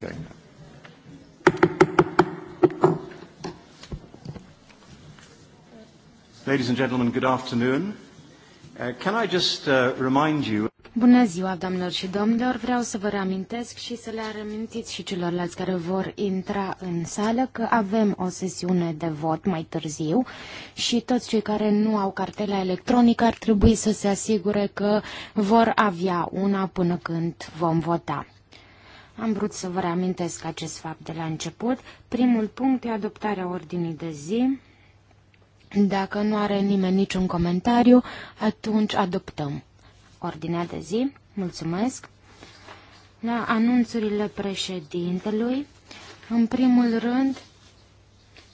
Okay. Ladies and gentlemen, good afternoon. Uh, can I just uh, remind you Bună ziua, doamnelor și domnilor! Vreau să vă reamintesc și să le reamintiți și celorlalți care vor intra în sală că avem o sesiune de vot mai târziu și toți cei care nu au cartela electronică ar trebui să se asigure că vor avea una până când vom vota. Am vrut să vă reamintesc acest fapt de la început. Primul punct e adoptarea ordinii de zi. Dacă nu are nimeni niciun comentariu, atunci adoptăm ordinea de zi. Mulțumesc. La anunțurile președintelui, în primul rând,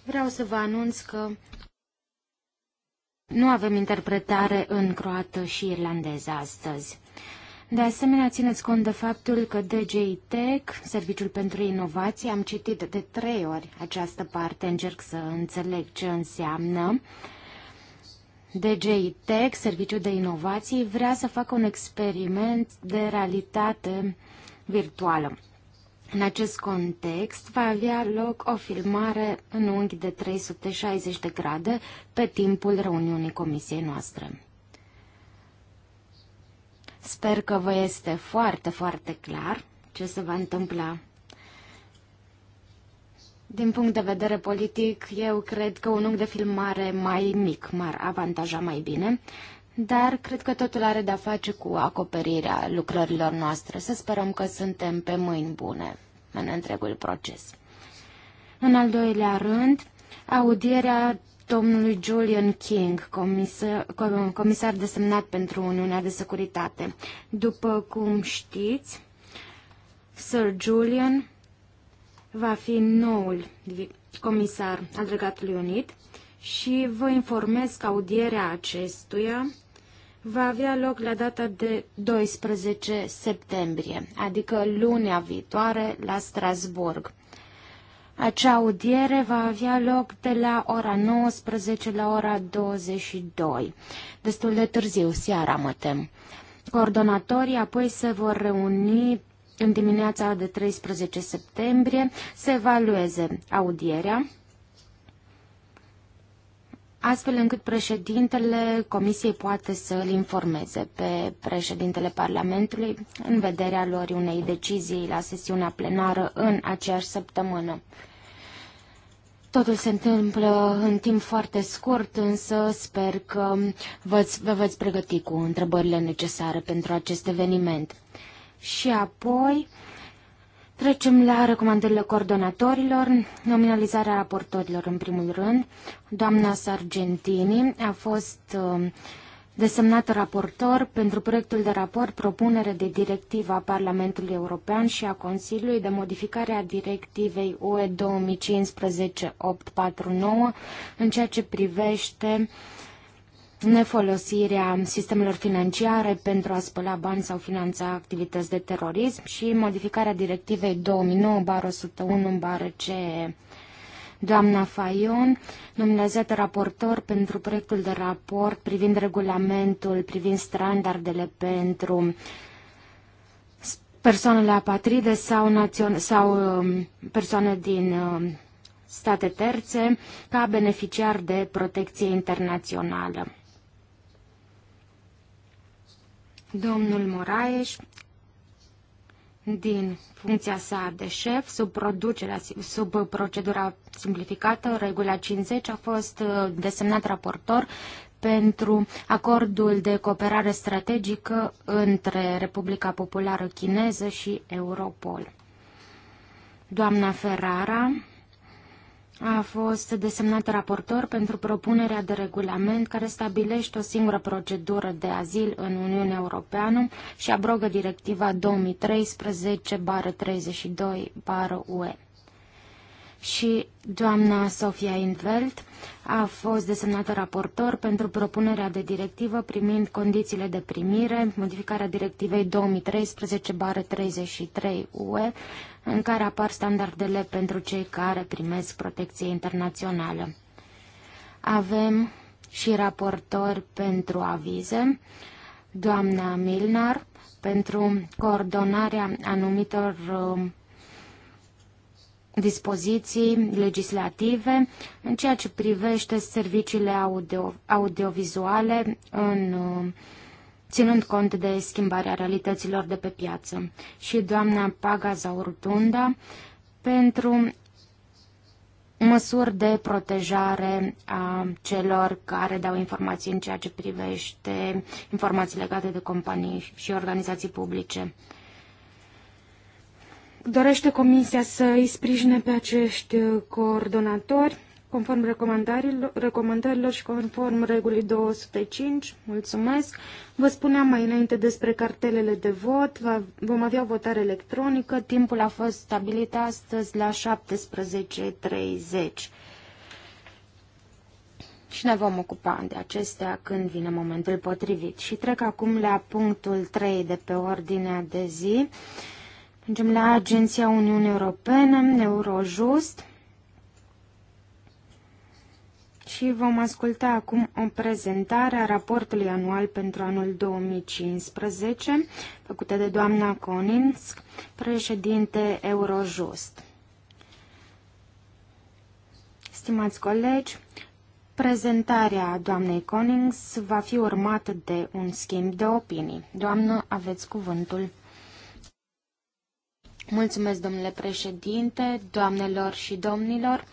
vreau să vă anunț că nu avem interpretare în croată și irlandeză astăzi. De asemenea, țineți cont de faptul că DJ Tech, Serviciul pentru Inovație, am citit de trei ori această parte, încerc să înțeleg ce înseamnă. DJ Tech, Serviciul de Inovații, vrea să facă un experiment de realitate virtuală. În acest context va avea loc o filmare în unghi de 360 de grade pe timpul reuniunii comisiei noastre. Sper că vă este foarte, foarte clar ce se va întâmpla. Din punct de vedere politic, eu cred că un unghi de filmare mai mic m-ar avantaja mai bine, dar cred că totul are de-a face cu acoperirea lucrărilor noastre. Să sperăm că suntem pe mâini bune în întregul proces. În al doilea rând, audierea domnului Julian King, comisar, comisar desemnat pentru Uniunea de Securitate. După cum știți, Sir Julian va fi noul comisar al Regatului Unit și vă informez că audierea acestuia va avea loc la data de 12 septembrie, adică lunea viitoare la Strasburg. Acea audiere va avea loc de la ora 19 la ora 22, destul de târziu, seara mă tem. Coordonatorii apoi se vor reuni în dimineața de 13 septembrie să evalueze audierea astfel încât președintele Comisiei poate să îl informeze pe președintele Parlamentului în vederea lor unei decizii la sesiunea plenară în aceeași săptămână. Totul se întâmplă în timp foarte scurt, însă sper că vă veți pregăti cu întrebările necesare pentru acest eveniment. Și apoi Trecem la recomandările coordonatorilor, nominalizarea raportorilor în primul rând. Doamna Sargentini a fost uh, desemnată raportor pentru proiectul de raport propunere de directivă a Parlamentului European și a Consiliului de modificare a directivei UE 2015-849 în ceea ce privește uh, nefolosirea sistemelor financiare pentru a spăla bani sau finanța activități de terorism și modificarea directivei 2009-101-CE. Doamna Fayon, nominalizată raportor pentru proiectul de raport privind regulamentul, privind standardele pentru persoanele apatride sau, națion- sau um, persoane din um, state terțe ca beneficiar de protecție internațională. Domnul Moraes, din funcția sa de șef, sub, producerea, sub procedura simplificată, regula 50, a fost uh, desemnat raportor pentru acordul de cooperare strategică între Republica Populară Chineză și Europol. Doamna Ferrara, a fost desemnat raportor pentru propunerea de regulament care stabilește o singură procedură de azil în Uniunea Europeană și abrogă directiva 2013-32-UE și doamna Sofia Intveld a fost desemnată raportor pentru propunerea de directivă primind condițiile de primire, modificarea directivei 2013-33 UE, în care apar standardele pentru cei care primesc protecție internațională. Avem și raportori pentru avize, doamna Milnar, pentru coordonarea anumitor uh, dispoziții legislative în ceea ce privește serviciile audio, audiovizuale în ținând cont de schimbarea realităților de pe piață. Și doamna Paga Zaurutunda pentru măsuri de protejare a celor care dau informații în ceea ce privește informații legate de companii și organizații publice. Dorește Comisia să îi sprijine pe acești uh, coordonatori conform recomandărilor, și conform regulii 205. Mulțumesc. Vă spuneam mai înainte despre cartelele de vot. Vom avea o votare electronică. Timpul a fost stabilit astăzi la 17.30. Și ne vom ocupa de acestea când vine momentul potrivit. Și trec acum la punctul 3 de pe ordinea de zi. Uh, Mergem la Agenția Uniunii Europene, Eurojust. Și vom asculta acum o prezentare a raportului anual pentru anul 2015, făcută de doamna Koninsk, președinte Eurojust. Stimați colegi, prezentarea doamnei Konings va fi urmată de un schimb de opinii. Doamnă, aveți cuvântul. Mulțumesc, domnule președinte, doamnelor și domnilor.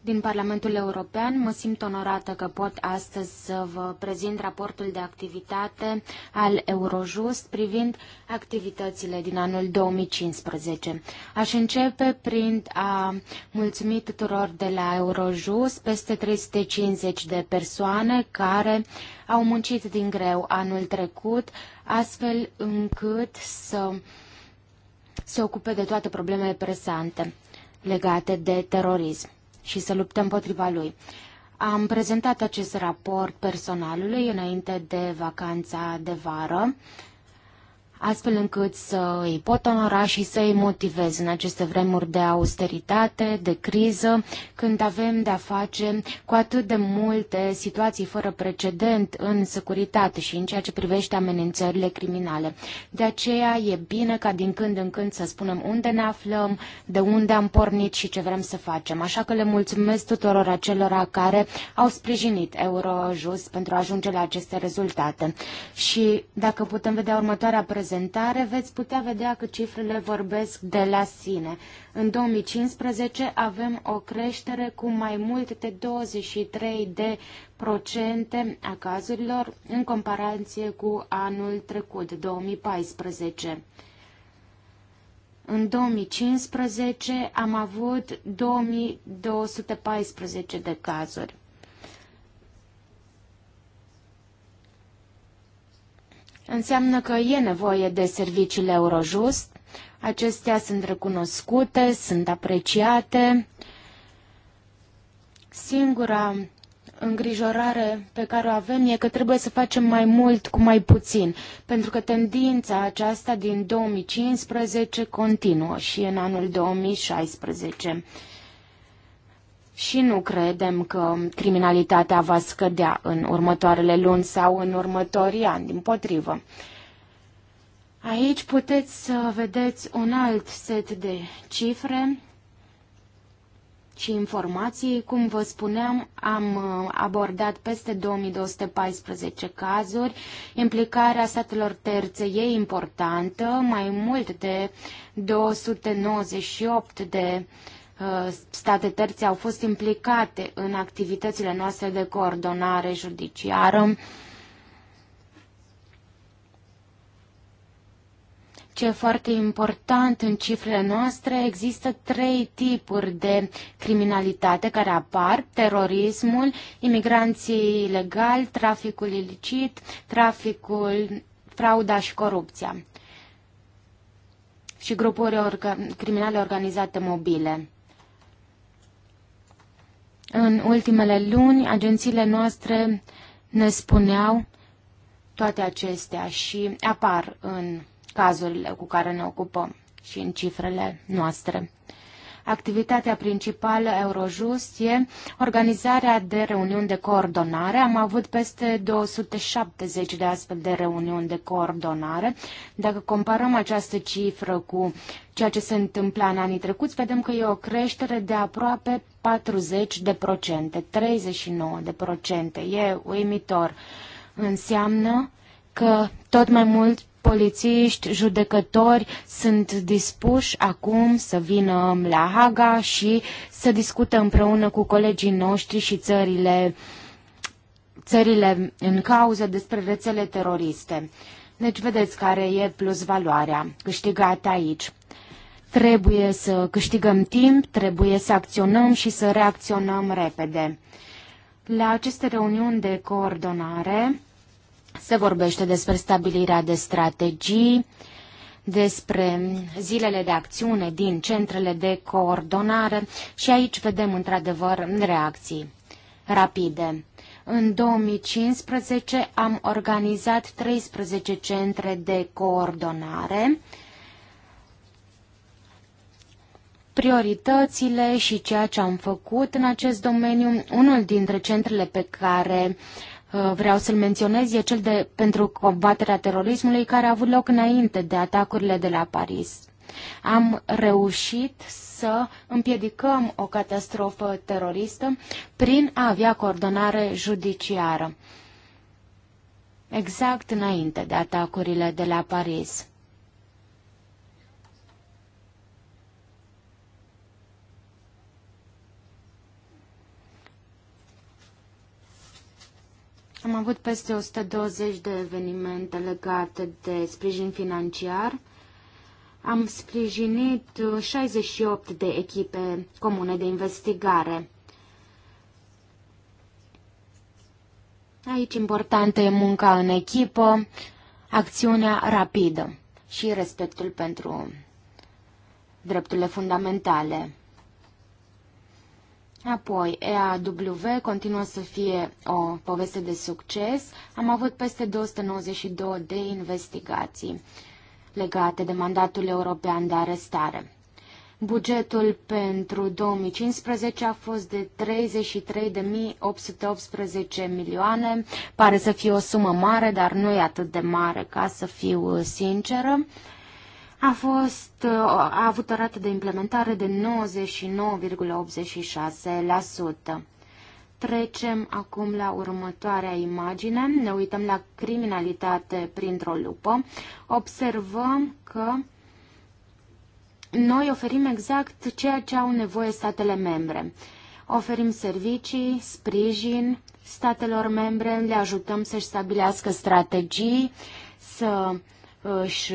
Din Parlamentul European mă simt onorată că pot astăzi să vă prezint raportul de activitate al Eurojust privind activitățile din anul 2015. Aș începe prin a mulțumi tuturor de la Eurojust, peste 350 de persoane care au muncit din greu anul trecut, astfel încât să se ocupe de toate problemele presante legate de terorism și să luptăm împotriva lui. Am prezentat acest raport personalului înainte de vacanța de vară astfel încât să îi pot onora și să îi motivez în aceste vremuri de austeritate, de criză, când avem de-a face cu atât de multe situații fără precedent în securitate și în ceea ce privește amenințările criminale. De aceea e bine ca din când în când să spunem unde ne aflăm, de unde am pornit și ce vrem să facem. Așa că le mulțumesc tuturor acelora care au sprijinit Eurojust pentru a ajunge la aceste rezultate. Și dacă putem vedea următoarea prezentare, prezentare veți putea vedea că cifrele vorbesc de la sine. În 2015 avem o creștere cu mai mult de 23 de procente a cazurilor în comparație cu anul trecut, 2014. În 2015 am avut 2214 de cazuri. Înseamnă că e nevoie de serviciile Eurojust, acestea sunt recunoscute, sunt apreciate. Singura îngrijorare pe care o avem e că trebuie să facem mai mult cu mai puțin, pentru că tendința aceasta din 2015 continuă și în anul 2016 și nu credem că criminalitatea va scădea în următoarele luni sau în următorii ani, din potrivă. Aici puteți să vedeți un alt set de cifre și informații. Cum vă spuneam, am uh, abordat peste 2214 cazuri. Implicarea statelor terțe e importantă, mai mult de 298 de uh, Uh, state terțe au fost implicate în activitățile noastre de coordonare judiciară. Ce e foarte important în cifrele noastre, există trei tipuri de criminalitate care apar, terorismul, imigranții ilegali, traficul ilicit, traficul, frauda și corupția și grupuri orga criminale organizate mobile. În ultimele luni, agențiile noastre ne spuneau toate acestea și apar în cazurile cu care ne ocupăm și în cifrele noastre. Activitatea principală Eurojust e organizarea de reuniuni de coordonare. Am avut peste 270 de astfel de reuniuni de coordonare. Dacă comparăm această cifră cu ceea ce se întâmpla în anii trecuți, vedem că e o creștere de aproape 40 de procente, 39 de procente. E uimitor. Înseamnă că tot mai mulți polițiști, judecători sunt dispuși acum să vină la Haga și să discută împreună cu colegii noștri și țările, țările în cauză despre rețele teroriste. Deci vedeți care e plus valoarea câștigată aici. Trebuie să câștigăm timp, trebuie să acționăm și să reacționăm repede. La aceste reuniuni de coordonare, se vorbește despre stabilirea de strategii, despre zilele de acțiune din centrele de coordonare și aici vedem într-adevăr reacții rapide. În 2015 am organizat 13 centre de coordonare. Prioritățile și ceea ce am făcut în acest domeniu, unul dintre centrele pe care uh, Uh, vreau să-l menționez, e cel de, pentru combaterea terorismului care a avut loc înainte de atacurile de la Paris. Am reușit să împiedicăm o catastrofă teroristă prin a avea coordonare judiciară, exact înainte de atacurile de la Paris. Am avut peste 120 de evenimente legate de sprijin financiar. Am sprijinit 68 uh, de echipe comune de investigare. Aici importantă e munca în echipă, acțiunea rapidă și respectul pentru drepturile fundamentale. Apoi, EAW continuă să fie o poveste de succes. Am avut peste 292 de investigații legate de mandatul european de arestare. Bugetul pentru 2015 a fost de 33.818 milioane. Pare să fie o sumă mare, dar nu e atât de mare ca să fiu sinceră a fost uh, a avut o rată de implementare de 99,86%. Trecem acum la următoarea imagine. Ne uităm la criminalitate printr-o lupă. Observăm că noi oferim exact ceea ce au nevoie statele membre. Oferim servicii, sprijin statelor membre, le ajutăm să-și stabilească strategii, să își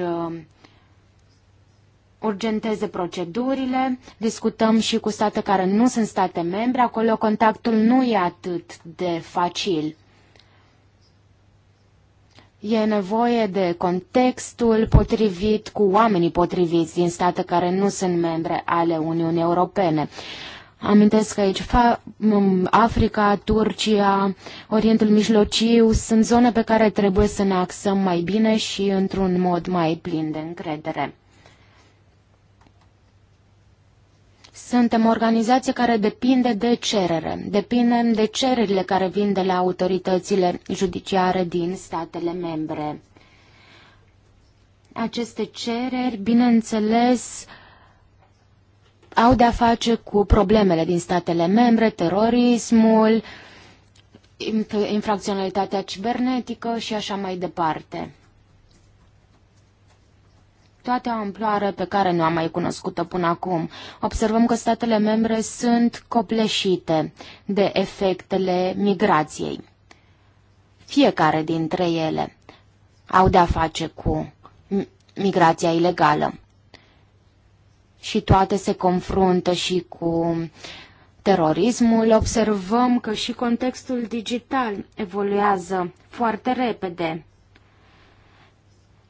urgenteze procedurile, discutăm și cu state care nu sunt state membre, acolo contactul nu e atât de facil. E nevoie de contextul potrivit cu oamenii potriviți din state care nu sunt membre ale Uniunii Europene. Amintesc că aici Africa, Turcia, Orientul Mijlociu sunt zone pe care trebuie să ne axăm mai bine și într-un mod mai plin de încredere. Suntem o organizație care depinde de cerere. Depindem de cererile care vin de la autoritățile judiciare din statele membre. Aceste cereri, bineînțeles, au de-a face cu problemele din statele membre, terorismul, infracționalitatea cibernetică și așa mai departe toate o amploare pe care nu am mai cunoscut-o până acum. Observăm că statele membre sunt copleșite de efectele migrației. Fiecare dintre ele au de-a face cu migrația ilegală. Și toate se confruntă și cu terorismul. Observăm că și contextul digital evoluează foarte repede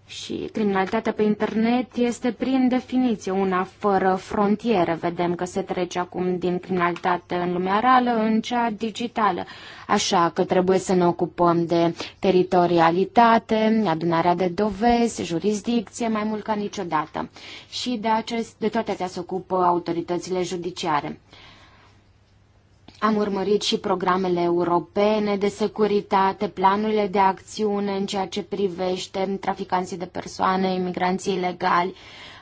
și criminalitatea pe internet este prin definiție una fără frontiere. Vedem că se trece acum din criminalitate în lumea reală în cea digitală. Așa că trebuie să ne ocupăm de teritorialitate, adunarea de dovezi, jurisdicție, mai mult ca niciodată. Și de, acest, de toate acestea se ocupă autoritățile judiciare. Am urmărit și programele europene de securitate, planurile de acțiune în ceea ce privește traficanții de persoane, imigranții ilegali, uh,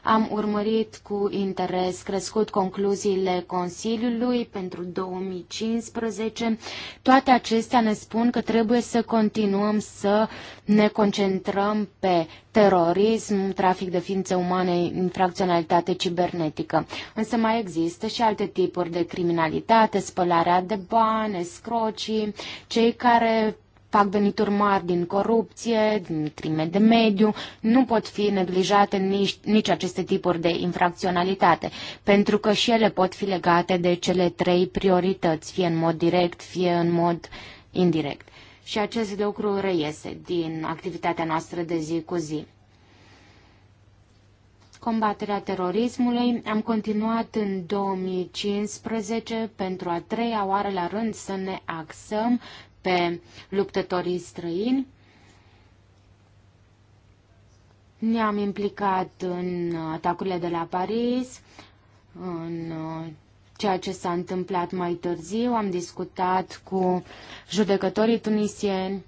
am urmărit cu interes crescut concluziile Consiliului pentru 2015. Toate acestea ne spun că trebuie să continuăm să ne concentrăm pe terorism, trafic de ființe umane, infracționalitate cibernetică. Însă mai există și alte tipuri de criminalitate, spălarea de bani, scrocii, cei care fac venituri mari din corupție, din crime de mediu, nu pot fi neglijate nici, nici aceste tipuri de infracționalitate, pentru că și ele pot fi legate de cele trei priorități, fie în mod direct, fie în mod indirect. Și acest lucru reiese din activitatea noastră de zi cu zi combaterea terorismului. Am continuat în 2015 pentru a treia oară la rând să ne axăm pe luptătorii străini. Ne-am implicat în atacurile de la Paris, în uh, ceea ce s-a întâmplat mai târziu. Am discutat cu judecătorii tunisieni.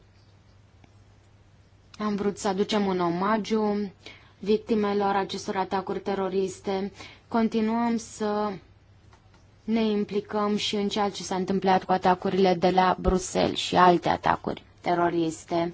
Am vrut să aducem un omagiu victimelor acestor atacuri teroriste. Continuăm să ne implicăm și în ceea ce s-a întâmplat cu atacurile de la Bruxelles și alte atacuri teroriste.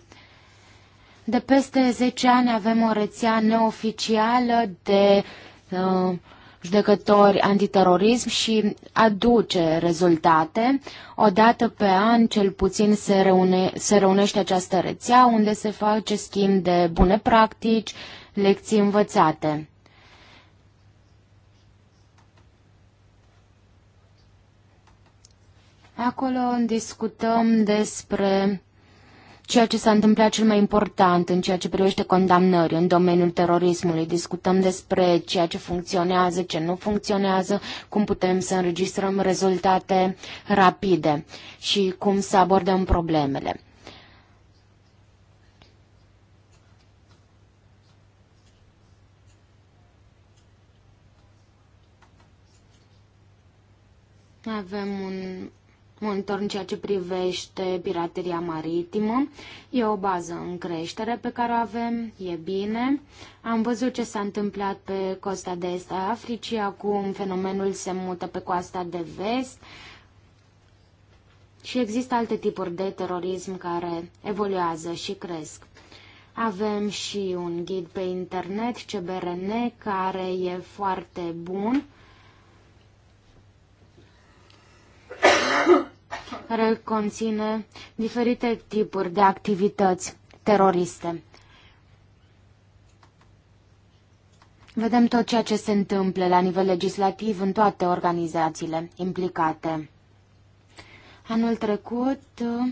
De peste 10 ani avem o rețea neoficială de uh, judecători antiterorism și aduce rezultate. O dată pe an, cel puțin, se, reune, se reunește această rețea unde se face schimb de bune practici, lecții învățate. Acolo discutăm despre ceea ce s-a întâmplat cel mai important în ceea ce privește condamnări în domeniul terorismului. Discutăm despre ceea ce funcționează, ce nu funcționează, cum putem să înregistrăm rezultate rapide și cum să abordăm problemele. Avem un monitor în ceea ce privește pirateria maritimă. E o bază în creștere pe care o avem, e bine. Am văzut ce s-a întâmplat pe coasta de est a Africii, acum fenomenul se mută pe coasta de vest. Și există alte tipuri de terorism care evoluează și cresc. Avem și un ghid pe internet, CBRN, care e foarte bun care conține diferite tipuri de activități teroriste. Vedem tot ceea ce se întâmplă la nivel legislativ în toate organizațiile implicate. Anul trecut uh,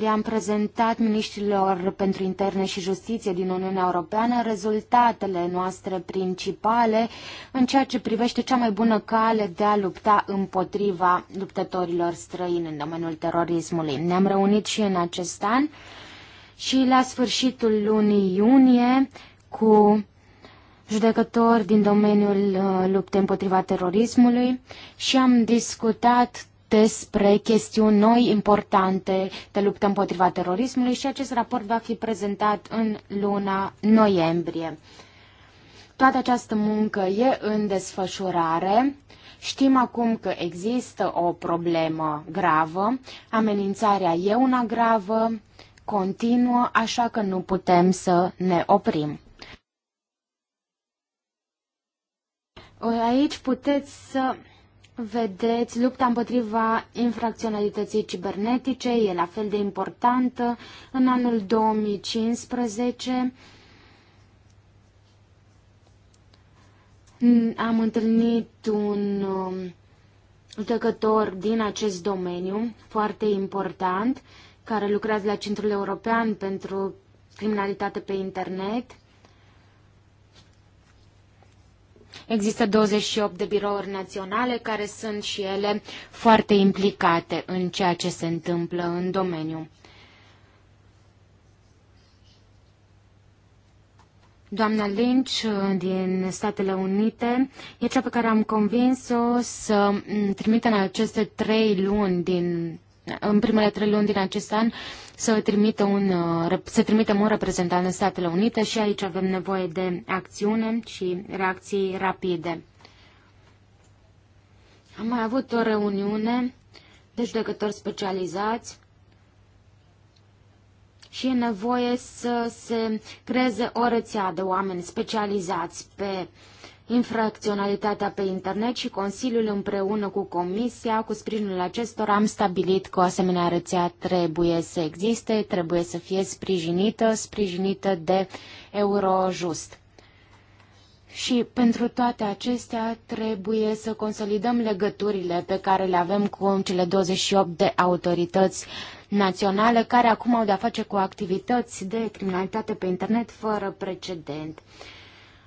le-am prezentat ministrilor pentru interne și justiție din Uniunea Europeană rezultatele noastre principale în ceea ce privește cea mai bună cale de a lupta împotriva luptătorilor străini în domeniul terorismului. Ne-am reunit și în acest an și la sfârșitul lunii iunie cu judecători din domeniul uh, luptei împotriva terorismului și am discutat despre chestiuni noi importante de luptă împotriva terorismului și acest raport va fi prezentat în luna noiembrie. Toată această muncă e în desfășurare. Știm acum că există o problemă gravă, amenințarea e una gravă, continuă, așa că nu putem să ne oprim. Aici puteți să vedeți, lupta împotriva infracționalității cibernetice e la fel de importantă. În anul 2015 am întâlnit un lucrător um, din acest domeniu foarte important care lucrează la Centrul European pentru Criminalitate pe Internet. Există 28 de birouri naționale care sunt și ele foarte implicate în ceea ce se întâmplă în domeniu. Doamna Lynch din Statele Unite e cea pe care am convins-o să trimită în aceste trei luni din în primele trei luni din acest an să, trimită un, uh, să trimitem un reprezentant în Statele Unite și aici avem nevoie de acțiune și reacții rapide. Am mai avut o reuniune deci de judecători specializați și e nevoie să se creeze o rețea de oameni specializați pe uh, infracționalitatea pe internet și Consiliul împreună cu Comisia, cu sprijinul acestora, am stabilit că o asemenea rețea trebuie să existe, trebuie să fie sprijinită, sprijinită de Eurojust. Și pentru toate acestea trebuie să consolidăm legăturile pe care le avem cu cele 28 de autorități naționale care acum au de-a face cu activități de criminalitate pe internet fără precedent.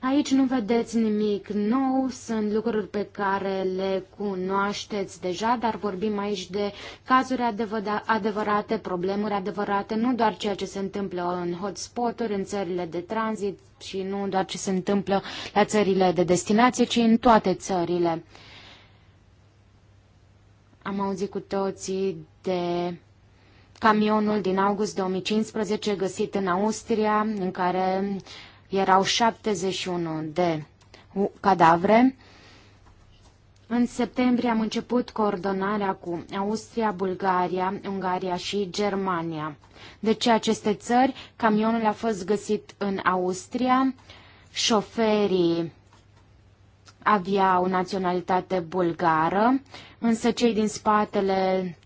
Aici nu vedeți nimic nou, sunt lucruri pe care le cunoașteți deja, dar vorbim aici de cazuri adevărate, problemuri adevărate, nu doar ceea ce se întâmplă în hotspot-uri, în țările de tranzit și nu doar ce se întâmplă la țările de destinație, ci în toate țările. Am auzit cu toții de camionul din august 2015 găsit în Austria, în care uh, erau 71 de cadavre. În septembrie am început coordonarea cu Austria, Bulgaria, Ungaria și Germania. De deci, ce aceste țări, camionul a fost găsit în Austria, șoferii aveau naționalitate bulgară, însă cei din spatele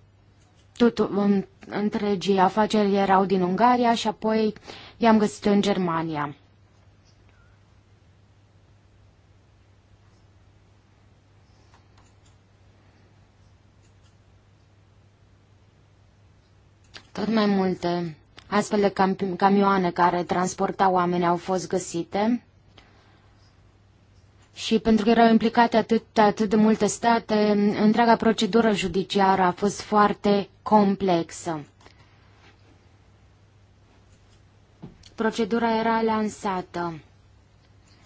tutu- în, întregii afaceri erau din Ungaria și apoi i-am găsit în Germania. Tot mai multe astfel de cam camioane care transportau oameni au fost găsite și pentru că erau implicate atât, atât de multe state, întreaga procedură judiciară a fost foarte complexă. Procedura era lansată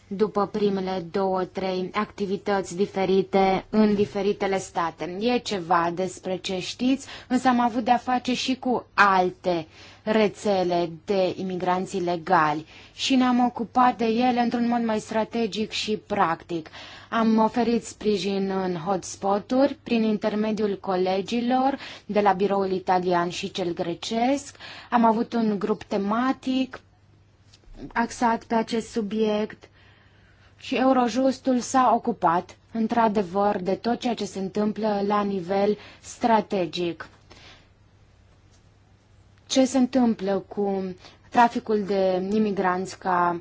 după primele două, trei activități diferite în diferitele state. E ceva despre ce știți, însă am avut de-a face și cu alte rețele de imigranți legali și ne-am ocupat de ele într-un mod mai strategic și practic. Am oferit sprijin în hotspot-uri prin intermediul colegilor de la biroul italian și cel grecesc. Am avut un grup tematic axat pe acest subiect și Eurojustul s-a ocupat, într-adevăr, de tot ceea ce se întâmplă la nivel strategic. Ce se întâmplă cu traficul de imigranți ca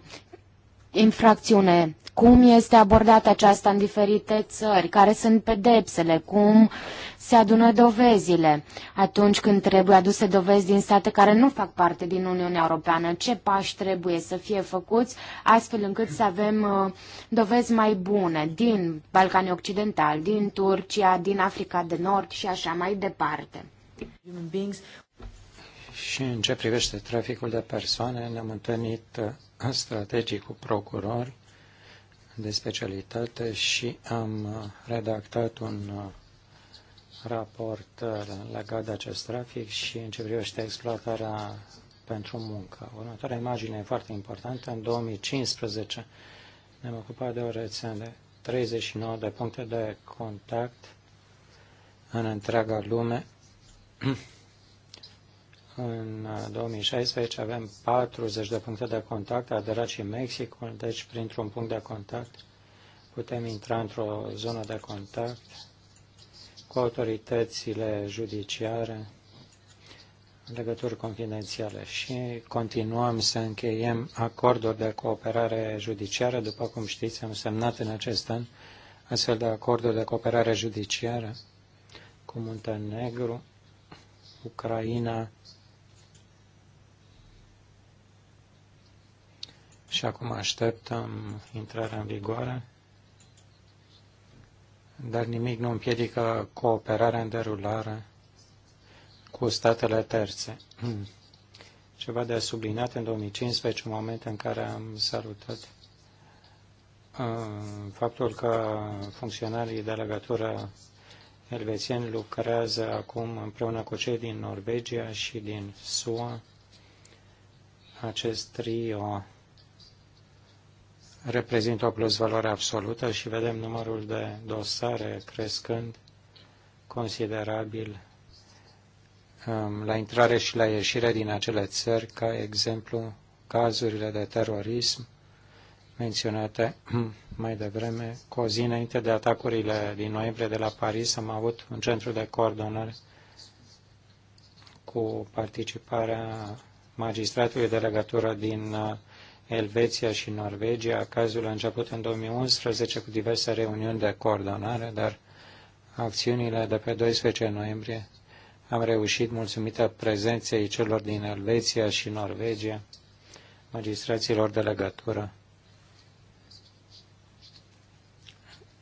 infracțiune, cum este abordată aceasta în diferite țări, care sunt pedepsele, cum se adună dovezile atunci când trebuie aduse dovezi din state care nu fac parte din Uniunea Europeană, ce pași trebuie să fie făcuți astfel încât să avem uh, dovezi mai bune din Balcanii Occidentali, din Turcia, din Africa de Nord și așa mai departe. Și în ce privește traficul de persoane, ne-am întâlnit uh, strategic cu procurori de specialitate și am uh, redactat un uh, raport legat de acest trafic și în ce privește exploatarea pentru muncă. Următoarea imagine e foarte importantă. În 2015 ne-am ocupat de o rețea de 39 de puncte de contact în întreaga lume În 2016 uh, avem 40 de puncte de contact, aderat și Mexicul, deci printr-un punct de contact putem intra într-o zonă de contact cu autoritățile judiciare legături confidențiale și continuăm să încheiem acorduri de cooperare judiciară. După cum știți, am semnat în acest an astfel de acorduri de cooperare judiciară cu Muntenegru, Ucraina, și acum așteptăm intrarea în vigoare, dar nimic nu împiedică cooperarea în derulare cu statele terțe. Ceva de subliniat în 2015, un moment în care am salutat uh, faptul că funcționarii de legătură elvețieni lucrează acum împreună cu cei din Norvegia și din SUA. Acest trio reprezintă o plusvaloare absolută și vedem numărul de dosare crescând considerabil um, la intrare și la ieșire din acele țări, ca exemplu cazurile de terorism menționate mai devreme. Cu o zi înainte de atacurile din noiembrie de la Paris am avut un centru de coordonare cu participarea magistratului de legătură din uh, Elveția și Norvegia. Cazul a început în 2011 cu diverse reuniuni de coordonare, dar acțiunile de pe 12 noiembrie am reușit, mulțumită prezenței celor din Elveția și Norvegia, magistraților de legătură,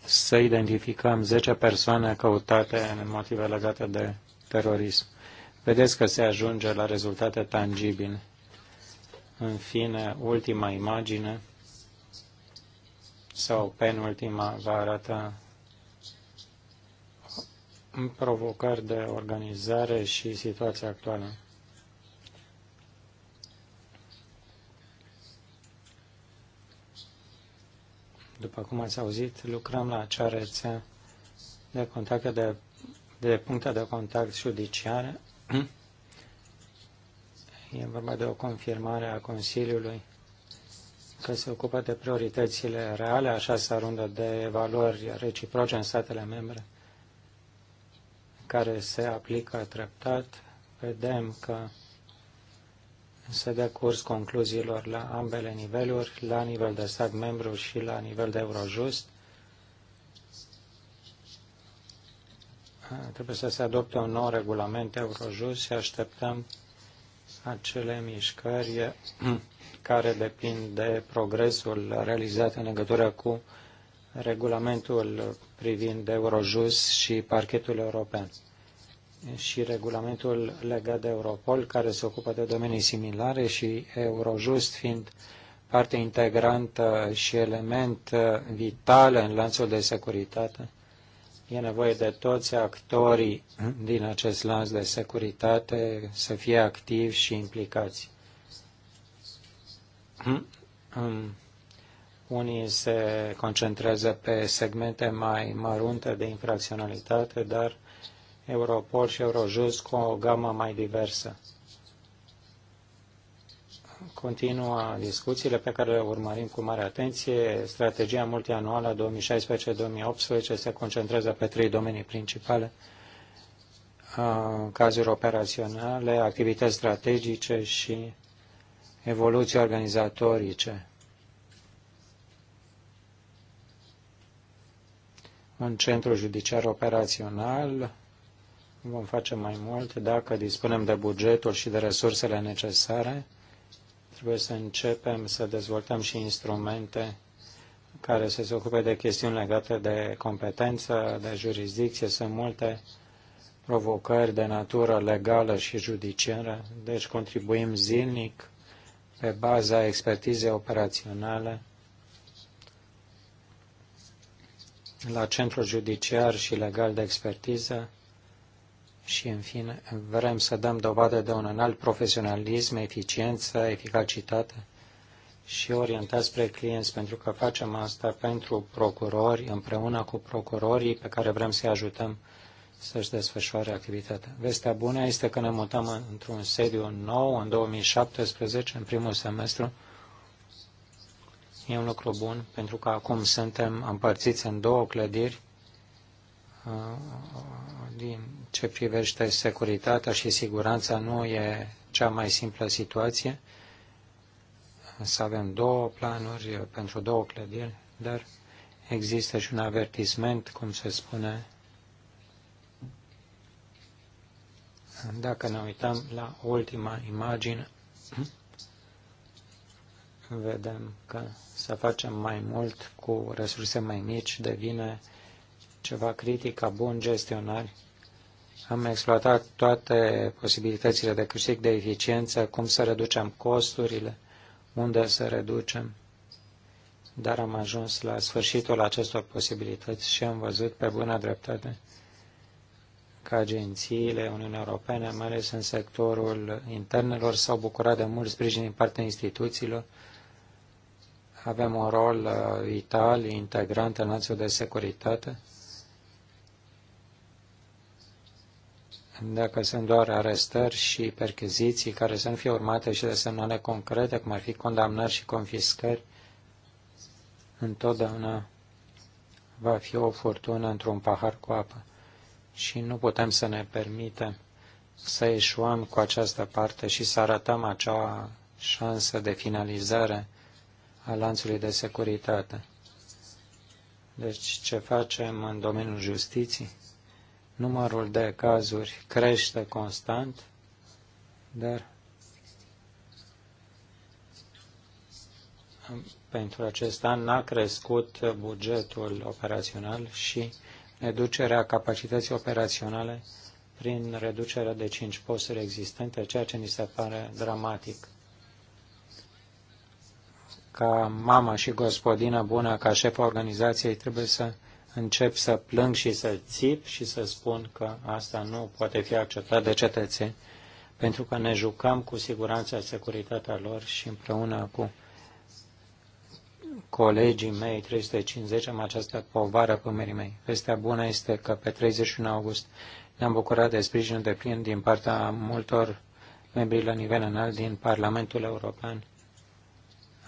să identificăm 10 persoane căutate în motive legate de terorism. Vedeți că se ajunge la rezultate tangibile. În fine, ultima imagine sau penultima va arăta provocări de organizare și situația actuală. După cum ați auzit, lucrăm la acea rețea de contacte de, de puncte de contact judiciare E vorba de o confirmare a Consiliului că se ocupă de prioritățile reale, așa se arundă de valori reciproce în statele membre care se aplică treptat. Vedem că se dă curs concluziilor la ambele niveluri, la nivel de stat membru și la nivel de Eurojust. Trebuie să se adopte un nou regulament Eurojust și așteptăm acele mișcări care depind de progresul realizat în legătură cu regulamentul privind Eurojust și parchetul european și regulamentul legat de Europol, care se ocupă de domenii similare și Eurojust fiind parte integrantă și element vital în lanțul de securitate E nevoie de toți actorii din acest lanț de securitate să fie activi și implicați. Unii se concentrează pe segmente mai mărunte de infracționalitate, dar Europol și Eurojust cu o gamă mai diversă continuă discuțiile pe care le urmărim cu mare atenție. Strategia multianuală 2016-2018 se concentrează pe trei domenii principale. Cazuri operaționale, activități strategice și evoluții organizatorice. Un centru judiciar operațional vom face mai mult dacă dispunem de bugetul și de resursele necesare Trebuie să începem să dezvoltăm și instrumente care să se ocupe de chestiuni legate de competență, de jurisdicție. Sunt multe provocări de natură legală și judiciară, deci contribuim zilnic pe baza expertizei operaționale la Centrul Judiciar și Legal de Expertiză și, în fine, vrem să dăm dovadă de un înalt profesionalism, eficiență, eficacitate și orientați spre clienți, pentru că facem asta pentru procurori, împreună cu procurorii pe care vrem să-i ajutăm să-și desfășoare activitatea. Vestea bună este că ne mutăm într-un sediu nou în 2017, în primul semestru. E un lucru bun, pentru că acum suntem împărțiți în două clădiri uh, din ce privește securitatea și siguranța, nu e cea mai simplă situație. Să avem două planuri pentru două clădiri, dar există și un avertisment, cum se spune, dacă ne uităm la ultima imagine, vedem că să facem mai mult cu resurse mai mici devine ceva critic a bun gestionari am exploatat toate posibilitățile de câștig de eficiență, cum să reducem costurile, unde să reducem, dar am ajuns la sfârșitul acestor posibilități și am văzut pe bună dreptate că agențiile Uniunii Europene, mai ales în sectorul internelor, s-au bucurat de mult sprijin din partea instituțiilor. Avem un rol uh, vital, integrant în lanțul de securitate dacă sunt doar arestări și percheziții care să nu fie urmate și de semnale concrete, cum ar fi condamnări și confiscări, întotdeauna va fi o furtună într-un pahar cu apă și nu putem să ne permitem să ieșuăm cu această parte și să arătăm acea șansă de finalizare a lanțului de securitate. Deci ce facem în domeniul justiției? Numărul de cazuri crește constant, dar pentru acest an n-a crescut bugetul operațional și reducerea capacității operaționale prin reducerea de 5 posturi existente, ceea ce ni se pare dramatic. Ca mama și gospodină bună, ca șefa organizației, trebuie să încep să plâng și să țip și să spun că asta nu poate fi acceptat de cetățeni, pentru că ne jucăm cu siguranța, securitatea lor și împreună cu colegii mei 350 am această povară pe merii mei. Vestea bună este că pe 31 august ne-am bucurat de sprijinul de plin din partea multor membri la nivel înalt din Parlamentul European,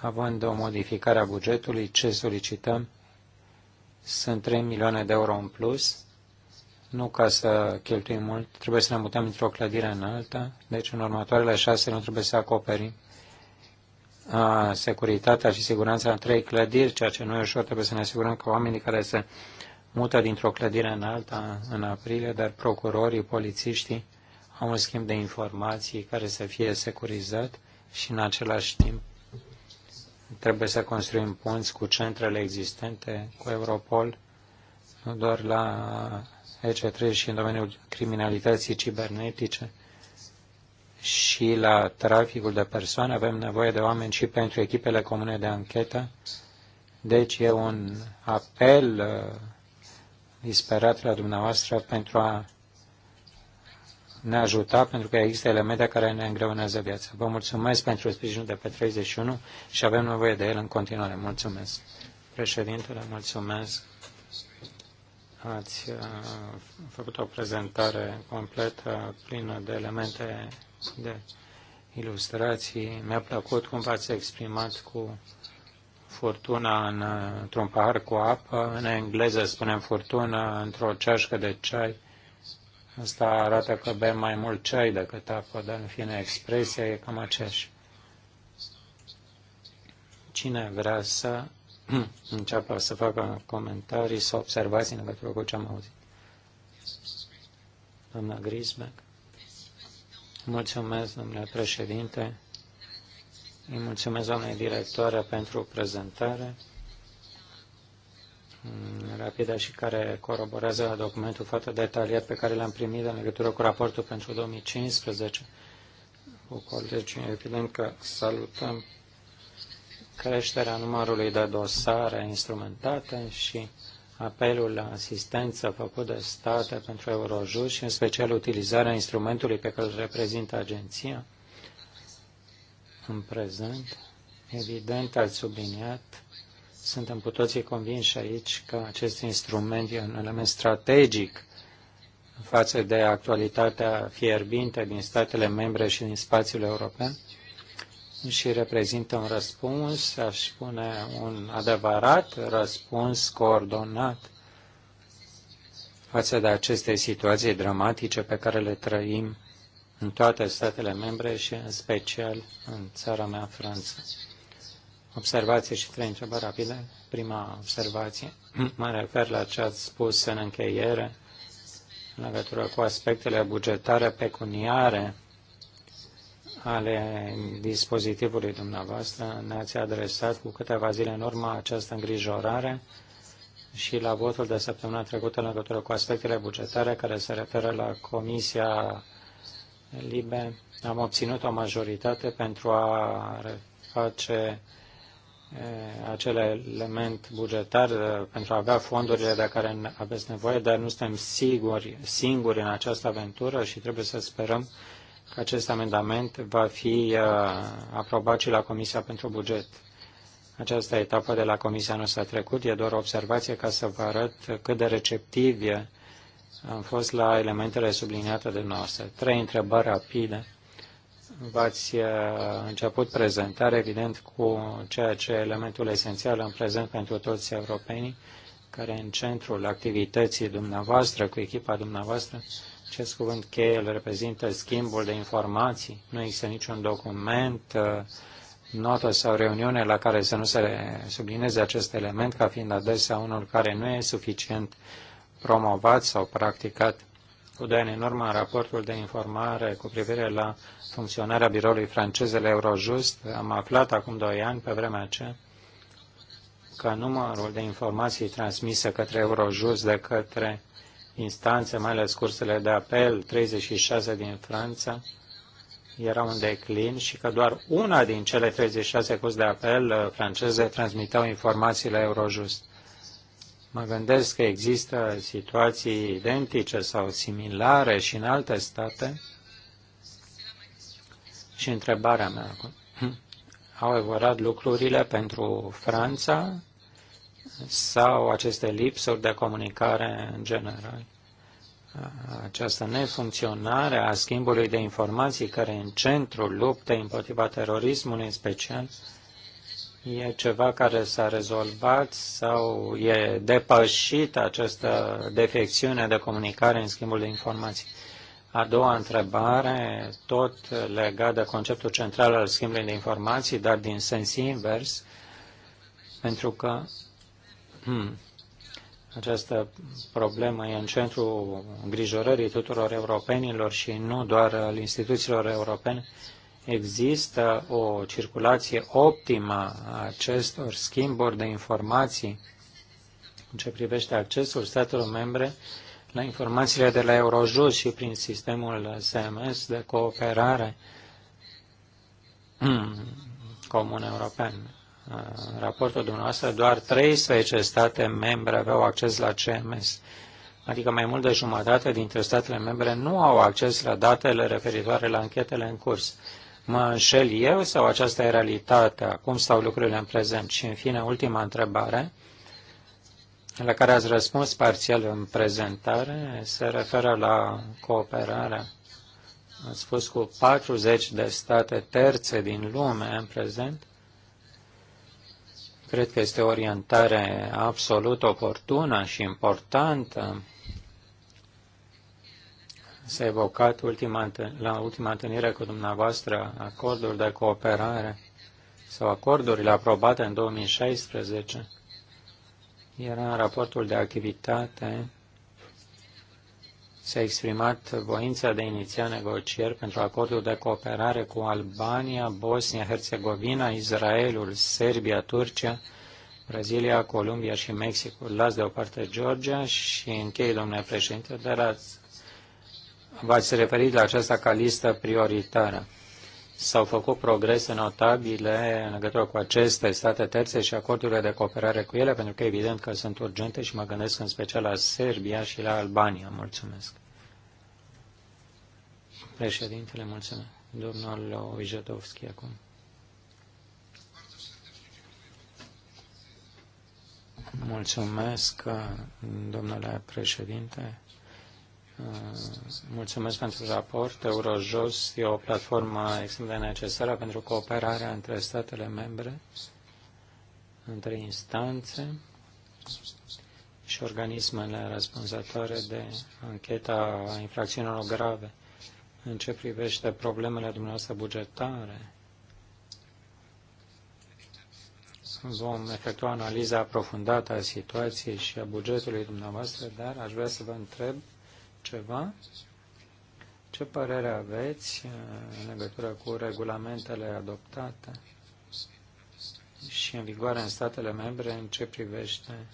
având o modificare a bugetului, ce solicităm sunt 3 milioane de euro în plus. Nu ca să cheltuim mult, trebuie să ne mutăm într-o clădire în alta, deci în următoarele șase nu trebuie să acoperim a, securitatea și siguranța în trei clădiri, ceea ce nu e ușor, trebuie să ne asigurăm că oamenii care se mută dintr-o clădire în alta în aprilie, dar procurorii, polițiștii au un schimb de informații care să fie securizat și în același timp Trebuie să construim punți cu centrele existente, cu Europol, nu doar la EC3 și în domeniul criminalității cibernetice și la traficul de persoane. Avem nevoie de oameni și pentru echipele comune de anchetă. Deci e un apel uh, disperat la dumneavoastră pentru a ne ajuta pentru că există elemente care ne îngreunează viața. Vă mulțumesc pentru sprijinul de pe 31 și avem nevoie de el în continuare. Mulțumesc. Președintele, mulțumesc. Ați uh, făcut o prezentare completă, plină de elemente de ilustrații. Mi-a plăcut cum v-ați exprimat cu furtuna în, într-un pahar cu apă, în engleză spunem furtuna într-o ceașcă de ceai Asta arată că bem mai mult ceai decât apă, dar în fine expresia e cam aceeași. Cine vrea să înceapă să facă comentarii sau observații în legătură cu ce am auzit? Doamna Grisbeck. Mulțumesc, domnule președinte. Îi mulțumesc, doamnei directoare, pentru prezentare. Mm, rapidă și care coroborează documentul foarte detaliat pe care l-am primit în legătură cu raportul pentru 2015 cu colegii. Evident că salutăm creșterea numărului de dosare instrumentate și apelul la asistență făcut de state pentru Eurojust și în special utilizarea instrumentului pe care îl reprezintă agenția în prezent. Evident, ați subliniat suntem cu toții convinși aici că acest instrument e un element strategic față de actualitatea fierbinte din statele membre și din spațiul european și reprezintă un răspuns, aș spune un adevărat răspuns coordonat față de aceste situații dramatice pe care le trăim în toate statele membre și în special în țara mea, Franța. Observație și trei întrebări rapide. Prima observație, mă refer la ce ați spus în încheiere în legătură cu aspectele bugetare pecuniare ale dispozitivului dumneavoastră. Ne-ați adresat cu câteva zile în urmă această îngrijorare și la votul de săptămâna trecută în legătură cu aspectele bugetare care se referă la Comisia Libe. Am obținut o majoritate pentru a face Eh, acel element bugetar eh, pentru a avea fondurile de care aveți nevoie, dar nu suntem siguri, singuri în această aventură și trebuie să sperăm că acest amendament va fi eh, aprobat și la Comisia pentru Buget. Această etapă de la Comisia s a trecut e doar o observație ca să vă arăt cât de receptiv am fost la elementele subliniate de noastră. Trei întrebări rapide V-ați uh, început prezentarea, evident, cu ceea ce e elementul esențial în prezent pentru toți europenii, care în centrul activității dumneavoastră, cu echipa dumneavoastră, acest cuvânt cheie îl reprezintă schimbul de informații. Nu există niciun document, uh, notă sau reuniune la care să nu se sublineze acest element ca fiind adesea unul care nu e suficient promovat sau practicat cu în urmă, raportul de informare cu privire la funcționarea biroului francez al Eurojust, am aflat acum doi ani, pe vremea aceea, că numărul de informații transmise către Eurojust de către instanțe, mai ales cursele de apel, 36 din Franța, era un declin și că doar una din cele 36 curs de apel uh, franceze transmiteau informații la Eurojust. Mă gândesc că există situații identice sau similare și în alte state. Și întrebarea mea acum. Au evoluat lucrurile pentru Franța sau aceste lipsuri de comunicare în general? Această nefuncționare a schimbului de informații care e în centrul luptei împotriva terorismului în special E ceva care s-a rezolvat sau e depășită această defecțiune de comunicare în schimbul de informații? A doua întrebare, tot legat de conceptul central al schimbului de informații, dar din sens invers, pentru că hmm, această problemă e în centrul îngrijorării tuturor europenilor și nu doar al instituțiilor europene, există o circulație optimă a acestor schimburi de informații în ce privește accesul statelor membre la informațiile de la Eurojus și prin sistemul SMS de cooperare comun european. În raportul dumneavoastră, doar 13 state membre aveau acces la CMS, adică mai mult de jumătate dintre statele membre nu au acces la datele referitoare la anchetele în curs. Mă înșel eu sau aceasta e realitatea? Cum stau lucrurile în prezent? Și, în fine, ultima întrebare, la care ați răspuns parțial în prezentare, se referă la cooperarea. Ați spus cu 40 de state terțe din lume în prezent. Cred că este o orientare absolut oportună și importantă s-a evocat ultima, la ultima întâlnire cu dumneavoastră acordul de cooperare sau acordurile aprobate în 2016 era în raportul de activitate s-a exprimat voința de a iniția negocieri pentru acordul de cooperare cu Albania, Bosnia, Herțegovina, Israelul, Serbia, Turcia, Brazilia, Columbia și Mexicul. Las deoparte Georgia și închei, domnule președinte, dar ați v-ați referit la aceasta ca listă prioritară. S-au făcut progrese notabile în legătură cu aceste state terțe și acordurile de cooperare cu ele, pentru că evident că sunt urgente și mă gândesc în special la Serbia și la Albania. Mulțumesc. Președintele, mulțumesc. Domnul Oijedovski acum. Mulțumesc, domnule președinte. Mulțumesc pentru raport. Eurojust e o platformă extrem de necesară pentru cooperarea între statele membre, între instanțe și organismele răspunzătoare de ancheta a infracțiunilor grave. În ce privește problemele dumneavoastră bugetare, vom efectua analiza aprofundată a situației și a bugetului dumneavoastră, dar aș vrea să vă întreb ceva. Ce părere aveți uh, în legătură cu regulamentele adoptate și în vigoare în statele membre în ce privește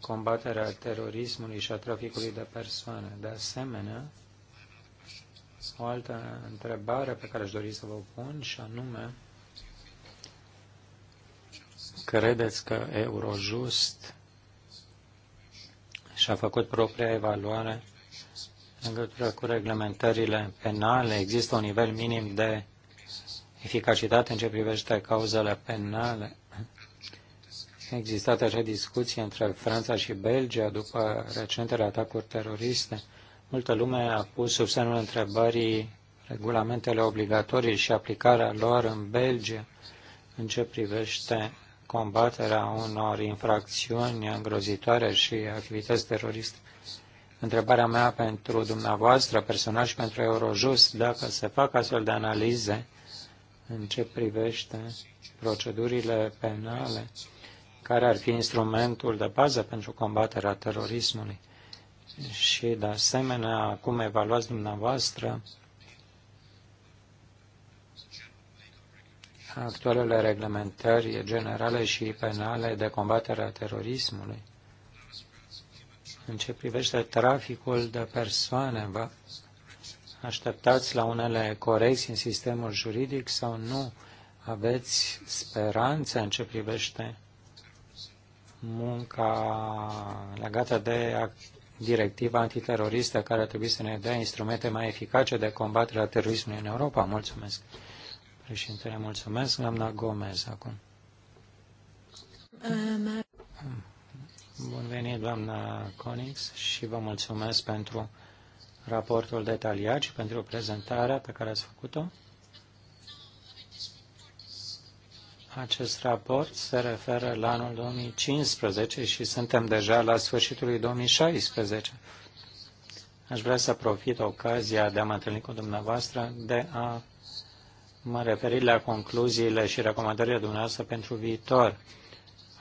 combaterea terorismului și a traficului de persoane? De asemenea, o altă întrebare pe care aș dori să vă pun și anume, credeți că Eurojust și-a făcut propria evaluare în legătură cu reglementările penale, există un nivel minim de eficacitate în ce privește cauzele penale. A existat acea discuție între Franța și Belgia după recentele atacuri teroriste. Multă lume a pus sub semnul întrebării regulamentele obligatorii și aplicarea lor în Belgia în ce privește combaterea unor infracțiuni îngrozitoare și activități teroriste. Întrebarea mea pentru dumneavoastră personal și pentru Eurojust, dacă se fac astfel de analize în ce privește procedurile penale, care ar fi instrumentul de bază pentru combaterea terorismului. Și, de asemenea, cum evaluați dumneavoastră actualele reglementări generale și penale de combatere a terorismului în ce privește traficul de persoane, vă așteptați la unele corecții în sistemul juridic sau nu? Aveți speranțe în ce privește munca legată de directiva antiteroristă care ar trebui să ne dea instrumente mai eficace de combatere a terorismului în Europa? Mulțumesc. Președintele, mulțumesc. Doamna Gomez acum. Uh, Bun venit, doamna Conix, și vă mulțumesc pentru raportul detaliat și pentru prezentarea pe care ați făcut-o. Acest raport se referă la anul 2015 și suntem deja la sfârșitul lui 2016. Aș vrea să profit ocazia de a mă întâlni cu dumneavoastră, de a mă referi la concluziile și recomandările dumneavoastră pentru viitor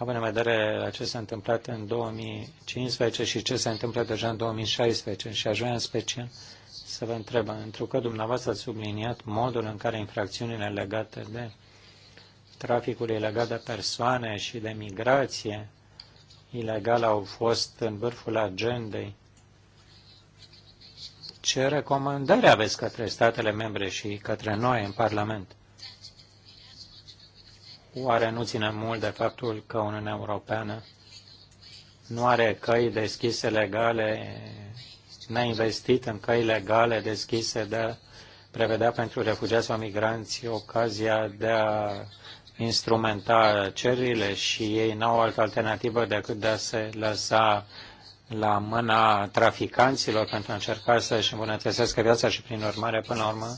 având în vedere ce s-a întâmplat în 2015 și ce s-a întâmplat deja în 2016 și aș vrea în special să vă întreb, întrucă dumneavoastră ați subliniat modul în care infracțiunile legate de traficul ilegal de persoane și de migrație ilegală au fost în vârful agendei. Ce recomandări aveți către statele membre și către noi în Parlament? Oare nu ține mult de faptul că Uniunea Europeană nu are căi deschise legale, n-a investit în căi legale deschise de a prevedea pentru refugiați sau migranți ocazia de a instrumenta cererile și ei n-au altă alternativă decât de a se lăsa la mâna traficanților pentru a încerca să-și îmbunătățesc viața și, prin urmare, până la urmă,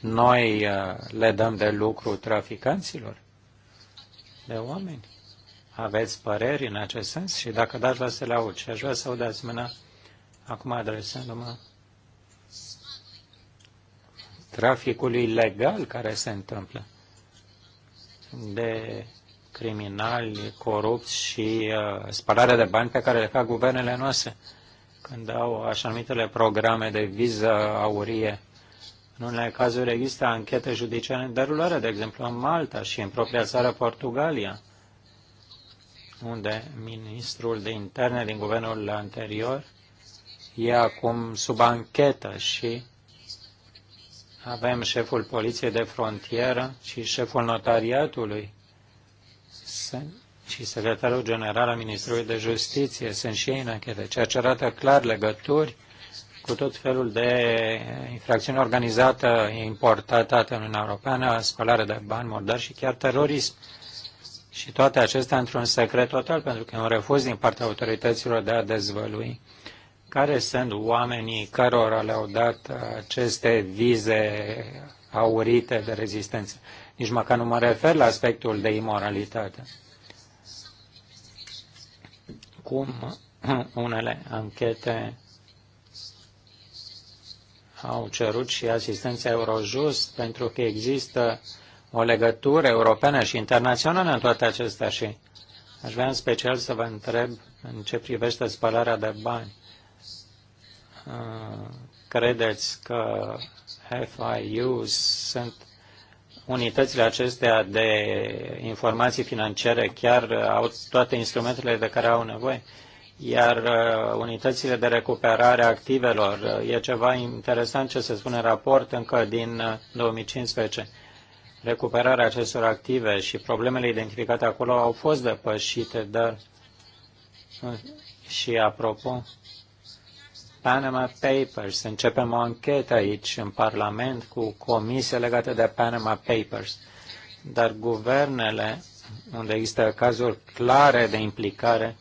noi uh, le dăm de lucru traficanților? de oameni? Aveți păreri în acest sens? Și dacă da, aș vrea să le aud. Și aș vrea să aud asemenea, acum adresându-mă traficul ilegal care se întâmplă de criminali, corupți și uh, spălarea de bani pe care le fac guvernele noastre, când au așa numitele programe de viză aurie în unele cazuri există anchete judiciare în derulare, de exemplu în Malta și în propria țară Portugalia, unde ministrul de interne din guvernul anterior e acum sub anchetă și avem șeful poliției de frontieră și șeful notariatului și secretarul general al Ministrului de Justiție. Sunt și ei în anchetă, ceea ce arată clar legături cu tot felul de infracțiune organizată importată în Uniunea Europeană, spălare de bani, murdări și chiar terorism. Și toate acestea într-un secret total, pentru că e un refuz din partea autorităților de a dezvălui care sunt oamenii cărora le-au dat aceste vize aurite de rezistență. Nici măcar nu mă refer la aspectul de imoralitate. Cum unele anchete au cerut și asistența Eurojust pentru că există o legătură europeană și internațională în toate acestea și aș vrea în special să vă întreb în ce privește spălarea de bani. Uh, credeți că FIU sunt unitățile acestea de informații financiare, chiar au toate instrumentele de care au nevoie? Iar uh, unitățile de recuperare activelor, uh, e ceva interesant ce se spune în raport încă din 2015. Uh, Recuperarea acestor active și problemele identificate acolo au fost depășite, dar și apropo, Panama Papers. Începem o anchetă aici în Parlament cu comisie legate de Panama Papers. Dar guvernele, unde există cazuri clare de implicare,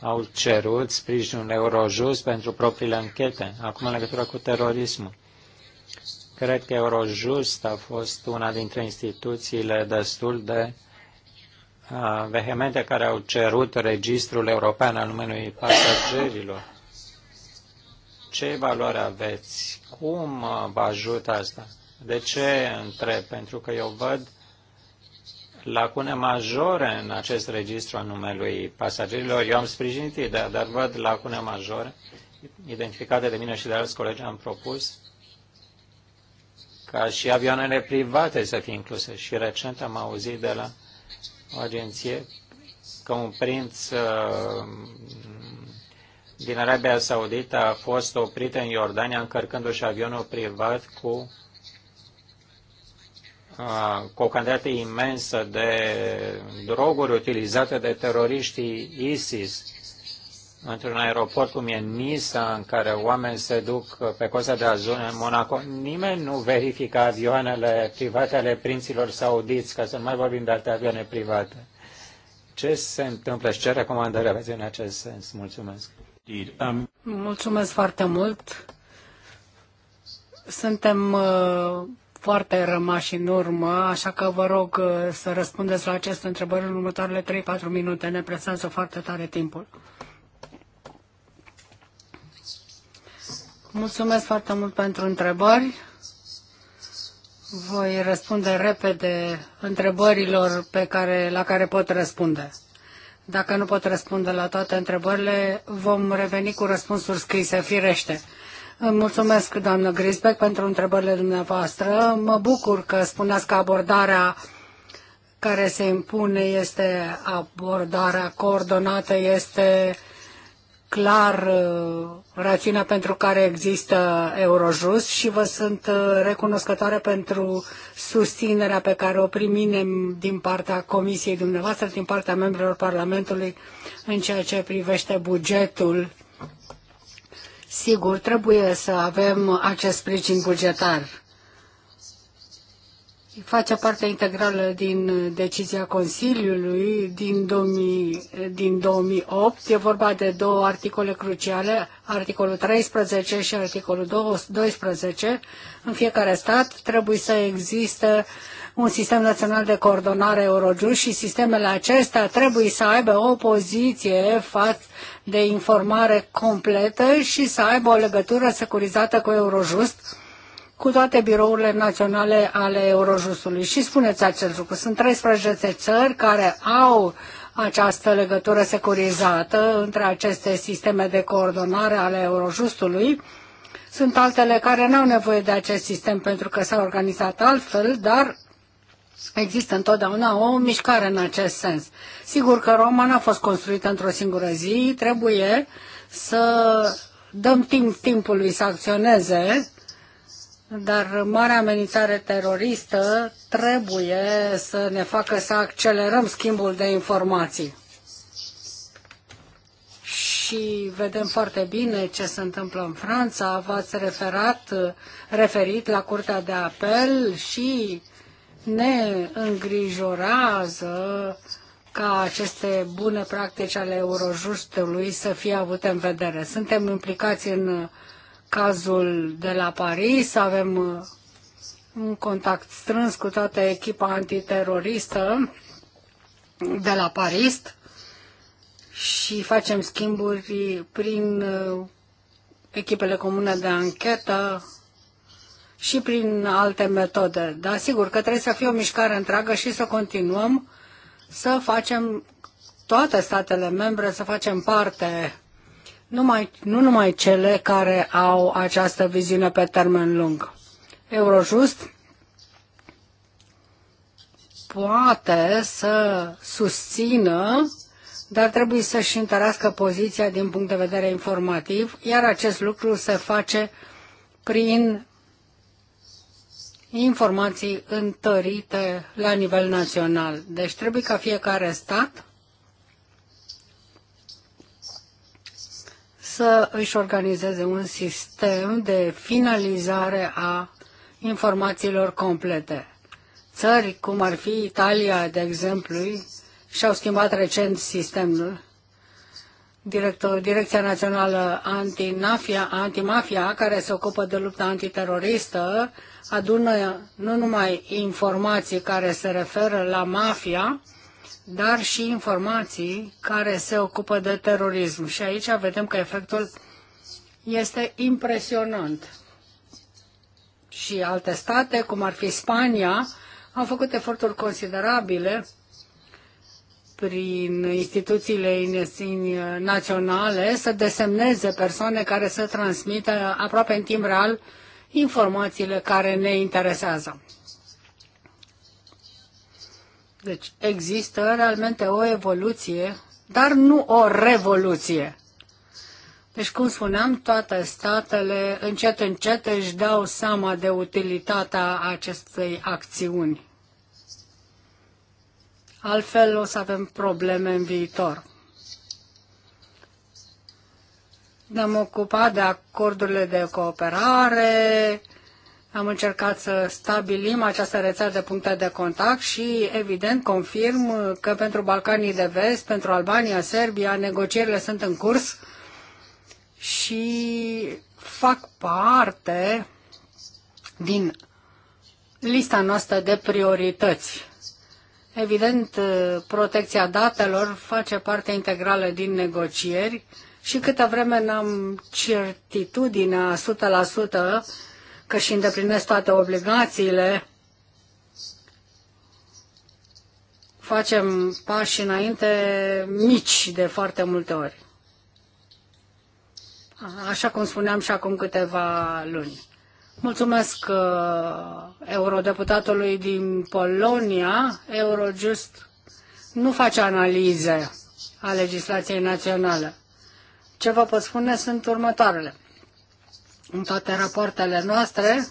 au cerut sprijinul Eurojust pentru propriile închete, acum în legătură cu terorismul. Cred că Eurojust a fost una dintre instituțiile destul de vehemente care au cerut registrul european al numelui pasagerilor. Ce valoare aveți? Cum vă ajută asta? De ce întreb? Pentru că eu văd lacune majore în acest registru al numelui pasagerilor. Eu am sprijinit ideea, dar văd lacune majore identificate de mine și de alți colegi. Am propus ca și avioanele private să fie incluse. Și recent am auzit de la o agenție că un prinț uh, din Arabia Saudită a fost oprit în Iordania încărcându-și avionul privat cu Ah, cu o cantitate imensă de droguri utilizate de teroriștii ISIS într-un aeroport cum e Nisa, în care oameni se duc pe costa de Azun în Monaco. Nimeni nu verifică avioanele private ale prinților saudiți, ca să nu mai vorbim de alte avioane private. Ce se întâmplă și ce recomandări aveți în acest sens? Mulțumesc. Mulțumesc foarte mult. Suntem uh foarte rămași în urmă, așa că vă rog uh, să răspundeți la aceste întrebări în următoarele 3-4 minute. Ne presează foarte tare timpul. Mulțumesc foarte mult pentru întrebări. Voi răspunde repede întrebărilor pe care, la care pot răspunde. Dacă nu pot răspunde la toate întrebările, vom reveni cu răspunsuri scrise, firește. Mulțumesc, doamnă Grisbeck, pentru întrebările dumneavoastră. Mă bucur că spuneați că abordarea care se impune este abordarea coordonată, este clar uh, rațiunea pentru care există Eurojust și vă sunt uh, recunoscătoare pentru susținerea pe care o primim din partea Comisiei dumneavoastră, din partea membrilor Parlamentului în ceea ce privește bugetul Sigur, trebuie să avem acest sprijin bugetar. Face parte integrală din decizia Consiliului din, 2000, din 2008. E vorba de două articole cruciale, articolul 13 și articolul 12. În fiecare stat trebuie să existe un sistem național de coordonare Eurojust și sistemele acestea trebuie să aibă o poziție față de informare completă și să aibă o legătură securizată cu Eurojust, cu toate birourile naționale ale Eurojustului. Și spuneți acest lucru. Sunt 13 țări care au această legătură securizată între aceste sisteme de coordonare ale Eurojustului. Sunt altele care n-au nevoie de acest sistem pentru că s-au organizat altfel, dar Există întotdeauna o mișcare în acest sens. Sigur că Roma n-a fost construită într-o singură zi, trebuie să dăm timp timpului să acționeze, dar marea amenințare teroristă trebuie să ne facă să accelerăm schimbul de informații. Și vedem foarte bine ce se întâmplă în Franța. V-ați referat, referit la Curtea de Apel și uh, ne îngrijorează ca aceste bune practici ale Eurojustului să fie avute în vedere. Suntem implicați în cazul de la Paris, avem un contact strâns cu toată echipa antiteroristă de la Paris și facem schimburi prin echipele comune de anchetă și prin alte metode. Dar sigur că trebuie să fie o mișcare întreagă și să continuăm să facem toate statele membre, să facem parte, numai, nu numai cele care au această viziune pe termen lung. Eurojust poate să susțină, dar trebuie să-și întărească poziția din punct de vedere informativ, iar acest lucru se face prin informații întărite la nivel național. Deci trebuie ca fiecare stat să își organizeze un sistem de finalizare a informațiilor complete. Țări cum ar fi Italia, de exemplu, și-au schimbat recent sistemul. Director, Direcția Națională Antimafia, Antimafia, care se ocupă de lupta antiteroristă, adună nu numai informații care se referă la mafia, dar și informații care se ocupă de terorism. Și aici vedem că efectul este impresionant. Și alte state, cum ar fi Spania, au făcut eforturi considerabile prin instituțiile naționale să desemneze persoane care să transmită aproape în timp real informațiile care ne interesează. Deci există realmente o evoluție, dar nu o revoluție. Deci, cum spuneam, toate statele încet, încet își dau seama de utilitatea acestei acțiuni. Altfel o să avem probleme în viitor. Ne-am ocupat de acordurile de cooperare, am încercat să stabilim această rețea de puncte de contact și, evident, confirm că pentru Balcanii de Vest, pentru Albania, Serbia, negocierile sunt în curs și fac parte din lista noastră de priorități. Evident, protecția datelor face parte integrală din negocieri și câtă vreme n-am certitudinea 100% că și îndeplinesc toate obligațiile, facem pași înainte mici de foarte multe ori. Așa cum spuneam și acum câteva luni. Mulțumesc uh, eurodeputatului din Polonia, Eurojust nu face analize a legislației naționale ce vă pot spune sunt următoarele. În toate rapoartele noastre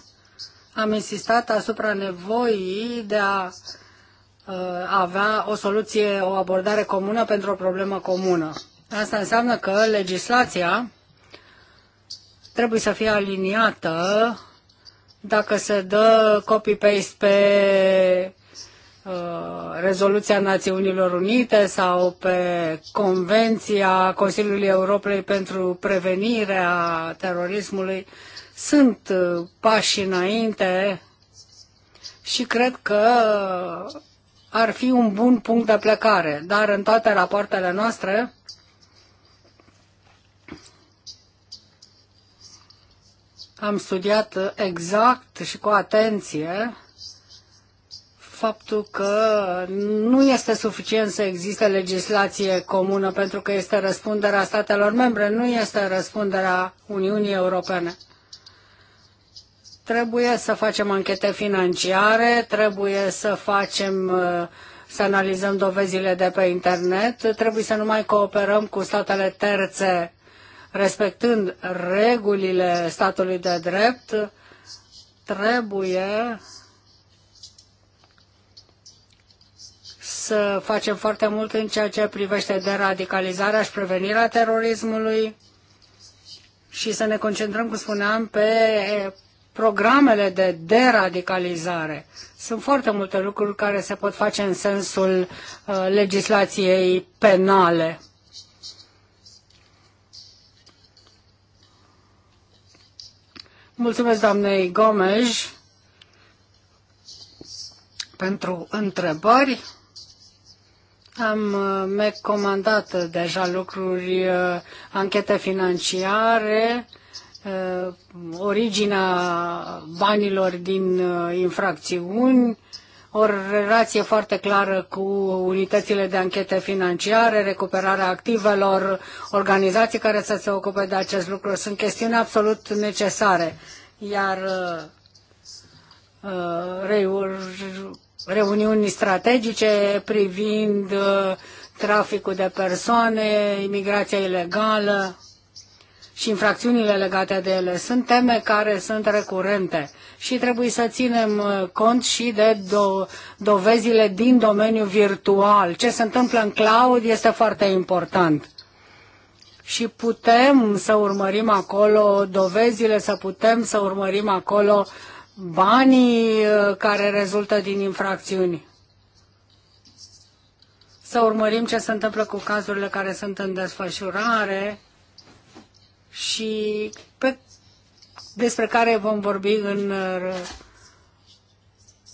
am insistat asupra nevoii de a uh, avea o soluție, o abordare comună pentru o problemă comună. Asta înseamnă că legislația trebuie să fie aliniată dacă se dă copy-paste pe Uh, rezoluția Națiunilor Unite sau pe Convenția Consiliului Europei pentru prevenirea terorismului sunt uh, pași înainte și cred că ar fi un bun punct de plecare, dar în toate rapoartele noastre am studiat exact și cu atenție faptul că nu este suficient să existe legislație comună pentru că este răspunderea statelor membre, nu este răspunderea Uniunii Europene. Trebuie să facem anchete financiare, trebuie să facem uh, să analizăm dovezile de pe internet, trebuie să nu mai cooperăm cu statele terțe respectând regulile statului de drept, trebuie să facem foarte mult în ceea ce privește deradicalizarea și prevenirea terorismului și să ne concentrăm, cum spuneam, pe programele de deradicalizare. Sunt foarte multe lucruri care se pot face în sensul uh, legislației penale. Mulțumesc doamnei Gomes pentru întrebări. Am uh, comandat deja lucruri, uh, anchete financiare, uh, originea banilor din infracțiuni, o relație foarte clară cu unitățile de anchete financiare, recuperarea activelor, organizații care să se ocupe de acest lucru. Sunt chestiuni absolut necesare. Iar reuniuni strategice privind uh, traficul de persoane, imigrația ilegală și infracțiunile legate de ele. Sunt teme care sunt recurente și trebuie să ținem uh, cont și de do- dovezile din domeniul virtual. Ce se întâmplă în cloud este foarte important și putem să urmărim acolo dovezile, să putem să urmărim acolo banii uh, care rezultă din infracțiuni. Să urmărim ce se întâmplă cu cazurile care sunt în desfășurare și pe, despre care vom vorbi în uh,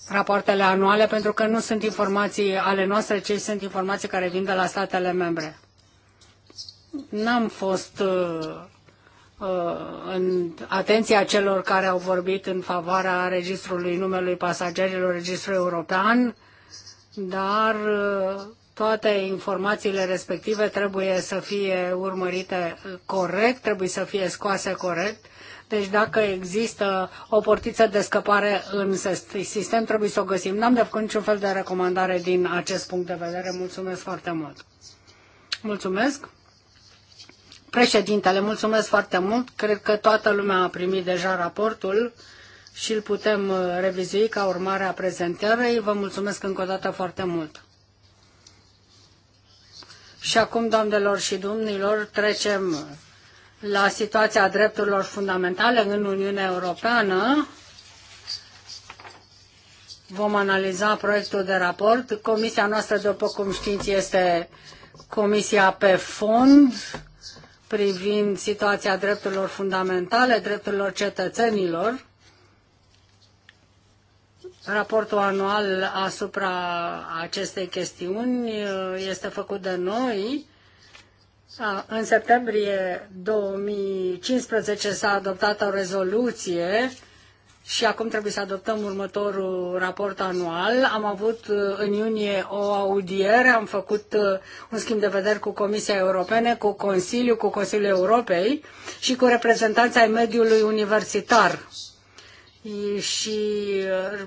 rapoartele anuale, pentru că nu sunt informații ale noastre, ci sunt informații care vin de la statele membre. N-am fost uh, Uh, în atenția celor care au vorbit în favoarea registrului numelui pasagerilor, registrului european, dar uh, toate informațiile respective trebuie să fie urmărite corect, trebuie să fie scoase corect. Deci dacă există o portiță de scăpare în sistem, trebuie să o găsim. N-am de făcut niciun fel de recomandare din acest punct de vedere. Mulțumesc foarte mult. Mulțumesc. Președintele, mulțumesc foarte mult. Cred că toată lumea a primit deja raportul și îl putem uh, revizui ca urmare a prezentării. Vă mulțumesc încă o dată foarte mult. Și acum, doamnelor și domnilor, trecem la situația drepturilor fundamentale în Uniunea Europeană. Vom analiza proiectul de raport. Comisia noastră, după cum știți, este comisia pe fond privind situația drepturilor fundamentale, drepturilor cetățenilor, Raportul anual asupra acestei chestiuni uh, este făcut de noi. În septembrie 2015 s-a adoptat o rezoluție și acum trebuie să adoptăm următorul raport anual. Am avut uh, în iunie o audiere, am făcut uh, un schimb de vedere cu Comisia Europene, cu Consiliul, cu Consiliul Europei și cu reprezentanța ai mediului universitar. Și uh,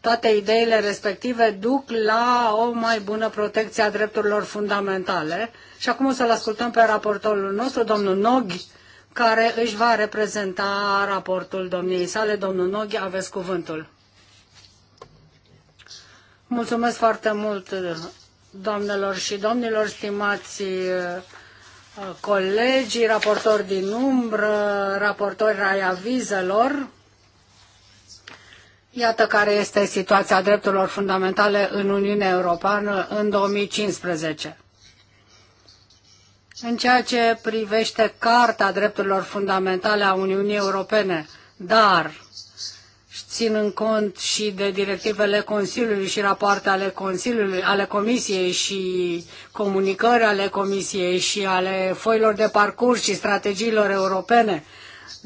toate ideile respective duc la o mai bună protecție a drepturilor fundamentale. Și acum o să-l ascultăm pe raportorul nostru, domnul Noghi, care își va reprezenta raportul domniei sale. Domnul Noghi, aveți cuvântul. Mulțumesc foarte mult, doamnelor și domnilor, stimați uh, colegi, raportori din umbră, raportori ai avizelor. Iată care este situația drepturilor fundamentale în Uniunea Europeană în 2015. În ceea ce privește Carta Drepturilor Fundamentale a Uniunii Europene, dar ținând cont și de directivele Consiliului și rapoarte ale Consiliului, ale Comisiei și comunicări ale Comisiei și ale foilor de parcurs și strategiilor europene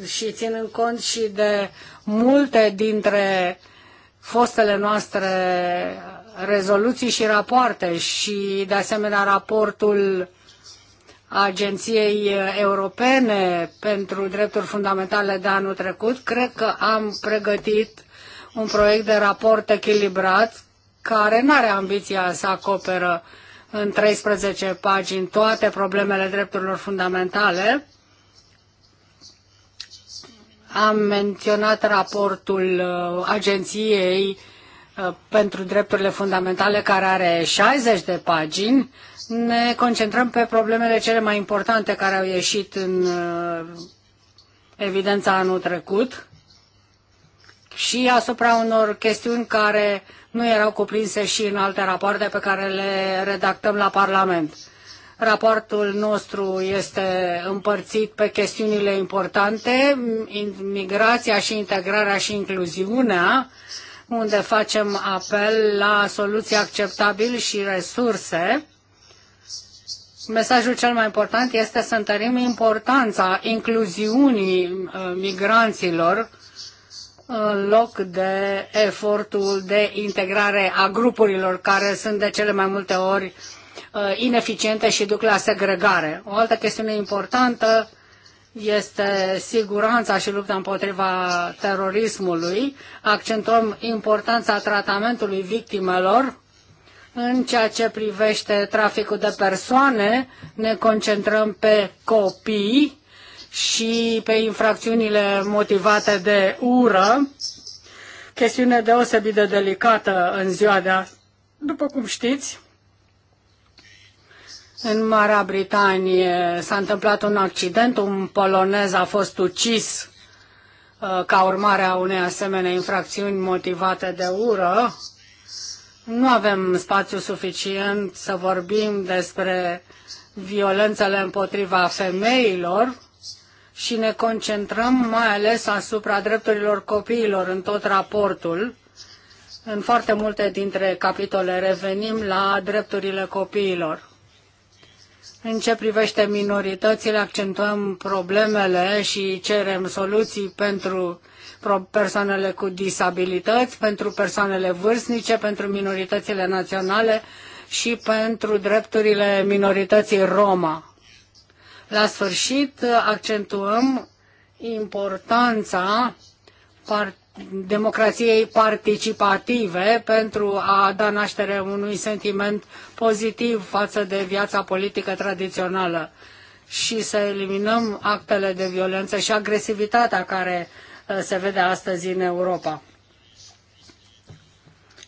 și ținând cont și de multe dintre fostele noastre rezoluții și rapoarte și de asemenea raportul Agenției uh, Europene pentru Drepturi Fundamentale de anul trecut, cred că am pregătit un proiect de raport echilibrat care nu are ambiția să acoperă în 13 pagini toate problemele drepturilor fundamentale. Am menționat raportul uh, Agenției uh, pentru Drepturile Fundamentale care are 60 de pagini, ne concentrăm pe problemele cele mai importante care au ieșit în uh, evidența anul trecut și asupra unor chestiuni care nu erau cuprinse și în alte rapoarte pe care le redactăm la Parlament. Raportul nostru este împărțit pe chestiunile importante, migrația și integrarea și incluziunea, unde facem apel la soluții acceptabile și resurse mesajul cel mai important este să întărim importanța incluziunii uh, migranților în loc de efortul de integrare a grupurilor care sunt de cele mai multe ori uh, ineficiente și duc la segregare. O altă chestiune importantă este siguranța și lupta împotriva terorismului. Accentuăm importanța tratamentului victimelor în ceea ce privește traficul de persoane, ne concentrăm pe copii și pe infracțiunile motivate de ură, chestiune deosebit de delicată în ziua de azi. După cum știți, în Marea Britanie s-a întâmplat un accident, un polonez a fost ucis uh, ca urmare a unei asemenea infracțiuni motivate de ură nu avem spațiu suficient să vorbim despre violențele împotriva femeilor și ne concentrăm mai ales asupra drepturilor copiilor în tot raportul. În foarte multe dintre capitole revenim la drepturile copiilor. În ce privește minoritățile, accentuăm problemele și cerem soluții pentru persoanele cu disabilități, pentru persoanele vârstnice, pentru minoritățile naționale și pentru drepturile minorității Roma. La sfârșit, accentuăm importanța part democrației participative pentru a da naștere unui sentiment pozitiv față de viața politică tradițională și să eliminăm actele de violență și agresivitatea care Uh, se vede astăzi în Europa.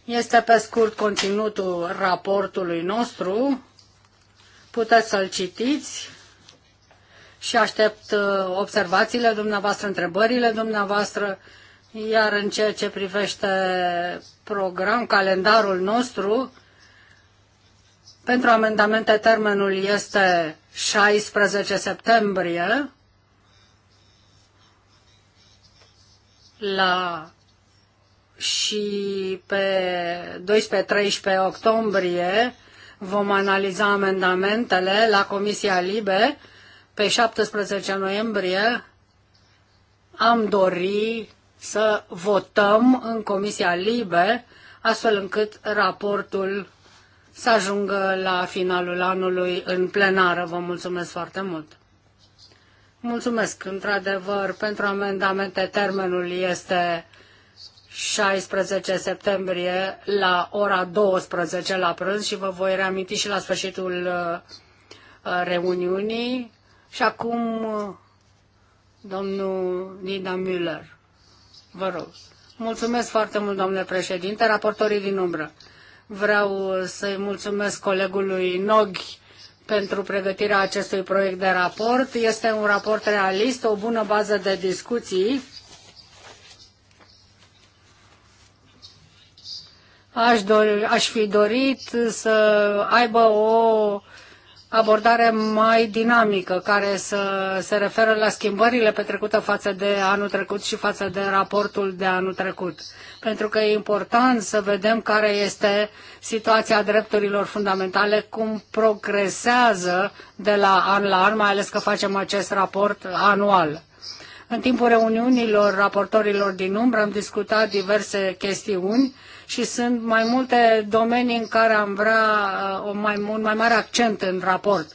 Este pe scurt conținutul raportului nostru. Puteți să-l citiți și aștept uh, observațiile dumneavoastră, întrebările dumneavoastră, iar în ceea ce privește program, calendarul nostru, pentru amendamente termenul este 16 septembrie la și pe 12-13 octombrie vom analiza amendamentele la Comisia Libe. Pe 17 noiembrie am dori să votăm în Comisia Libe, astfel încât raportul să ajungă la finalul anului în plenară. Vă mulțumesc foarte mult! Mulțumesc. Într-adevăr, pentru amendamente termenul este 16 septembrie la ora 12 la prânz și vă voi reaminti și la sfârșitul uh, uh, reuniunii. Și acum uh, domnul Nina Müller. Vă rog. Mulțumesc foarte mult, domnule președinte, raportorii din umbră. Vreau să-i mulțumesc colegului Noghi pentru pregătirea acestui proiect de raport. Este un raport realist, o bună bază de discuții. Aș, dori, aș fi dorit să aibă o abordare mai dinamică, care să se referă la schimbările petrecute față de anul trecut și față de raportul de anul trecut. Pentru că e important să vedem care este situația drepturilor fundamentale, cum progresează de la an la an, mai ales că facem acest raport anual. În timpul reuniunilor raportorilor din umbră am discutat diverse chestiuni și sunt mai multe domenii în care am vrea uh, o mai, un mai mare accent în raport.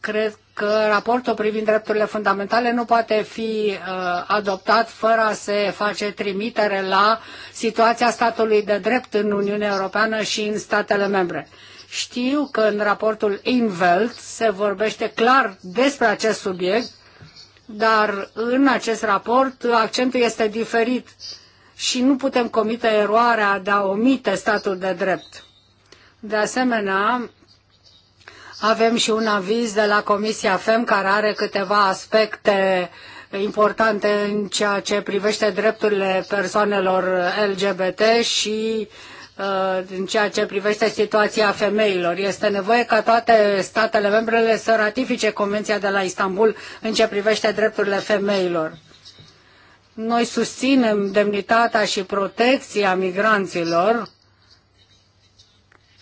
Cred că raportul privind drepturile fundamentale nu poate fi uh, adoptat fără a se face trimitere la situația statului de drept în Uniunea Europeană și în statele membre. Știu că în raportul Invelt se vorbește clar despre acest subiect, dar în acest raport accentul este diferit. Uh, și nu putem comite eroarea de a omite statul de drept. De asemenea, avem și un aviz de la Comisia FEM care are câteva aspecte importante în ceea ce privește drepturile persoanelor LGBT și uh, în ceea ce privește situația femeilor. Este nevoie ca toate statele membrele să ratifice Convenția de la Istanbul în ceea ce privește drepturile femeilor noi susținem demnitatea și protecția migranților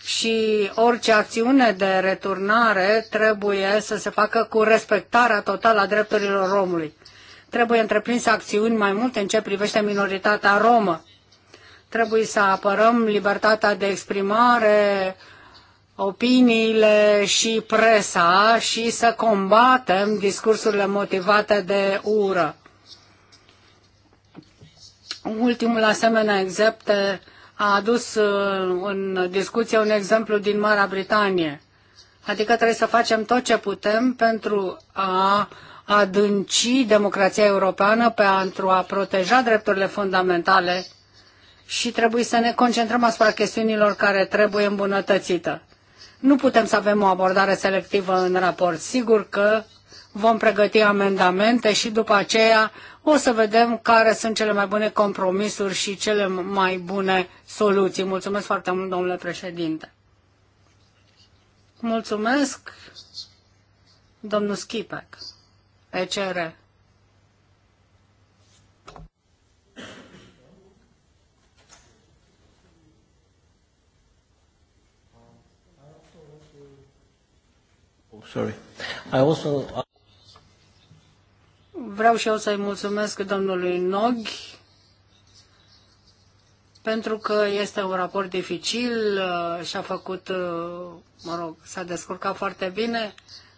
și orice acțiune de returnare trebuie să se facă cu respectarea totală a drepturilor omului. Trebuie întreprinse acțiuni mai multe în ce privește minoritatea romă. Trebuie să apărăm libertatea de exprimare, opiniile și presa și să combatem discursurile motivate de ură. Ultimul asemenea exemplu a adus uh, în discuție un exemplu din Marea Britanie. Adică trebuie să facem tot ce putem pentru a adânci democrația europeană, pentru a proteja drepturile fundamentale și trebuie să ne concentrăm asupra chestiunilor care trebuie îmbunătățită. Nu putem să avem o abordare selectivă în raport. Sigur că vom pregăti amendamente și după aceea o să vedem care sunt cele mai bune compromisuri și cele mai bune soluții. Mulțumesc foarte mult, domnule președinte. Mulțumesc, domnul Schipec, ECR. Oh, sorry. I also Vreau și eu să-i mulțumesc domnului Nog pentru că este un raport dificil uh, și a făcut, uh, mă rog, s-a descurcat foarte bine.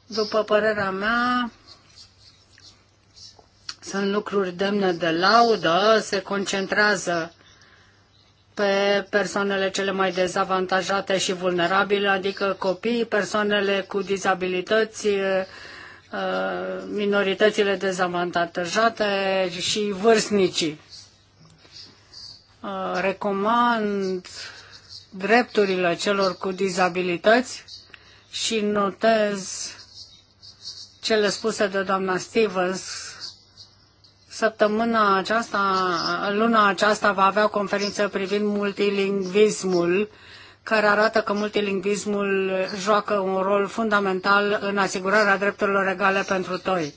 După părerea mea, sunt lucruri demne de laudă, se concentrează pe persoanele cele mai dezavantajate și vulnerabile, adică copii, persoanele cu dizabilități, uh, Uh, minoritățile dezavantajate și vârstnicii. Uh, recomand drepturile celor cu dizabilități și notez cele spuse de doamna Stevens. Săptămâna aceasta, luna aceasta va avea o conferință privind multilingvismul care arată că multilingvismul joacă un rol fundamental în asigurarea drepturilor egale pentru toi.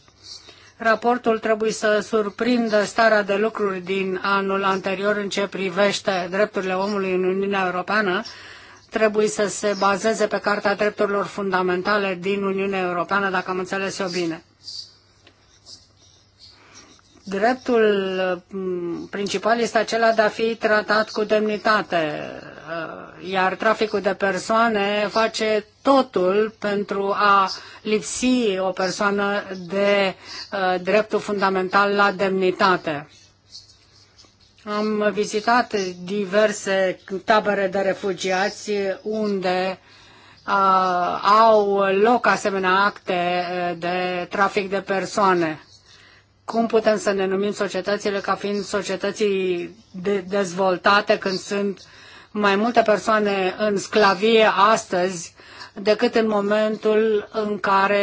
Raportul trebuie să surprindă starea de lucruri din anul anterior în ce privește drepturile omului în Uniunea Europeană, trebuie să se bazeze pe Carta Drepturilor Fundamentale din Uniunea Europeană, dacă am înțeles eu bine dreptul mm, principal este acela de a fi tratat cu demnitate, uh, iar traficul de persoane face totul pentru a lipsi o persoană de uh, dreptul fundamental la demnitate. Am vizitat diverse tabere de refugiați unde uh, au loc asemenea acte de trafic de persoane cum putem să ne numim societățile ca fiind societății de dezvoltate când sunt mai multe persoane în sclavie astăzi decât în momentul în care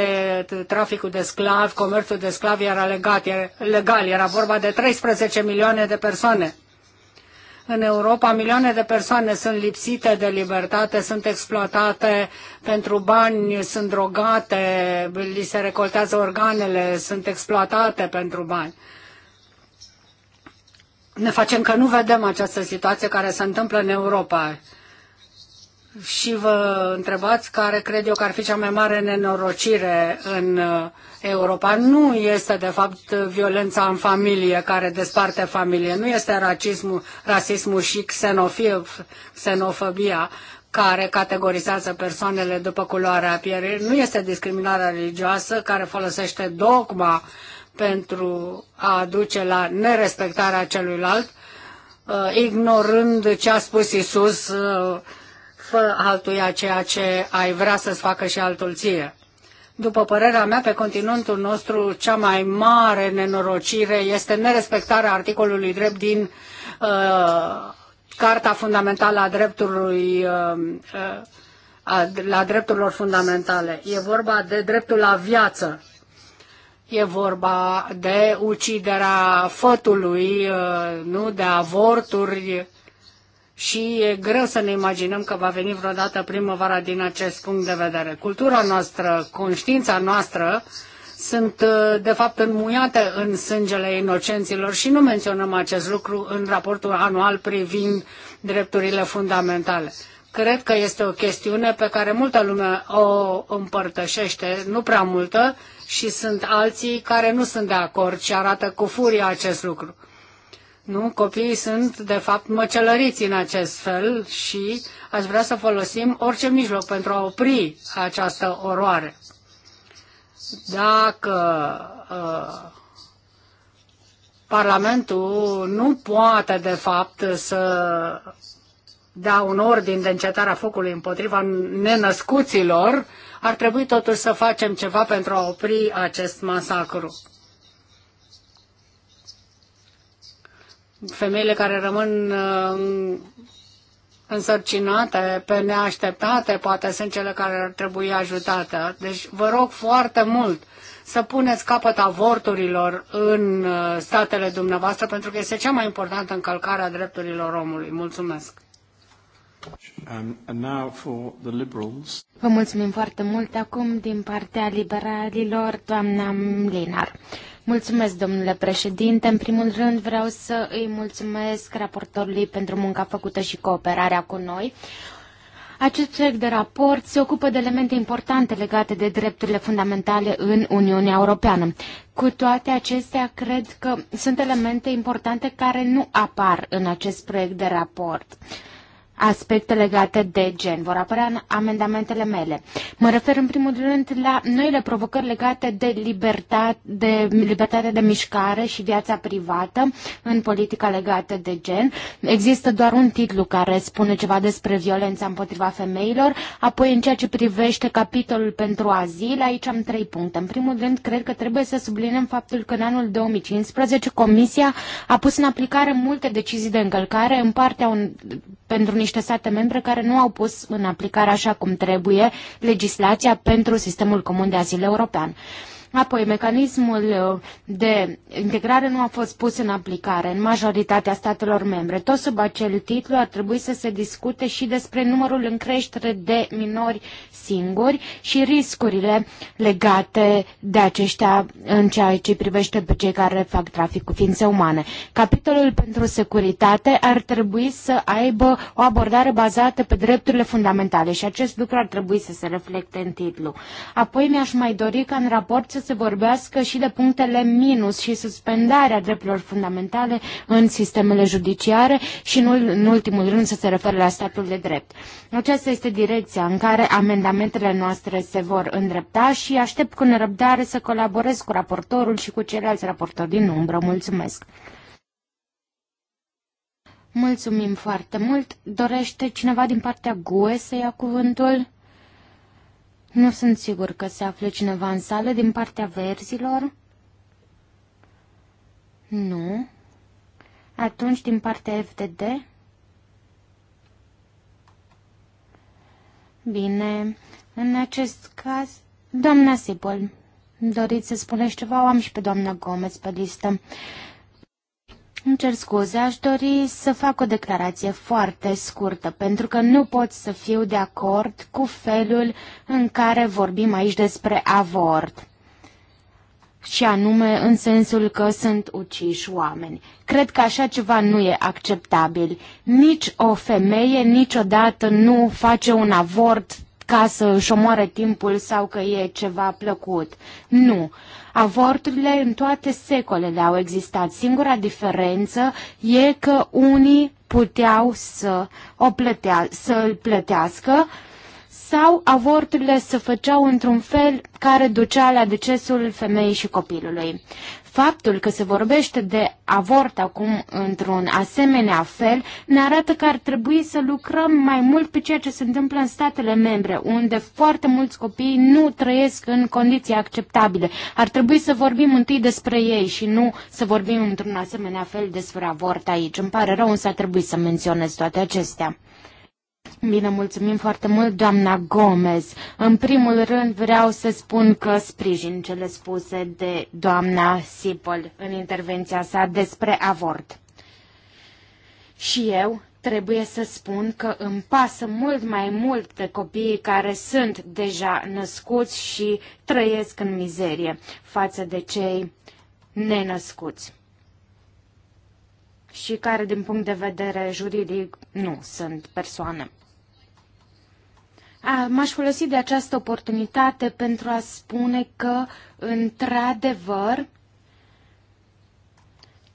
traficul de sclavi, comerțul de sclavi era legat, era legal. Era vorba de 13 milioane de persoane. În Europa milioane de persoane sunt lipsite de libertate, sunt exploatate pentru bani, sunt drogate, li se recoltează organele, sunt exploatate pentru bani. Ne facem că nu vedem această situație care se întâmplă în Europa și vă întrebați care cred eu că ar fi cea mai mare nenorocire în uh, Europa. Nu este, de fapt, violența în familie care desparte familie, nu este racismul, rasismul și xenofie, xenofobia care categorizează persoanele după culoarea pierii, nu este discriminarea religioasă care folosește dogma pentru a duce la nerespectarea celuilalt, uh, ignorând ce a spus Isus uh, fă altuia ceea ce ai vrea să-ți facă și altul ție. După părerea mea, pe continentul nostru, cea mai mare nenorocire este nerespectarea articolului drept din uh, Carta Fundamentală a Dreptului uh, uh, la drepturilor fundamentale. E vorba de dreptul la viață. E vorba de uciderea fătului, uh, nu de avorturi, și e greu să ne imaginăm că va veni vreodată primăvara din acest punct de vedere. Cultura noastră, conștiința noastră sunt uh, de fapt înmuiate în sângele inocenților și nu menționăm acest lucru în raportul anual privind drepturile fundamentale. Cred că este o chestiune pe care multă lume o împărtășește, nu prea multă, și sunt alții care nu sunt de acord și arată cu furie acest lucru. Nu? Copiii sunt, de fapt, măcelăriți în acest fel și aș vrea să folosim orice mijloc pentru a opri această oroare. Dacă uh, Parlamentul nu poate, de fapt, să dea un ordin de a focului împotriva nenăscuților, ar trebui totuși să facem ceva pentru a opri acest masacru. femeile care rămân uh, însărcinate, pe neașteptate, poate sunt cele care ar trebui ajutate. Deci vă rog foarte mult să puneți capăt avorturilor în uh, statele dumneavoastră, pentru că este cea mai importantă încălcare a drepturilor omului. Mulțumesc! Um, vă mulțumim foarte mult acum din partea liberalilor, doamna Linar. Mulțumesc, domnule președinte. În primul rând vreau să îi mulțumesc raportorului pentru munca făcută și cooperarea cu noi. Acest proiect de raport se ocupă de elemente importante legate de drepturile fundamentale în Uniunea Europeană. Cu toate acestea, cred că sunt elemente importante care nu apar în acest proiect de raport. Uh, aspecte legate de gen. Vor apărea în amendamentele mele. Mă refer în primul rând la noile provocări legate de, libertate, de libertatea de mișcare și viața privată în politica legată de gen. Există doar un titlu care spune ceva despre violența împotriva femeilor. Apoi, în ceea ce privește capitolul pentru azil, aici am trei puncte. În primul rând, cred că trebuie să subliniem faptul că în anul 2015 Comisia a pus în aplicare multe decizii de încălcare în partea un, pentru niște state membre care nu au pus în aplicare așa cum trebuie legislația pentru sistemul comun de azil european. Apoi, mecanismul uh, de integrare nu a fost pus în aplicare în majoritatea statelor membre. Tot sub acel titlu ar trebui să se discute și despre numărul în creștere de minori singuri și riscurile legate de aceștia în ceea ce privește pe cei care fac trafic cu ființe umane. Capitolul pentru securitate ar trebui să aibă o abordare bazată pe drepturile fundamentale și acest lucru ar trebui să se reflecte în titlu. Apoi mi-aș mai dori ca în raport să se vorbească și de punctele minus și suspendarea drepturilor fundamentale în sistemele judiciare și, în, în ultimul rând, să se referă la statul de drept. Aceasta este direcția în care amendamentele noastre se vor îndrepta și aștept cu nerăbdare să colaborez cu raportorul și cu ceilalți raportori din umbră. Mulțumesc! Mulțumim foarte mult. Dorește cineva din partea GUE să ia cuvântul? Nu sunt sigur că se află cineva în sală din partea verzilor. Nu. Atunci din partea FDD? Bine, în acest caz, doamna Sibol, doriți să spuneți ceva? O am și pe doamna Gomez pe listă. Îmi cer scuze, aș dori să fac o declarație foarte scurtă, pentru că nu pot să fiu de acord cu felul în care vorbim aici despre avort și anume în sensul că sunt uciși oameni. Cred că așa ceva nu e acceptabil. Nici o femeie niciodată nu face un avort ca să își omoare timpul sau că e ceva plăcut. Nu. Avorturile în toate secolele au existat. Singura diferență e că unii puteau să, o plătea, să îl plătească sau avorturile se făceau într-un fel care ducea la decesul femeii și copilului. Faptul că se vorbește de avort acum într-un asemenea fel ne arată că ar trebui să lucrăm mai mult pe ceea ce se întâmplă în statele membre, unde foarte mulți copii nu trăiesc în condiții acceptabile. Ar trebui să vorbim întâi despre ei și nu să vorbim într-un asemenea fel despre avort aici. Îmi pare rău, însă ar trebui să menționez toate acestea. Bine, mulțumim foarte mult, doamna Gomez. În primul rând vreau să spun că sprijin cele spuse de doamna Sipol în intervenția sa despre avort. Și eu trebuie să spun că îmi pasă mult mai mult de copiii care sunt deja născuți și trăiesc în mizerie față de cei nenăscuți și care din punct de vedere juridic nu sunt persoane M-aș folosi de această oportunitate pentru a spune că, într-adevăr,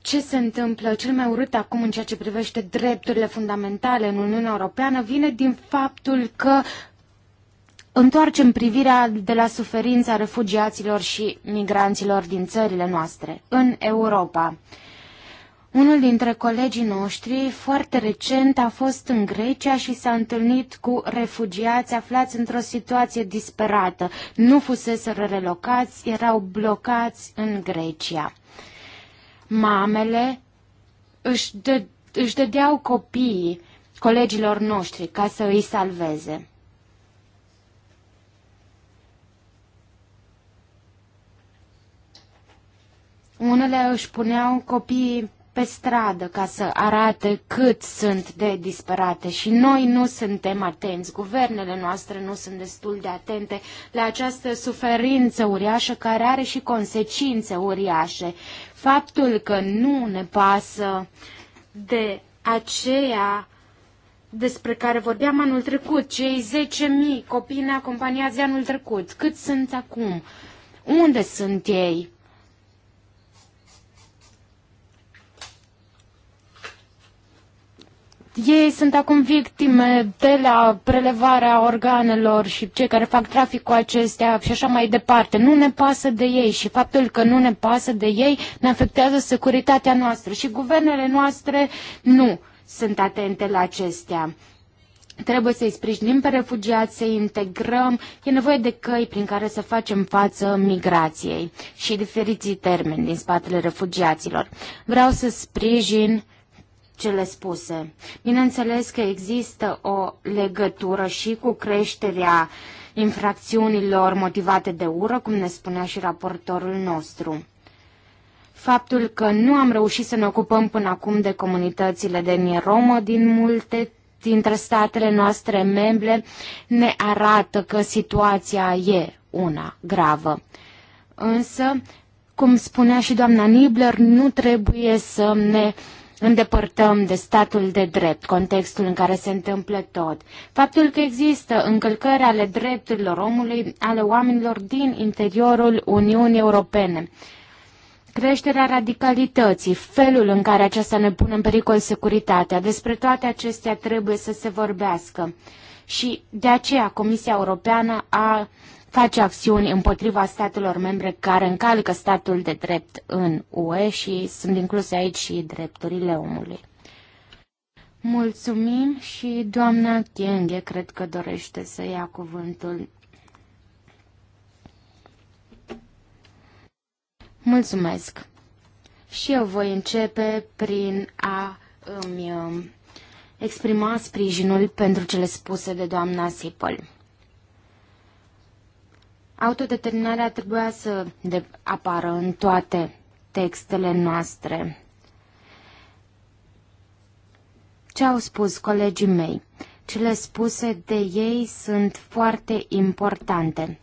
ce se întâmplă cel mai urât acum în ceea ce privește drepturile fundamentale în Uniunea Europeană vine din faptul că întoarcem privirea de la suferința refugiaților și migranților din țările noastre, în Europa. Unul dintre colegii noștri, foarte recent, a fost în Grecia și s-a întâlnit cu refugiați aflați într-o situație disperată. Nu fusese relocați, erau blocați în Grecia. Mamele își, dă, își dădeau copiii colegilor noștri ca să îi salveze. Unele își puneau copiii pe stradă ca să arate cât sunt de disperate și noi nu suntem atenți, guvernele noastre nu sunt destul de atente la această suferință uriașă care are și consecințe uriașe. Faptul că nu ne pasă de aceea despre care vorbeam anul trecut, cei 10.000 copii ne acompaniați de anul trecut, cât sunt acum, unde sunt ei? Ei sunt acum victime de la prelevarea organelor și cei care fac trafic cu acestea și așa mai departe. Nu ne pasă de ei și faptul că nu ne pasă de ei ne afectează securitatea noastră și guvernele noastre nu sunt atente la acestea. Trebuie să-i sprijinim pe refugiați, să-i integrăm. E nevoie de căi prin care să facem față migrației și diferiții termeni din spatele refugiaților. Vreau să sprijin uh, cele spuse. Bineînțeles că există o legătură și cu creșterea infracțiunilor motivate de ură, cum ne spunea și raportorul nostru. Faptul că nu am reușit să ne ocupăm până acum de comunitățile de niromă din multe dintre statele noastre membre ne arată că situația e una gravă. Însă, cum spunea și doamna Nibler, nu trebuie să ne uh, îndepărtăm de statul de drept, contextul în care se întâmplă tot. Faptul că există încălcări ale drepturilor omului, ale oamenilor din interiorul Uniunii Europene. Creșterea radicalității, felul în care aceasta ne pune în pericol securitatea, despre toate acestea trebuie să se vorbească. Și de aceea Comisia Europeană a face acțiuni împotriva statelor membre care încalcă statul de drept în UE și sunt incluse aici și drepturile omului. Mulțumim și doamna Chienghe cred că dorește să ia cuvântul. Mulțumesc! Și eu voi începe prin a îmi exprima sprijinul pentru cele spuse de doamna Sipol. Autodeterminarea trebuia să apară în toate textele noastre. Ce au spus colegii mei? Cele spuse de ei sunt foarte importante.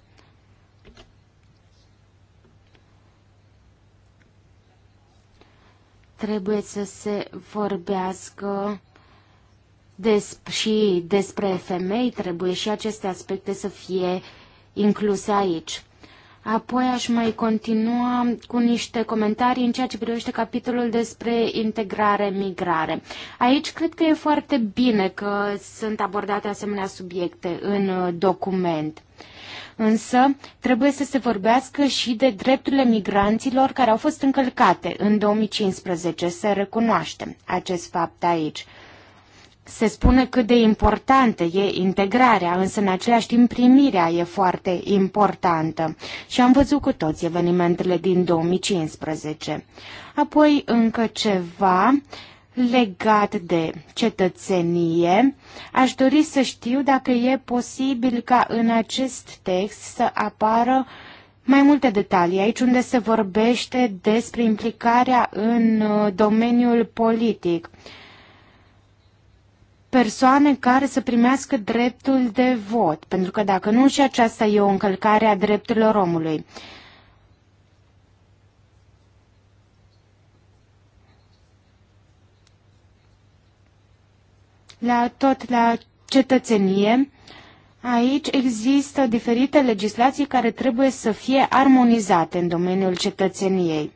Trebuie să se vorbească des și despre femei, trebuie și aceste aspecte să fie uh, incluse aici. Apoi aș mai continua cu niște comentarii în ceea ce privește capitolul despre integrare-migrare. Aici cred că e foarte bine că sunt abordate asemenea subiecte în uh, document. Însă trebuie să se vorbească și de drepturile migranților care au fost încălcate în 2015. Să recunoaștem acest fapt aici se spune cât de importantă e integrarea, însă în același timp primirea e foarte importantă. Și am văzut cu toți evenimentele din 2015. Apoi încă ceva legat de cetățenie. Aș dori să știu dacă e posibil ca în acest text să apară mai multe detalii aici unde se vorbește despre implicarea în uh, domeniul politic. Uh, persoane care să primească dreptul de vot, pentru că dacă nu și aceasta e o încălcare a drepturilor omului. La tot la cetățenie, Aici există diferite legislații care trebuie să fie armonizate în domeniul cetățeniei.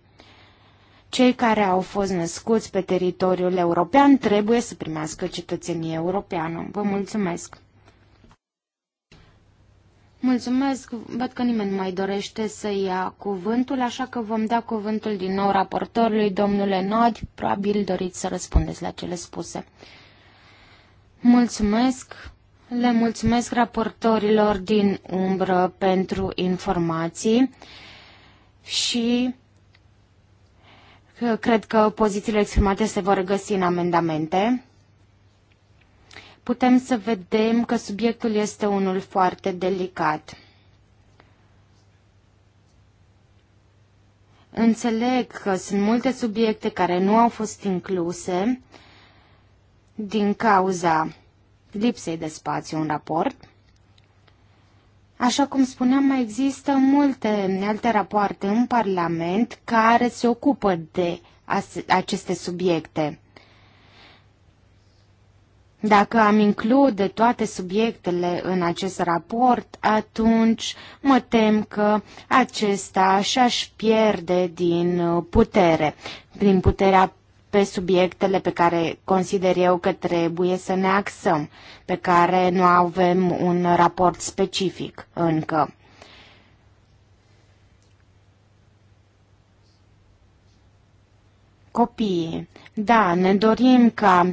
Cei care au fost născuți pe teritoriul european trebuie să primească cetățenie europeană. Vă mulțumesc! Mulțumesc, văd că nimeni nu mai dorește să ia cuvântul, așa că vom da cuvântul din nou raportorului, domnule Nod, probabil doriți să răspundeți la cele spuse. Mulțumesc, le mulțumesc raportorilor din umbră pentru informații și Cred că pozițiile exprimate se vor regăsi în amendamente. Putem să vedem că subiectul este unul foarte delicat. Înțeleg că sunt multe subiecte care nu au fost incluse din cauza lipsei de spațiu în raport. Așa cum spuneam, mai există multe alte rapoarte în Parlament care se ocupă de aceste subiecte. Dacă am include toate subiectele în acest raport, atunci mă tem că acesta și-aș pierde din putere, prin puterea pe subiectele pe care consider eu că trebuie să ne axăm, pe care nu avem un raport specific încă. Copiii. Da, ne dorim ca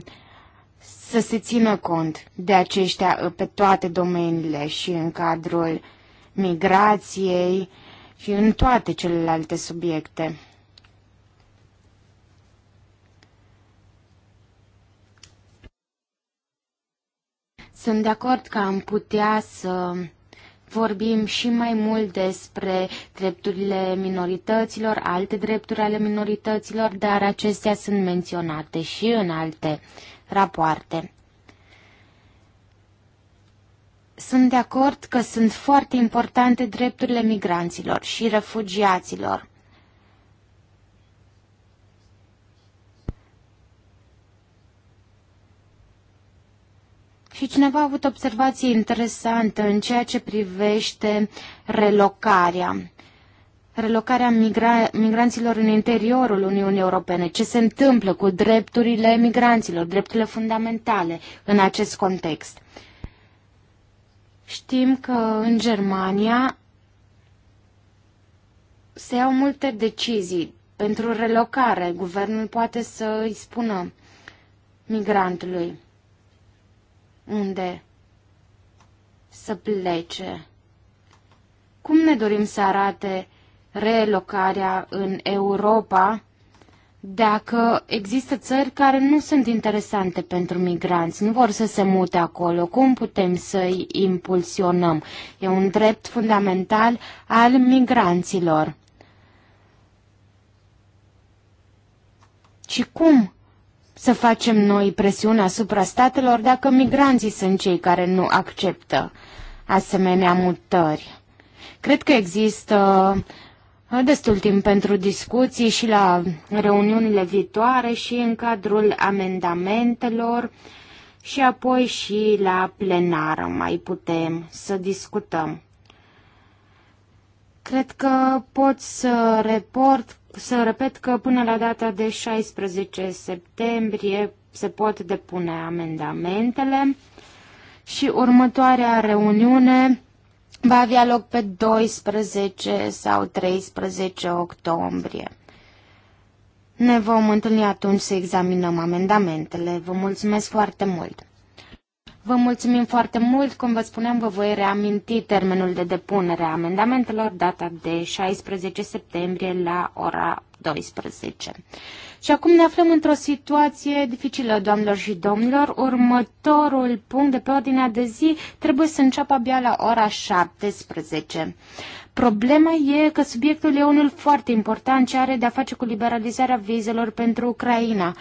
să se țină cont de aceștia pe toate domeniile și în cadrul migrației și în toate celelalte subiecte. Sunt de acord că am putea să vorbim și mai mult despre drepturile minorităților, alte drepturi ale minorităților, dar acestea sunt menționate și în alte rapoarte. Sunt de acord că sunt foarte importante drepturile migranților și refugiaților. Și cineva a avut observații interesante în ceea ce privește relocarea relocarea migra- migranților în interiorul Uniunii Europene, ce se întâmplă cu drepturile migranților, drepturile fundamentale în acest context. Știm că în Germania se iau multe decizii pentru relocare. Guvernul poate să îi spună migrantului unde să plece. Cum ne dorim să arate relocarea în Europa dacă există țări care nu sunt interesante pentru migranți, nu vor să se mute acolo? Cum putem să-i impulsionăm? E un drept fundamental al migranților. Și cum să facem noi presiune asupra statelor dacă migranții sunt cei care nu acceptă asemenea mutări. Cred că există uh, destul timp pentru discuții și la reuniunile viitoare și în cadrul amendamentelor și apoi și la plenară mai putem să discutăm. Cred că pot să report să repet că până la data de 16 septembrie se pot depune amendamentele și următoarea reuniune va avea loc pe 12 sau 13 octombrie. Ne vom întâlni atunci să examinăm amendamentele. Vă mulțumesc foarte mult! Vă mulțumim foarte mult. Cum vă spuneam, vă voi reaminti termenul de depunere a amendamentelor, data de 16 septembrie la ora 12. Și acum ne aflăm într-o situație dificilă, doamnelor și domnilor. Următorul punct de pe ordinea de zi trebuie să înceapă abia la ora 17. Problema e că subiectul e unul foarte important ce are de-a face cu liberalizarea vizelor pentru Ucraina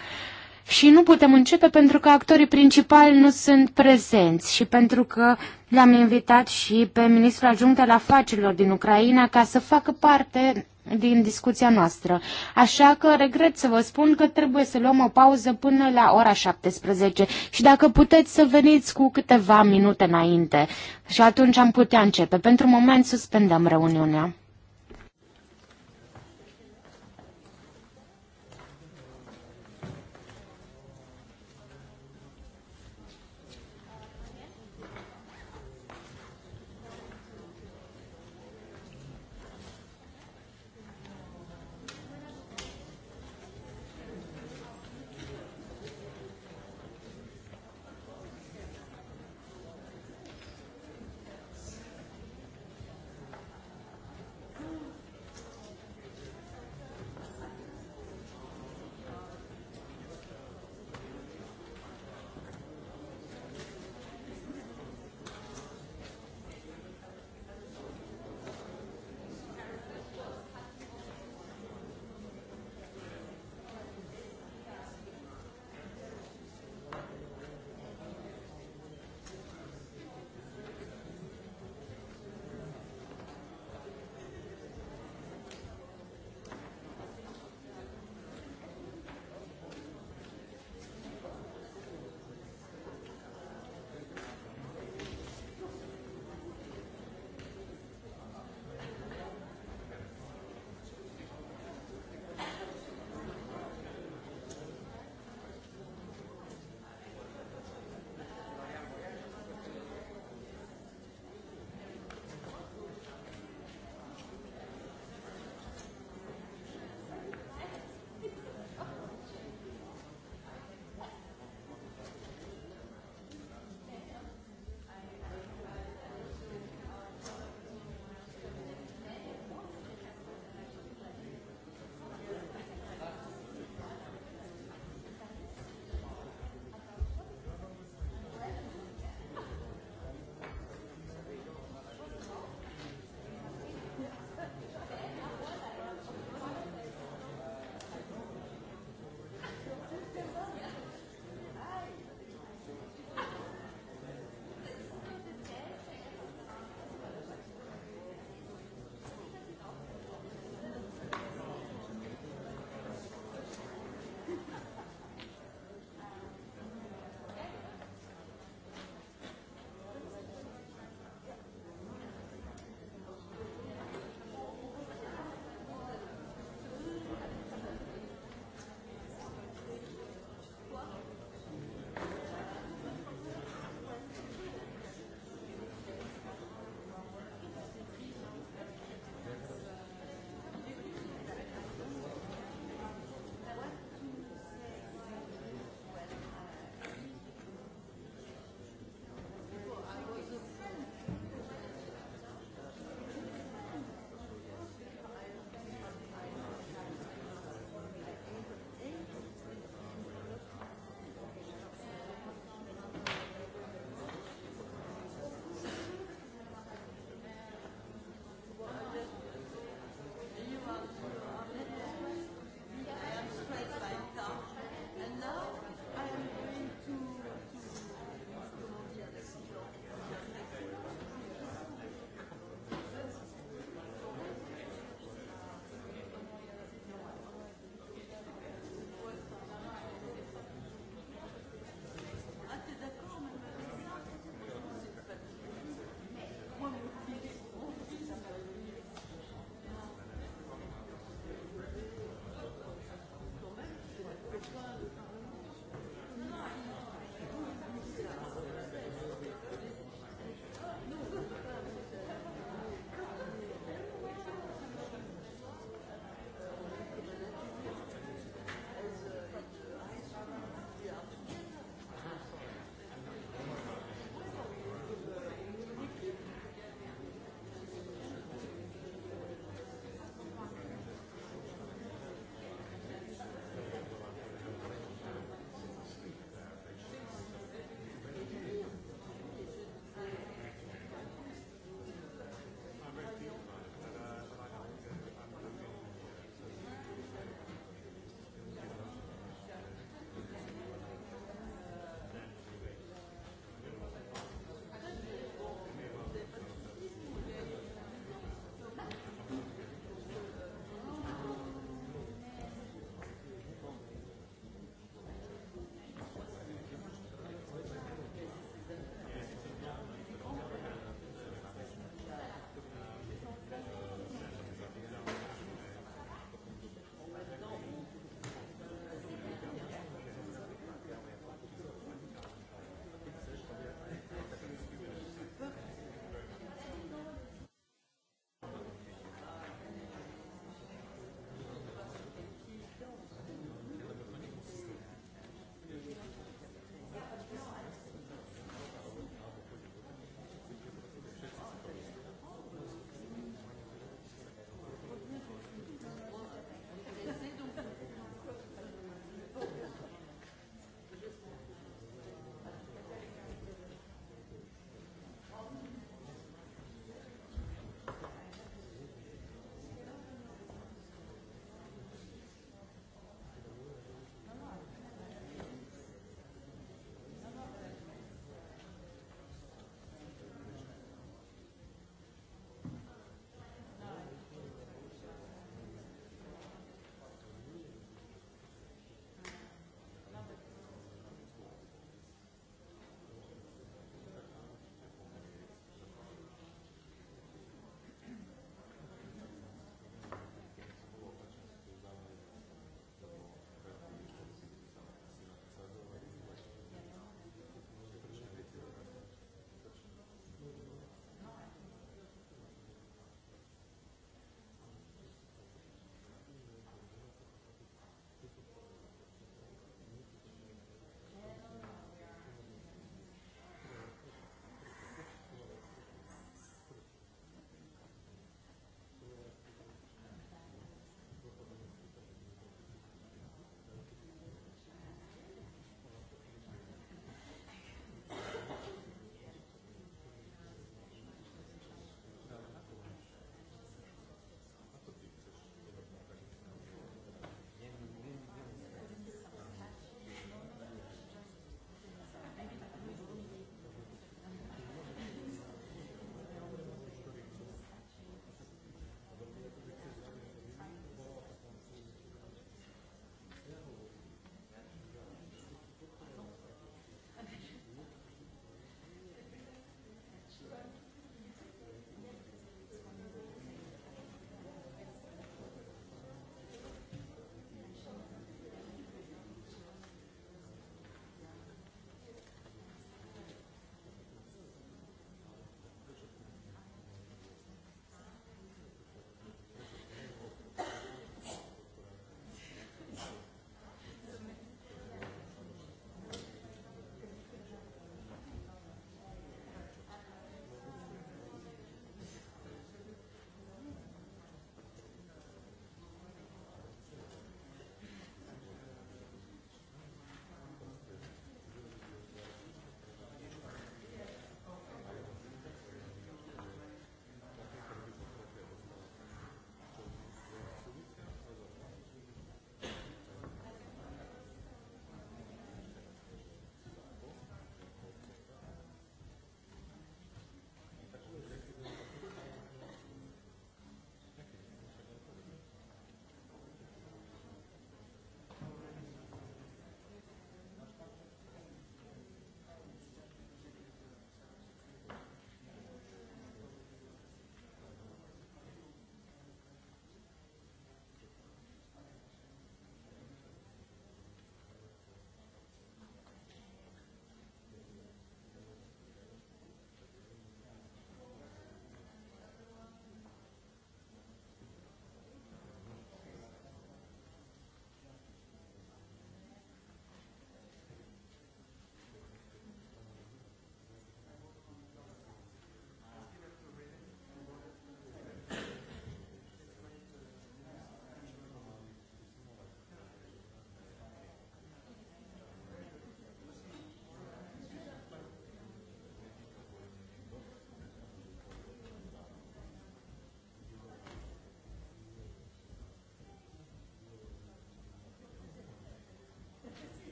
și nu putem începe pentru că actorii principali nu sunt prezenți și pentru că l-am invitat și pe ministrul adjunct al afacerilor din Ucraina ca să facă parte din discuția noastră. Așa că regret să vă spun că trebuie să luăm o pauză până la ora 17 și dacă puteți să veniți cu câteva minute înainte și atunci am putea începe. Pentru moment suspendăm reuniunea.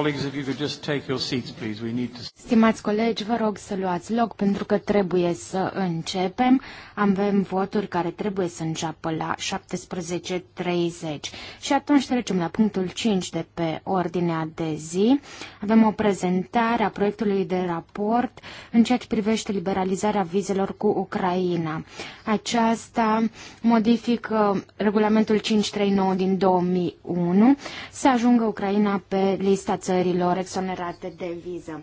colleagues, if you could just take your seats, please. We need to... Stimați colegi, vă rog să luați loc pentru că trebuie să începem. Avem voturi care trebuie să înceapă la 17.30. Și atunci trecem la punctul 5 de pe ordinea de zi. Avem o prezentare a proiectului de raport în ceea ce privește liberalizarea vizelor cu Ucraina. Aceasta modifică regulamentul 539 din 2001 să ajungă Ucraina pe lista țărilor exonerate de viză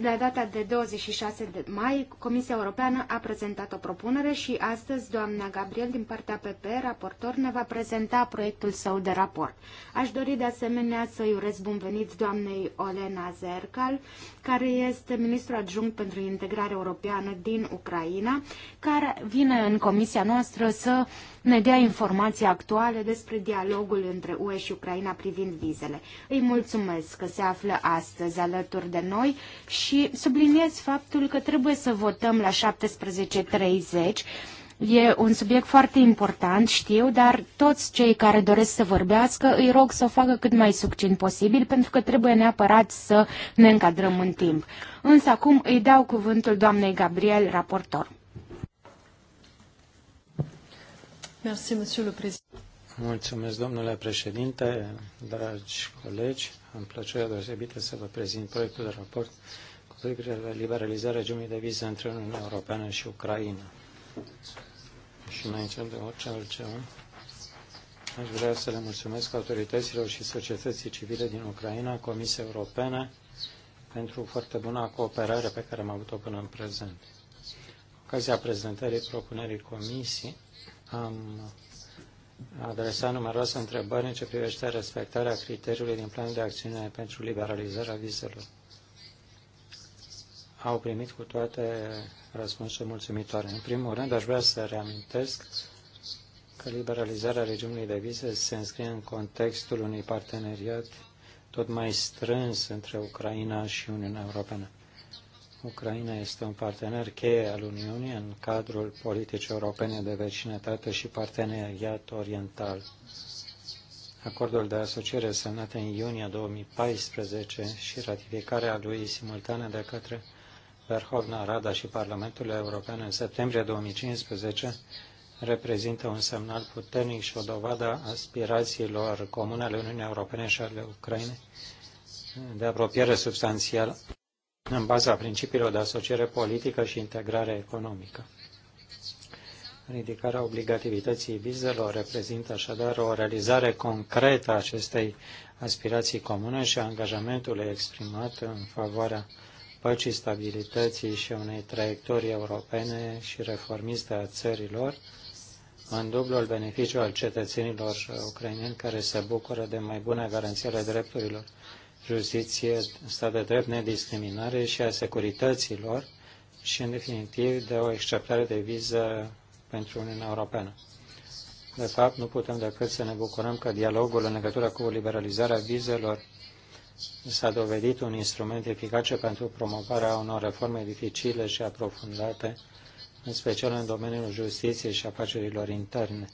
la data de 26 de mai, Comisia Europeană a prezentat o propunere și astăzi doamna Gabriel din partea PP, raportor, ne va prezenta proiectul său de raport. Aș dori de asemenea să-i urez bun venit doamnei Olena Zercal, care este ministru adjunct pentru integrare europeană din Ucraina, care vine în comisia noastră să uh, ne dea informații actuale despre dialogul între UE și Ucraina privind vizele. Îi mulțumesc că se află astăzi alături de noi și subliniez faptul că trebuie să votăm la 17.30 E un subiect foarte important, știu, dar toți cei care doresc să vorbească îi rog să o facă cât mai succint posibil, pentru că trebuie neapărat să ne încadrăm în timp. Însă acum îi dau cuvântul doamnei Gabriel, raportor. Merci, Monsieur le Président. Mulțumesc, domnule președinte, dragi colegi. Am plăcerea deosebită să vă prezint proiectul de raport cu privire la liberalizarea regimului de viză între Uniunea Europeană și Ucraina. Și înainte de orice altceva, aș vrea să le mulțumesc autorităților și societății civile din Ucraina, Comisia Europeană, pentru foarte bună cooperare pe care am avut-o până în prezent. Ocazia prezentării propunerii comisiei, am adresat numeroase întrebări în ce privește respectarea criteriului din planul de acțiune pentru liberalizarea vizelor. Au primit cu toate răspunsuri mulțumitoare. În primul rând, aș vrea să reamintesc că liberalizarea regimului de vize se înscrie în contextul unui parteneriat tot mai strâns între Ucraina și Uniunea Europeană. Ucraina este un partener cheie al Uniunii în cadrul politicii europene de vecinătate și parteneriat oriental. Acordul de asociere semnat în iunie 2014 și ratificarea lui simultană de către Verhovna Rada și Parlamentul European în septembrie 2015 reprezintă un semnal puternic și o dovadă a aspirațiilor comune ale Uniunii Europene și ale Ucrainei de apropiere substanțială în baza principiilor de asociere politică și integrare economică. Ridicarea obligativității vizelor reprezintă așadar o realizare concretă a acestei aspirații comune și a angajamentului exprimat în favoarea păcii, stabilității și unei traiectorii europene și reformiste a țărilor, în dublul beneficiu al cetățenilor ucraineni care se bucură de mai bune garanții ale drepturilor justiție, stat de drept, nediscriminare și a securităților și, în definitiv, de o acceptare de viză pentru Uniunea Europeană. De fapt, nu putem decât să ne bucurăm că dialogul în legătură cu liberalizarea vizelor s-a dovedit un instrument eficace pentru promovarea unor reforme dificile și aprofundate, în special în domeniul justiției și afacerilor interne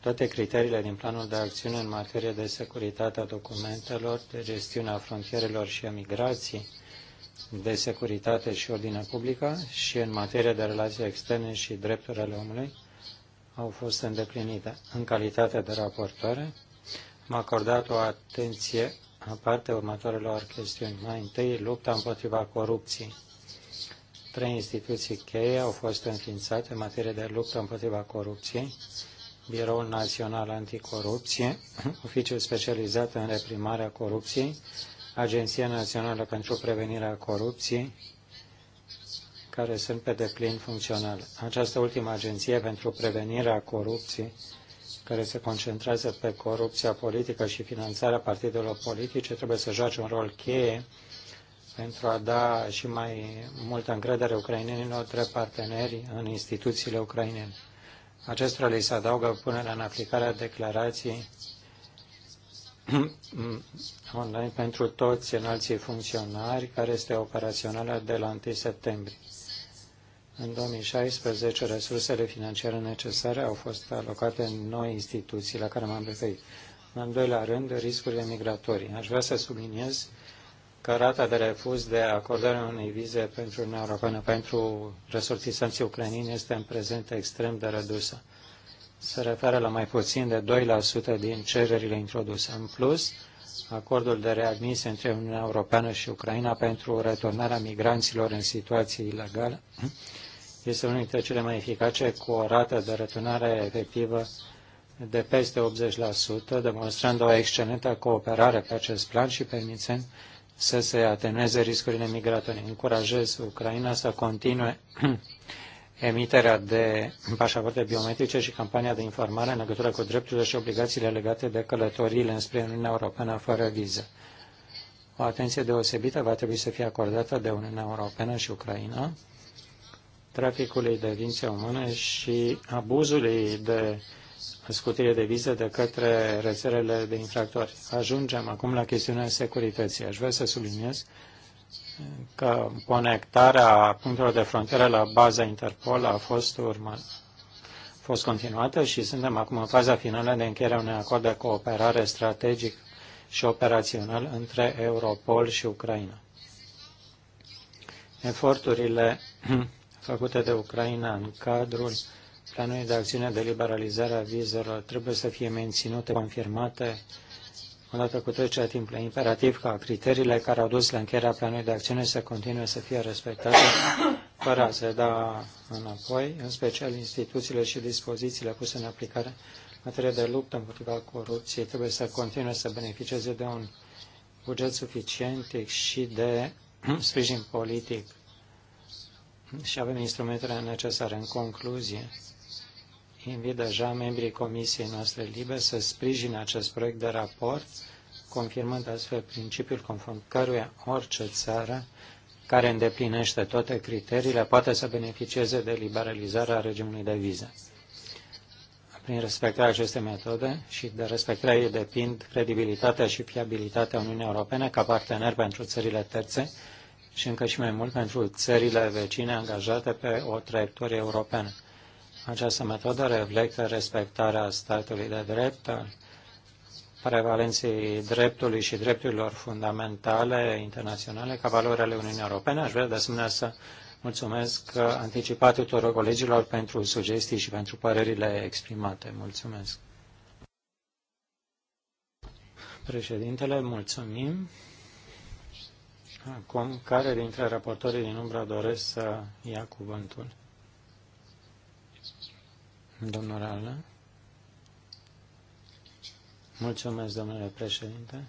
toate criteriile din planul de acțiune în materie de securitate a documentelor, de gestiunea frontierelor și a migrației, de securitate și ordine publică și în materie de relații externe și drepturi ale omului au fost îndeplinite. În calitate de raportoare, am acordat o atenție aparte următoarelor chestiuni. Mai întâi, lupta împotriva corupției. Trei instituții cheie au fost înființate în materie de luptă împotriva corupției Biroul Național Anticorupție, oficiul specializat în reprimarea corupției, Agenția Națională pentru Prevenirea Corupției, care sunt pe deplin funcționale. Această ultimă agenție pentru prevenirea corupției, care se concentrează pe corupția politică și finanțarea partidelor politice, trebuie să joace un rol cheie pentru a da și mai multă încredere ucrainenilor între parteneri în instituțiile ucrainene. Acestora li se adaugă punerea în aplicare a declarației online pentru toți înalții funcționari, care este operațională de la 1 septembrie. În 2016, resursele financiare necesare au fost alocate în noi instituții la care m-am referit. În al doilea rând, riscurile migratorii. Aș vrea să subliniez că rata de refuz de acordare unei vize pentru Uniunea Europeană pentru resortisanții ucrainini este în prezent extrem de redusă. Se referă la mai puțin de 2% din cererile introduse. În plus, acordul de readmisie între Uniunea Europeană și Ucraina pentru returnarea migranților în situații ilegale este unul dintre cele mai eficace, cu o rată de returnare efectivă de peste 80%, demonstrând o excelentă cooperare pe acest plan și permițând să se atenueze riscurile migratorii. Încurajez Ucraina să continue emiterea de pașaporte biometrice și campania de informare în legătură cu drepturile și obligațiile legate de călătoriile înspre Uniunea Europeană fără viză. O atenție deosebită va trebui să fie acordată de Uniunea Europeană și Ucraina traficului de ființe umane și abuzului de scutire de vize de către rețelele de infractori. Ajungem acum la chestiunea securității. Aș vrea să subliniez că conectarea punctelor de frontieră la baza Interpol a fost urmă, fost continuată și suntem acum în faza finală de încheiere unui acord de cooperare strategic și operațional între Europol și Ucraina. Eforturile făcute de Ucraina în cadrul Planurile de acțiune de liberalizare a vizelor trebuie să fie menținute, confirmate, odată cu trecerea timpului. Imperativ ca criteriile care au dus la încheierea planului de acțiune să continue să fie respectate fără a se da înapoi, în special instituțiile și dispozițiile puse în aplicare materie de luptă împotriva corupției trebuie să continue să beneficieze de un buget suficient și de sprijin politic. Și avem instrumentele necesare. În concluzie, invit deja membrii Comisiei noastre libe să sprijine acest proiect de raport, confirmând astfel principiul conform căruia orice țară care îndeplinește toate criteriile poate să beneficieze de liberalizarea regimului de vize. Prin respectarea acestei metode și de respectarea ei depind credibilitatea și fiabilitatea Uniunii Europene ca partener pentru țările terțe și încă și mai mult pentru țările vecine angajate pe o traiectorie europeană această metodă reflectă respectarea statului de drept, prevalenței dreptului și drepturilor fundamentale internaționale ca valori ale Uniunii Europene. Aș vrea de asemenea să mulțumesc anticipat tuturor colegilor pentru sugestii și pentru părerile exprimate. Mulțumesc. Președintele, mulțumim. Acum, care dintre raportorii din umbră doresc să ia cuvântul? Domnul Ala. Mulțumesc, domnule președinte.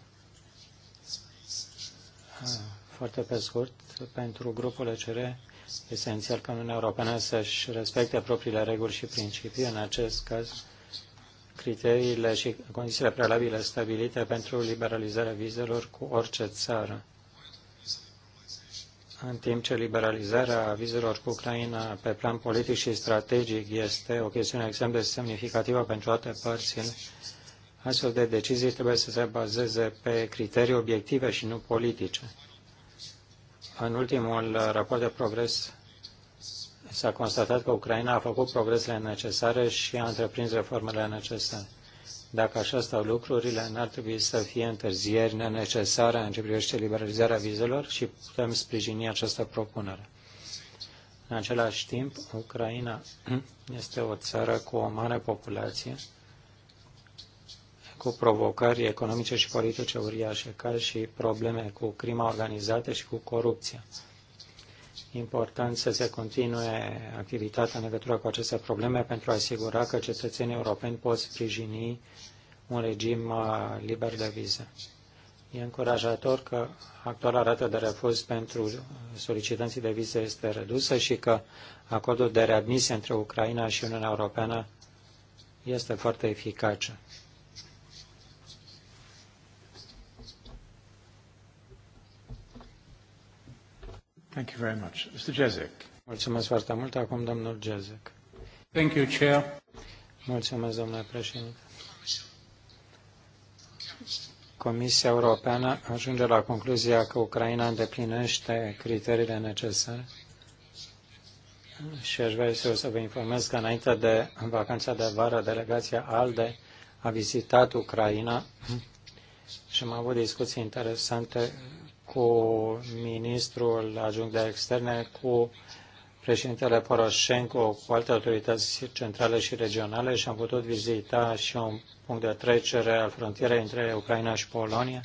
Foarte pe scurt, pentru grupul ECR esențial că Uniunea Europeană să-și respecte propriile reguli și principii, în acest caz criteriile și condițiile prealabile stabilite pentru liberalizarea vizelor cu orice țară în timp ce liberalizarea vizelor cu Ucraina pe plan politic și strategic este o chestiune extrem de semnificativă pentru toate părțile, astfel de decizii trebuie să se bazeze pe criterii obiective și nu politice. În ultimul raport de progres s-a constatat că Ucraina a făcut progresele necesare și a întreprins reformele necesare. Dacă așa stau lucrurile, n-ar trebui să fie întârzieri nenecesare în ce privește liberalizarea vizelor și putem sprijini această propunere. În același timp, Ucraina este o țară cu o mare populație, cu provocări economice și politice uriașe, ca și probleme cu crima organizată și cu corupția important să se continue activitatea în legătură cu aceste probleme pentru a asigura că cetățenii europeni pot sprijini un regim uh, liber de vize. E încurajator că actuala rată de refuz pentru solicitanții de vize este redusă și că acordul de readmisie între Ucraina și Uniunea Europeană este foarte eficace. Thank you very much. Mr. Jezek. Mulțumesc foarte mult. Acum domnul Jezek. Thank you, Chair. Mulțumesc, domnule președinte. Comisia Europeană ajunge la concluzia că Ucraina îndeplinește criteriile necesare și aș vrea să vă informez că înainte de vacanța de vară, delegația ALDE a vizitat Ucraina și am avut discuții interesante cu ministrul adjunct de externe, cu președintele Poroșenko, cu alte autorități centrale și regionale și am putut vizita și un punct de trecere al frontierei între Ucraina și Polonia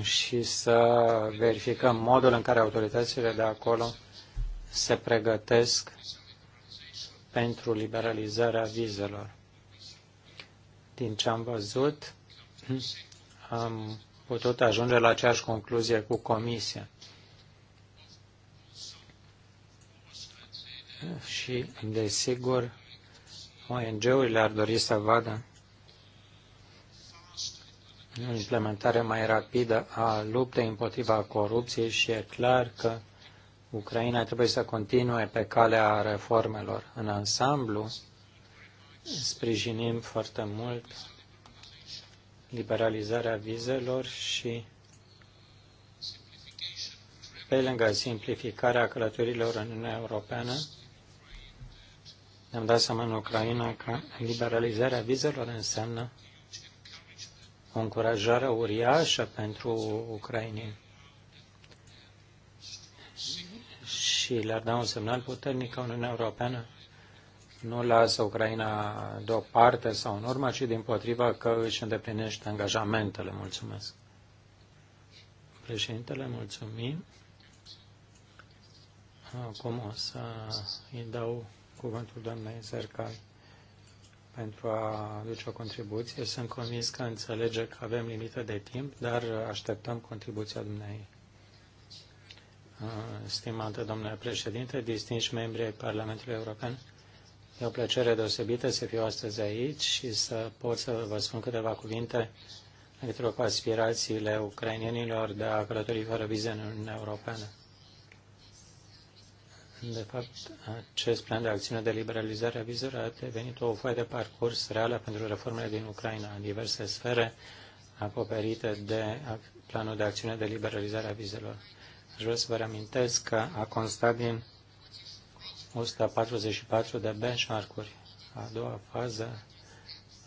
și să verificăm modul în care autoritățile de acolo se pregătesc pentru liberalizarea vizelor. Din ce am văzut, am putut ajunge la aceeași concluzie cu Comisia. Și, desigur, ONG-urile ar dori să vadă o implementare mai rapidă a luptei împotriva corupției și e clar că Ucraina trebuie să continue pe calea reformelor. În ansamblu, sprijinim foarte mult liberalizarea vizelor și pe lângă simplificarea călătorilor în Uniunea Europeană, ne-am dat seama în Ucraina că liberalizarea vizelor înseamnă o încurajare uriașă pentru ucraineni și le-ar da un semnal puternic că Uniunea Europeană nu lasă Ucraina deoparte sau în urmă, ci din potriva că își îndeplinește angajamentele. Mulțumesc. Președintele, mulțumim. Acum o să îi dau cuvântul doamnei Zercal pentru a aduce o contribuție. Sunt convins că înțelege că avem limită de timp, dar așteptăm contribuția dumnei. Stimate domnule președinte, distinși membri ai Parlamentului European, E o plăcere deosebită să fiu astăzi aici și să pot să vă spun câteva cuvinte în legătură cu aspirațiile ucrainienilor de a călători fără vize în Uniunea Europeană. De fapt, acest plan de acțiune de liberalizare a vizelor a devenit o foaie de parcurs reală pentru reformele din Ucraina, în diverse sfere acoperite de planul de acțiune de liberalizare a vizelor. Aș vrea să vă reamintesc că a constat din 144 de benchmark-uri. A doua fază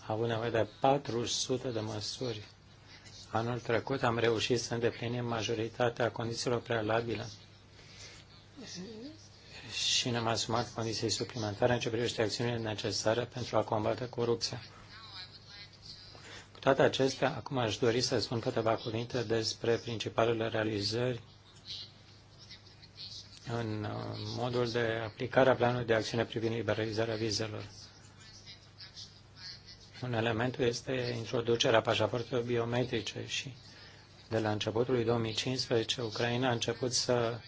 a avut nevoie de 400 de măsuri. Anul trecut am reușit să îndeplinim majoritatea condițiilor prealabile și ne-am asumat condiții suplimentare în ce privește acțiunile necesare pentru a combate corupția. Cu toate acestea, acum aș dori să spun câteva cuvinte despre principalele realizări în uh, modul de aplicare a planului de acțiune privind liberalizarea vizelor. Un element este introducerea pașaportelor biometrice și de la începutul lui 2015 Ucraina a început să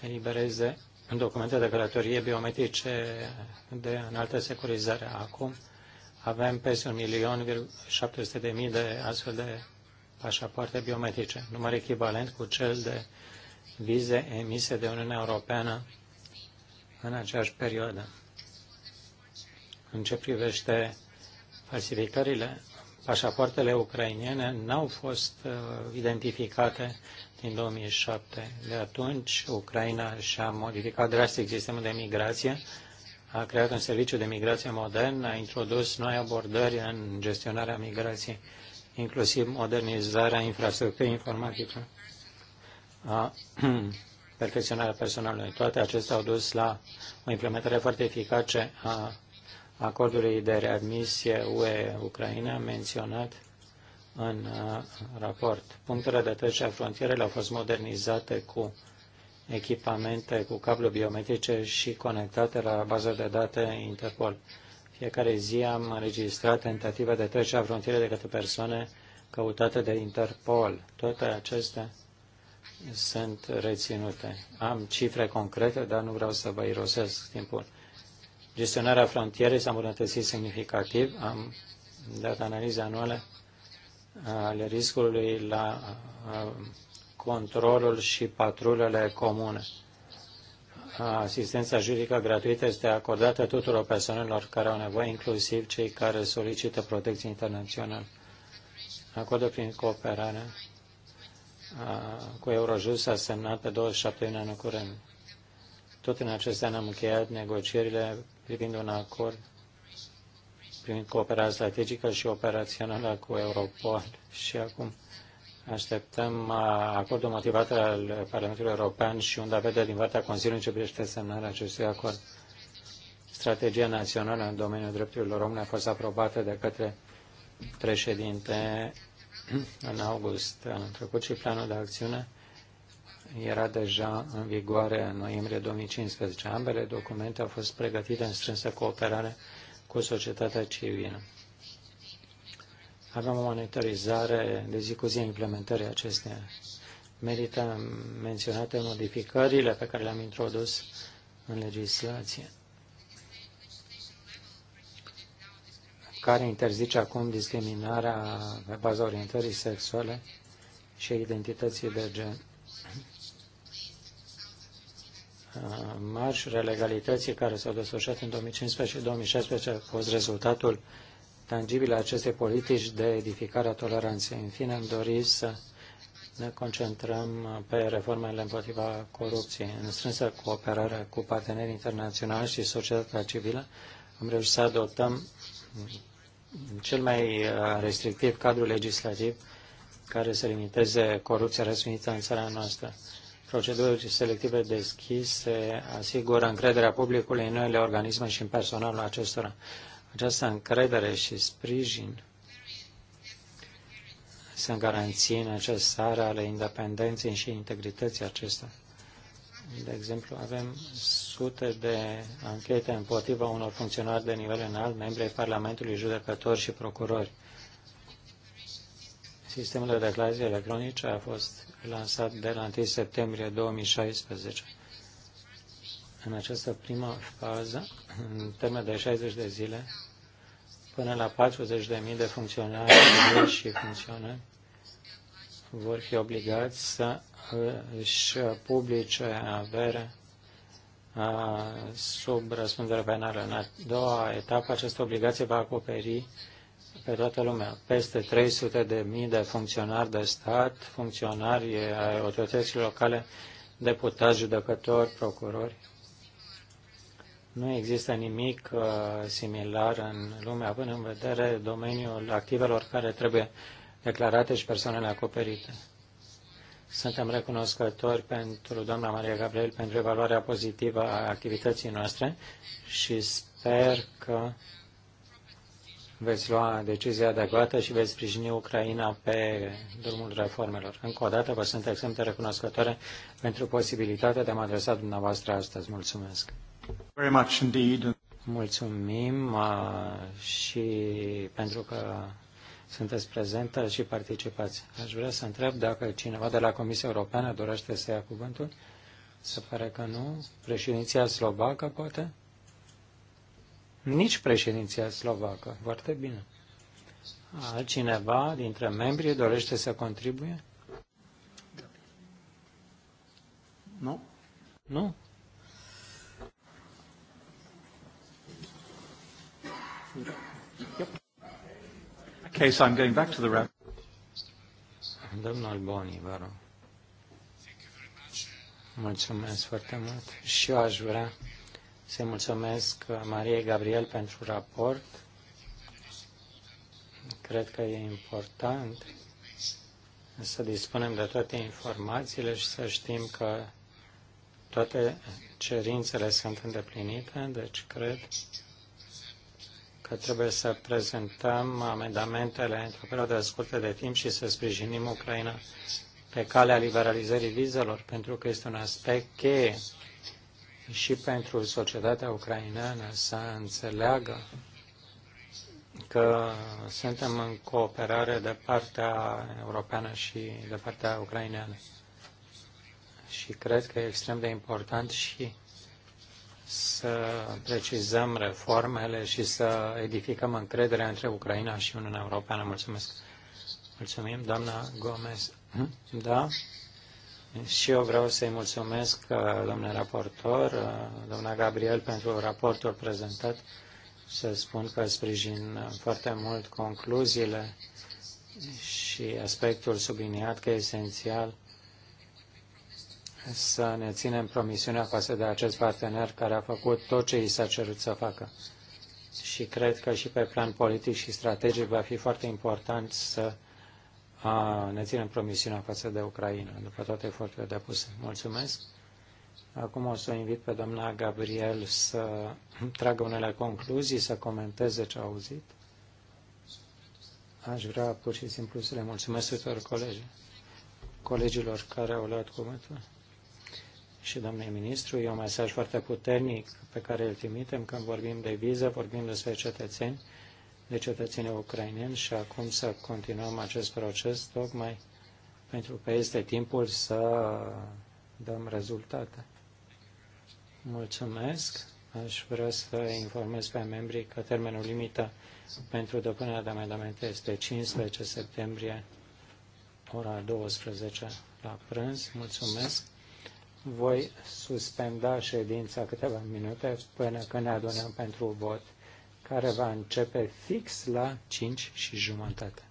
elibereze documente de călătorie biometrice de înaltă securizare. Acum avem peste 1.700.000 de astfel de pașapoarte biometrice, număr echivalent cu cel de vize emise de Uniunea Europeană în aceeași perioadă. În ce privește falsificările, pașapoartele ucrainiene n-au fost uh, identificate din 2007. De atunci, Ucraina și-a modificat drastic sistemul de migrație, a creat un serviciu de migrație modern, a introdus noi abordări în gestionarea migrației, inclusiv modernizarea infrastructurii informatice a perfecționarea personalului. Toate acestea au dus la o implementare foarte eficace a acordului de readmisie UE-Ucraina menționat în uh, raport. Punctele de trecere a frontierelor au fost modernizate cu echipamente cu cablu biometrice și conectate la baza de date Interpol. Fiecare zi am înregistrat tentative de trecere a frontierei de către persoane căutate de Interpol. Toate acestea sunt reținute. Am cifre concrete, dar nu vreau să vă irosesc timpul. Gestionarea frontierei s-a îmbunătățit semnificativ. Am dat analize anuale uh, ale riscului la uh, controlul și patrulele comune. Uh, asistența juridică gratuită este acordată tuturor persoanelor care au nevoie, inclusiv cei care solicită protecție internațională. Acordă prin cooperare cu Eurojust a semnat pe 27 iunie anul curând. Tot în acest an am încheiat negocierile privind un acord prin cooperare strategică și operațională cu Europol și acum așteptăm acordul motivat al Parlamentului European și unde vede din partea Consiliului ce privește semnarea acestui acord. Strategia națională în domeniul drepturilor omului a fost aprobată de către președinte în august anul trecut și planul de acțiune era deja în vigoare în noiembrie 2015. Ambele documente au fost pregătite în strânsă cooperare cu societatea civilă. Avem o monitorizare de zi cu zi a implementării acesteia. Merită menționate modificările pe care le-am introdus în legislație. care interzice acum discriminarea pe baza orientării sexuale și identității de gen. Marșurile legalității care s-au desfășurat în 2015 și 2016 au fost rezultatul tangibil a acestei politici de edificare a toleranței. În fine, am dorit să ne concentrăm pe reformele împotriva corupției. În strânsă cooperare cu partenerii internaționali și societatea civilă, am reușit să adoptăm cel mai uh, restrictiv cadru legislativ care să limiteze corupția răsunită în țara noastră. Procedurile selective deschise asigură încrederea publicului în noile organisme și în personalul acestora. Această încredere și sprijin sunt garanții necesare ale independenței și integrității acestora. De exemplu, avem sute de anchete împotriva unor funcționari de nivel înalt, membri ai Parlamentului, judecători și procurori. Sistemul de declarații electronice a fost lansat de la 1 septembrie 2016. În această primă fază, în termen de 60 de zile, până la 40.000 de funcționari și funcționari vor fi obligați să își publice averea sub răspundere penală. În a doua etapă, această obligație va acoperi pe toată lumea. Peste 300 de mii de funcționari de stat, funcționari ai autorităților locale, deputați, judecători, procurori. Nu există nimic uh, similar în lume, având în vedere domeniul activelor care trebuie declarate și persoanele acoperite. Suntem recunoscători pentru doamna Maria Gabriel pentru evaluarea pozitivă a activității noastre și sper că veți lua decizia adecvată și veți sprijini Ucraina pe drumul reformelor. Încă o dată vă sunt extrem de recunoscătoare pentru posibilitatea de a mă adresa dumneavoastră astăzi. Mulțumesc! Very much indeed. Mulțumim uh, și pentru că sunteți prezentă și participați. Aș vrea să întreb dacă cineva de la Comisia Europeană dorește să ia cuvântul. Se pare că nu. Președinția slovacă, poate? Nici președinția slovacă. Foarte bine. Altcineva dintre membrii dorește să contribuie? Nu. Nu? Yep case, I'm going back to the rep. Domnul Boni, vă rog. Mulțumesc foarte mult. Și eu aș vrea să mulțumesc uh, Mariei Gabriel pentru raport. Cred că e important să dispunem de toate informațiile și să știm că toate cerințele sunt îndeplinite, deci cred că trebuie să prezentăm amendamentele într-o perioadă scurtă de timp și să sprijinim Ucraina pe calea liberalizării vizelor, pentru că este un aspect cheie și pentru societatea ucraineană să înțeleagă că suntem în cooperare de partea europeană și de partea ucraineană. Și cred că e extrem de important și să precizăm reformele și să edificăm încrederea între Ucraina și Uniunea Europeană. Mulțumesc! Mulțumim, doamna Gomez. Da? Și eu vreau să-i mulțumesc, uh, domnule raportor, uh, doamna Gabriel, pentru raportul prezentat. Să spun că sprijin uh, foarte mult concluziile și aspectul subliniat că e esențial să ne ținem promisiunea față de acest partener care a făcut tot ce i s-a cerut să facă. Și cred că și pe plan politic și strategic va fi foarte important să a, ne ținem promisiunea față de Ucraina, după toate eforturile depuse. Mulțumesc! Acum o să invit pe doamna Gabriel să tragă unele concluzii, să comenteze ce a auzit. Aș vrea pur și simplu să le mulțumesc tuturor colegi, colegilor care au luat cuvântul și domnului ministru. E un mesaj foarte puternic pe care îl trimitem când vorbim de viză, vorbim despre cetățeni, de cetățenii ucraineni și acum să continuăm acest proces tocmai pentru că este timpul să dăm rezultate. Mulțumesc. Aș vrea să informez pe membrii că termenul limită pentru depunerea de amendamente este 15 septembrie, ora 12 la prânz. Mulțumesc. Voi suspenda ședința câteva minute până când ne adunăm pentru vot, care va începe fix la 5 și jumătate.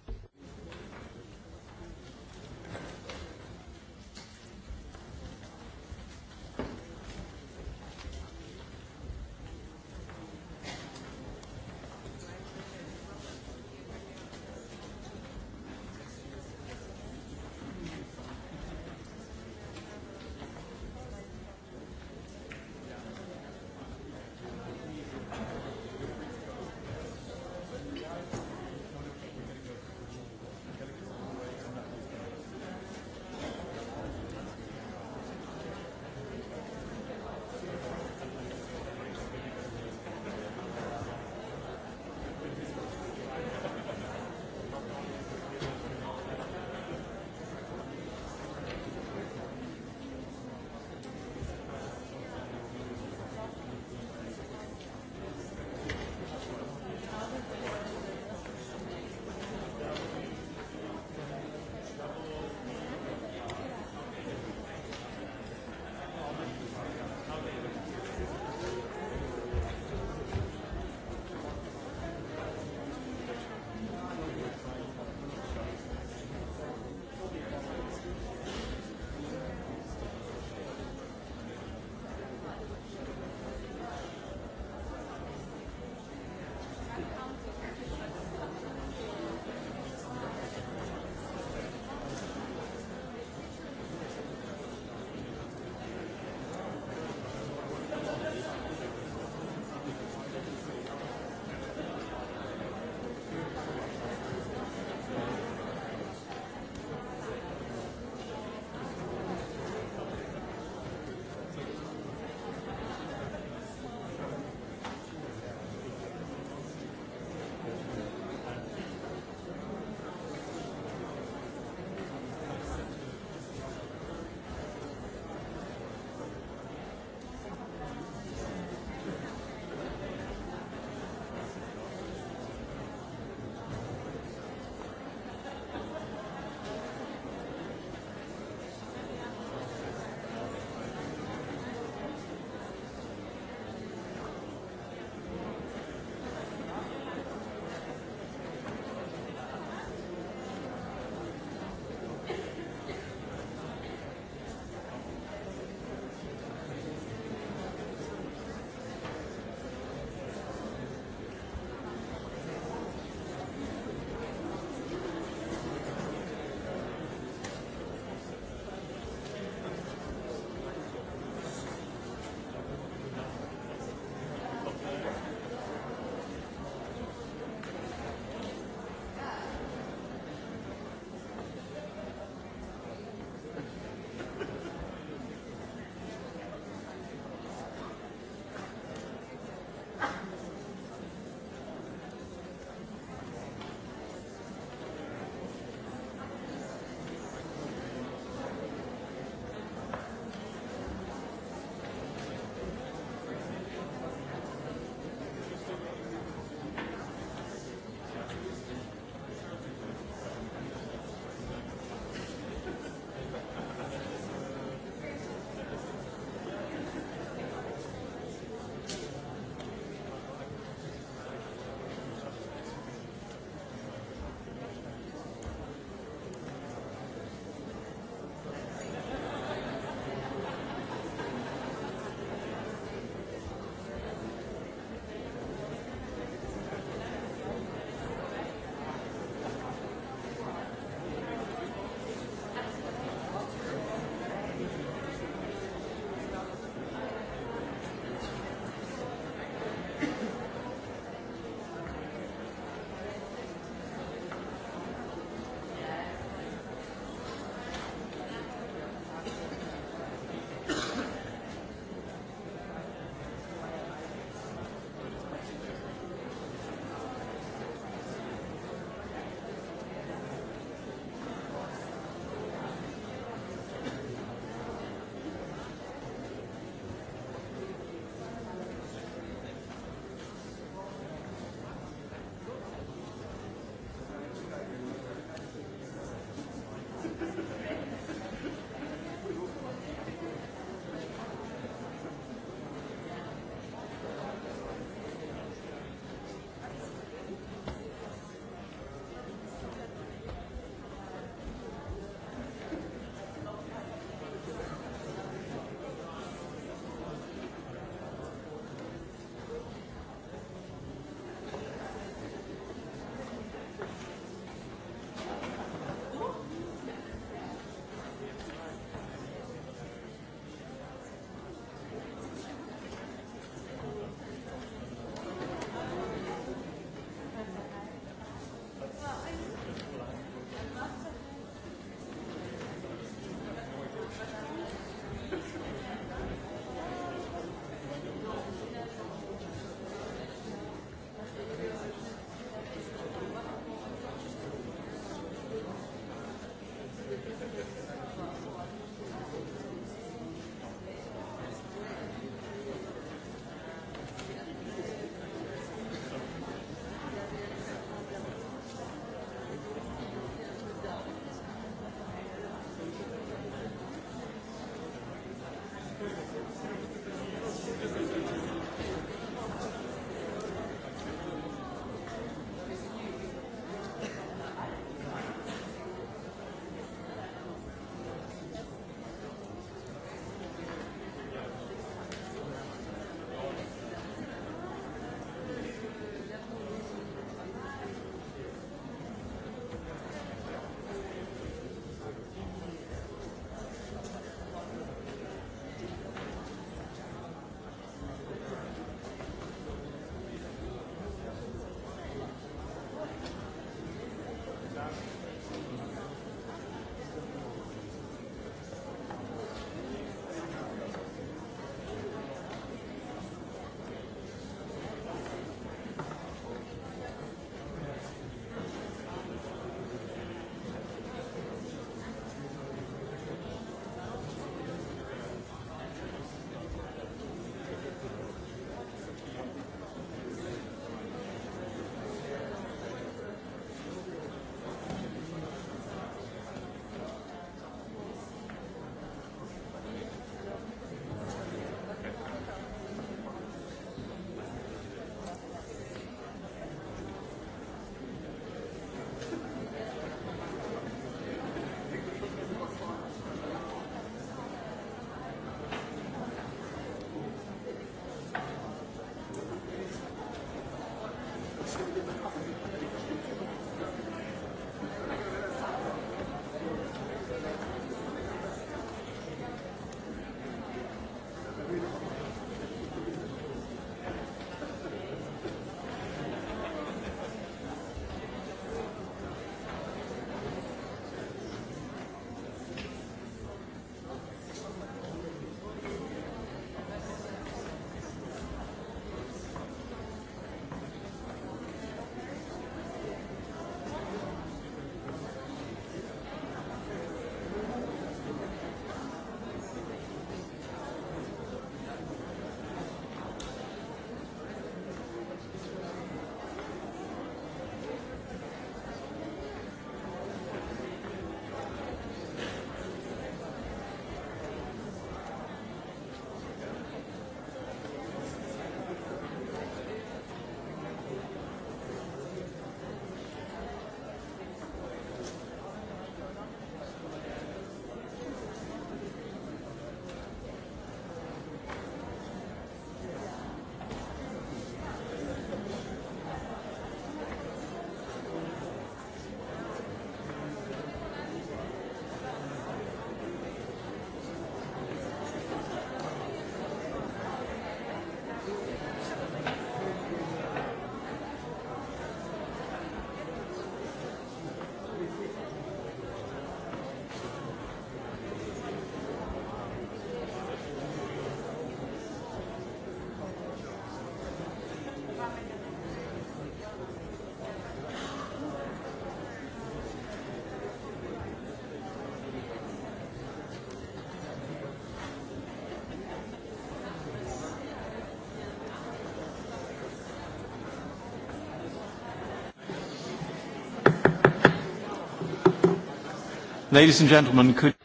Ladies and gentlemen, could...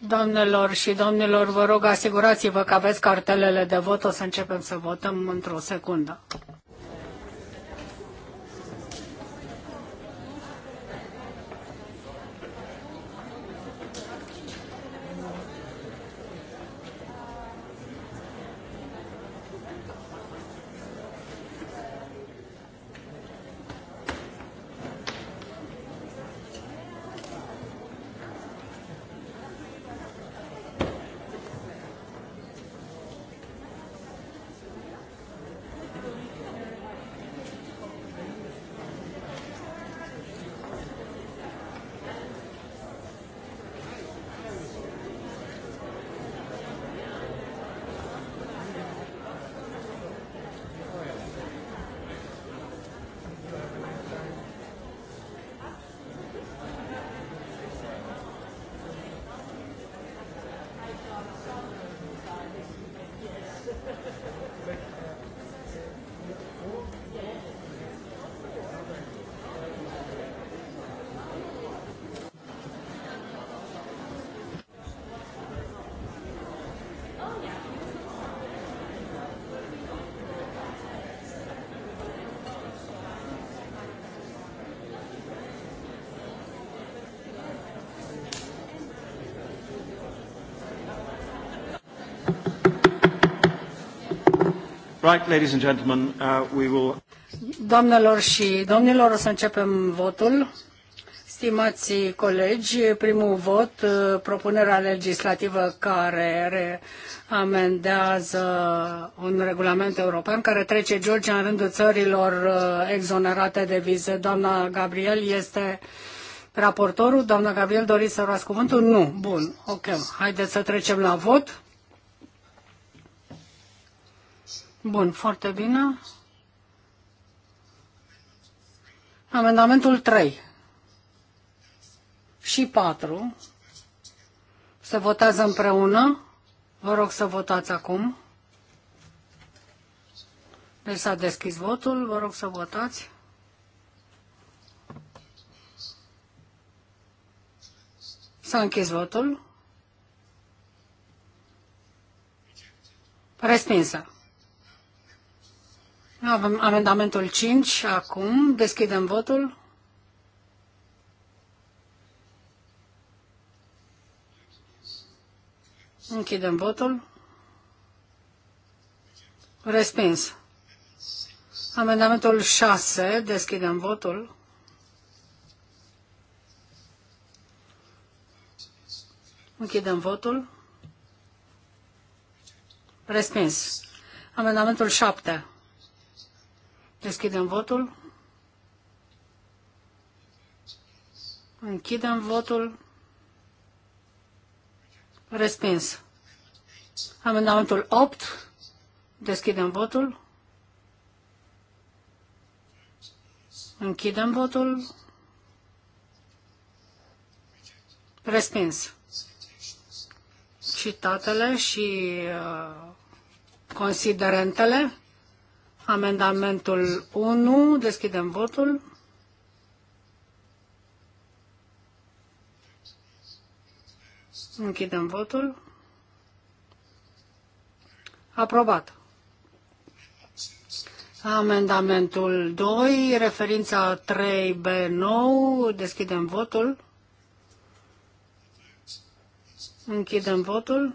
Doamnelor și domnilor, vă rog, asigurați-vă că aveți cartelele de vot. O să începem să votăm într-o secundă. Right, ladies and gentlemen, uh, we will... Doamnelor și domnilor, o să începem votul. Stimați colegi, primul vot, uh, propunerea legislativă care amendează un regulament european care trece Georgia în rândul țărilor uh, exonerate de vize. Doamna Gabriel este raportorul. Doamna Gabriel, doriți să luați cuvântul? Nu. Bun. Ok. Haideți să trecem la vot. Bun, foarte bine. Amendamentul 3 și 4 se votează împreună. Vă rog să votați acum. Deci s-a deschis votul. Vă rog să votați. S-a închis votul. Respinsă. Avem amendamentul 5 acum. Deschidem votul. Închidem votul. Respins. Amendamentul 6. Deschidem votul. Închidem votul. Respins. Amendamentul 7. Deschidem votul. Închidem votul. Respins. Amendamentul 8. Deschidem votul. Închidem votul. Respins. Citatele și uh, considerentele. Amendamentul 1, deschidem votul. Închidem votul. Aprobat. Amendamentul 2, referința 3B9, deschidem votul. Închidem votul.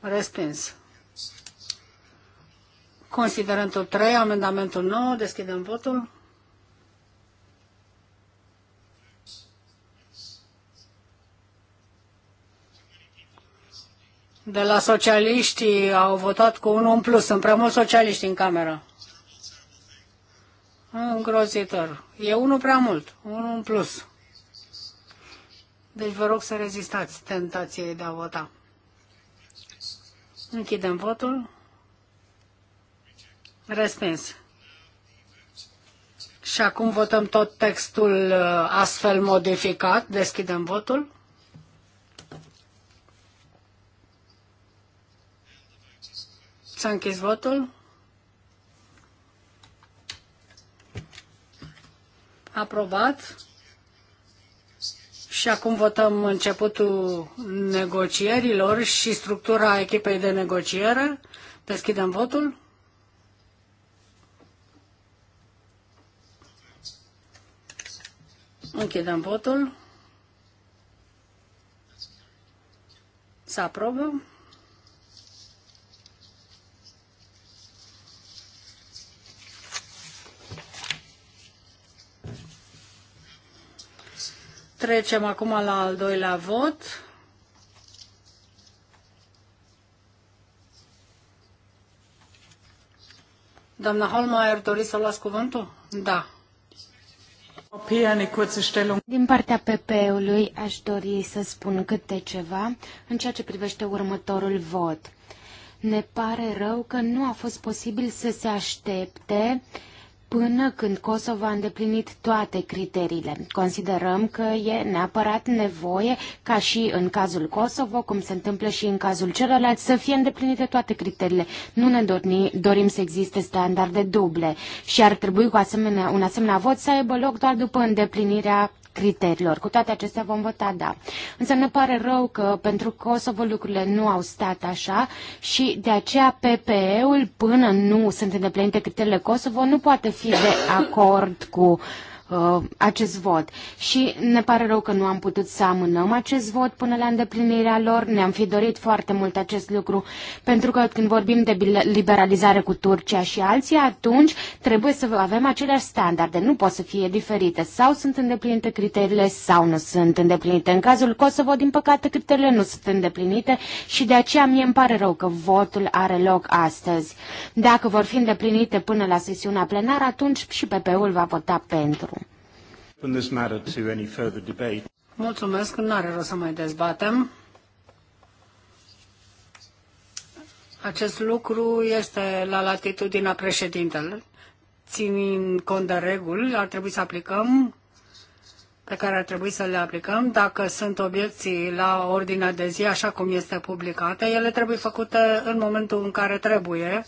Respins. Considerentul 3, amendamentul 9, deschidem votul. De la socialiștii au votat cu unul în plus, sunt prea mulți socialiști în cameră. Îngrozitor. E unul prea mult, unul în plus. Deci vă rog să rezistați tentației de a vota. Închidem votul. Respins. Și acum votăm tot textul uh, astfel modificat. Deschidem votul. S-a închis votul. Aprobat. Și acum votăm începutul negocierilor și structura echipei de negociere. Deschidem votul. Închidem votul. să aprobă. Trecem acum la al doilea vot. Doamna Holmeier, doriți să luați cuvântul? Da. Din partea PP-ului aș dori să spun câte ceva în ceea ce privește următorul vot. Ne pare rău că nu a fost posibil să se aștepte uh, până când Kosovo a îndeplinit toate criteriile. Considerăm că e neapărat nevoie ca și în cazul Kosovo, cum se întâmplă și în cazul celorlalți, să fie îndeplinite toate criteriile. Nu ne dorni, dorim să existe standarde duble și ar trebui cu asemenea, un asemenea vot să aibă loc doar după îndeplinirea criteriilor. Cu toate acestea vom vota da. Însă ne pare rău că pentru Kosovo lucrurile nu au stat așa și de aceea PPE-ul până nu sunt îndeplinite criteriile Kosovo nu poate fi de acord cu uh, Uh, acest vot. Și ne pare rău că nu am putut să amânăm acest vot până la îndeplinirea lor. Ne-am fi dorit foarte mult acest lucru, pentru că când vorbim de liberalizare cu Turcia și alții, atunci trebuie să avem aceleași standarde. Nu pot să fie diferite. Sau sunt îndeplinite criteriile, sau nu sunt îndeplinite. În cazul Kosovo, din păcate, criteriile nu sunt îndeplinite și de aceea mie îmi pare rău că votul are loc astăzi. Dacă vor fi îndeplinite până la sesiunea plenară, atunci și PP-ul va vota pentru. Mulțumesc, nu are rost să mai dezbatem. Acest lucru este la latitudinea președintelui. Ținind cont de reguli, ar trebui să aplicăm pe care ar trebui să le aplicăm. Dacă sunt obiecții la ordinea de zi, așa cum este publicată, ele trebuie făcute în momentul în care trebuie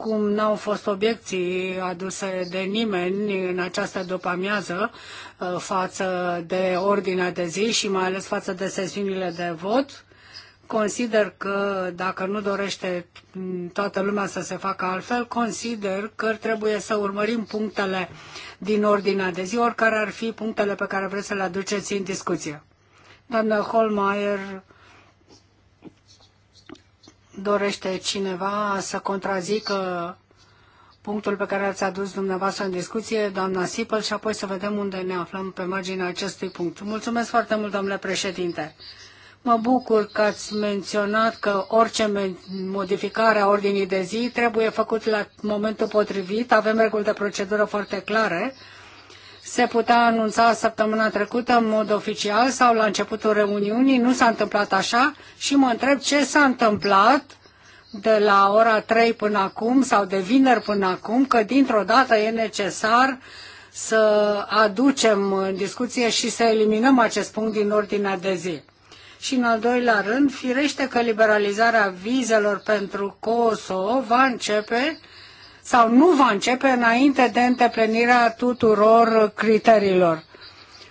cum n-au fost obiecții aduse de nimeni în această după-amiază uh, față de ordinea de zi și mai ales față de sesiunile de vot, consider că dacă nu dorește toată lumea să se facă altfel, consider că trebuie să urmărim punctele din ordinea de zi, oricare ar fi punctele pe care vreți să le aduceți în discuție. Doamna Holmeier Dorește cineva să contrazică punctul pe care ați adus dumneavoastră în discuție, doamna Sipăl, și apoi să vedem unde ne aflăm pe marginea acestui punct. Mulțumesc foarte mult, domnule președinte. Mă bucur că ați menționat că orice modificare a ordinii de zi trebuie făcut la momentul potrivit. Avem reguli de procedură foarte clare se putea anunța săptămâna trecută în mod oficial sau la începutul reuniunii. Nu s-a întâmplat așa și mă întreb ce s-a întâmplat de la ora 3 până acum sau de vineri până acum, că dintr-o dată e necesar să aducem în discuție și să eliminăm acest punct din ordinea de zi. Și în al doilea rând, firește că liberalizarea vizelor pentru Kosovo va începe sau nu va începe înainte de îndeplinirea tuturor criteriilor.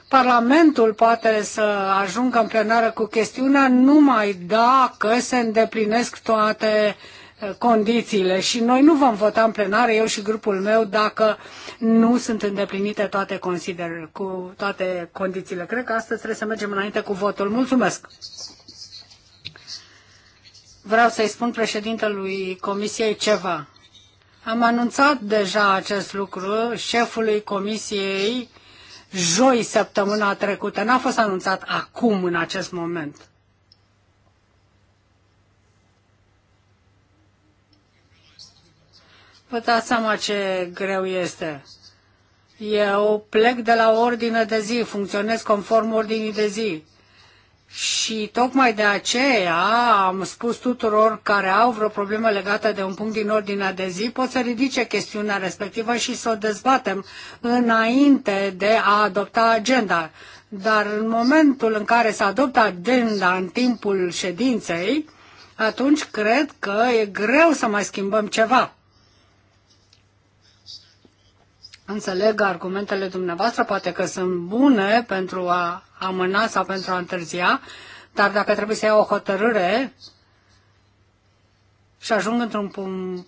Parlamentul poate să ajungă în plenară cu chestiunea numai dacă se îndeplinesc toate eh, condițiile și noi nu vom vota în plenară, eu și grupul meu, dacă nu sunt îndeplinite toate consider, cu toate condițiile. Cred că astăzi trebuie să mergem înainte cu votul. Mulțumesc! Vreau să-i spun președintelui Comisiei ceva. Am anunțat deja acest lucru șefului comisiei joi săptămâna trecută. N-a fost anunțat acum, în acest moment. Vă dați seama ce greu este. Eu plec de la ordine de zi, funcționez conform ordinii de zi. Și tocmai de aceea am spus tuturor care au vreo problemă legată de un punct din ordinea de zi, pot să ridice chestiunea respectivă și să o dezbatem înainte de a adopta agenda. Dar în momentul în care se adoptă agenda în timpul ședinței, atunci cred că e greu să mai schimbăm ceva. Înțeleg argumentele dumneavoastră, poate că sunt bune pentru a amâna sau pentru a întârzia, dar dacă trebuie să iau o hotărâre și ajung într-un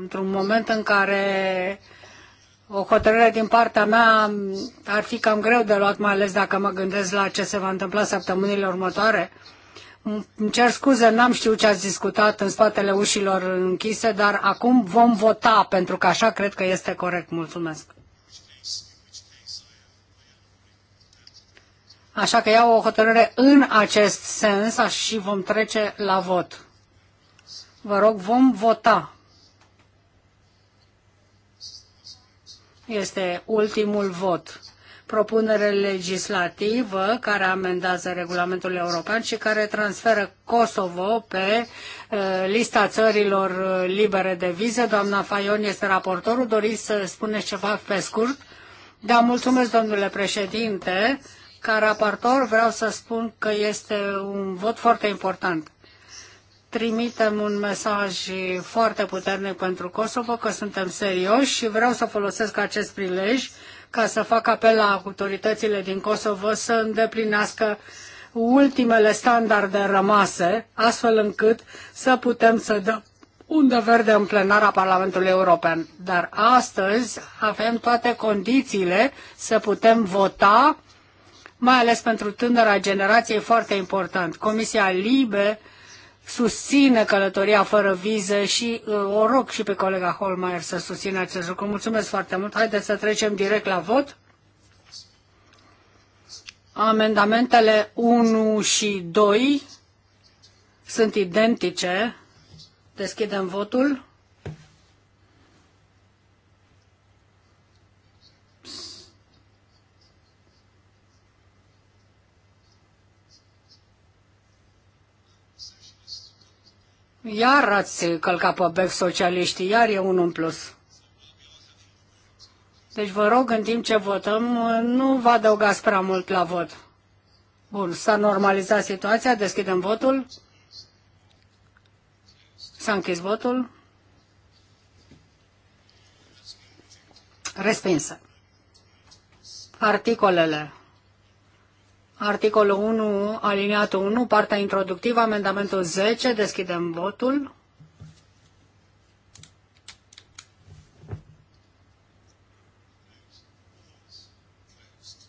într-un moment în care o hotărâre din partea mea ar fi cam greu de luat, mai ales dacă mă gândesc la ce se va întâmpla săptămânile următoare. Îmi cer scuze, n-am știut ce ați discutat în spatele ușilor închise, dar acum vom vota, pentru că așa cred că este corect. Mulțumesc. Așa că iau o hotărâre în acest sens și vom trece la vot. Vă rog, vom vota. Este ultimul vot. Propunere legislativă care amendează regulamentul european și care transferă Kosovo pe uh, lista țărilor uh, libere de viză. Doamna Faion este raportorul. Doriți să spuneți ceva pe scurt? Da, mulțumesc, domnule președinte. Ca raportor vreau să spun că este un vot foarte important. Trimitem un mesaj foarte puternic pentru Kosovo că suntem serioși și vreau să folosesc acest prilej ca să fac apel la autoritățile din Kosovo să îndeplinească ultimele standarde rămase, astfel încât să putem să dăm undă verde în plenara Parlamentului European. Dar astăzi avem toate condițiile să putem vota mai ales pentru tânăra generație, e foarte important. Comisia Libe susține călătoria fără viză și uh, o rog și pe colega Holmeier să susțină acest lucru. Mulțumesc foarte mult. Haideți să trecem direct la vot. Amendamentele 1 și 2 sunt identice. Deschidem votul. Iar ați călcat pe bec socialiștii, iar e unul în plus. Deci vă rog, în timp ce votăm, nu vă adăugați prea mult la vot. Bun, s-a normalizat situația, deschidem votul. S-a închis votul. Respinsă. Articolele Articolul 1, aliniatul 1, partea introductivă, amendamentul 10, deschidem votul.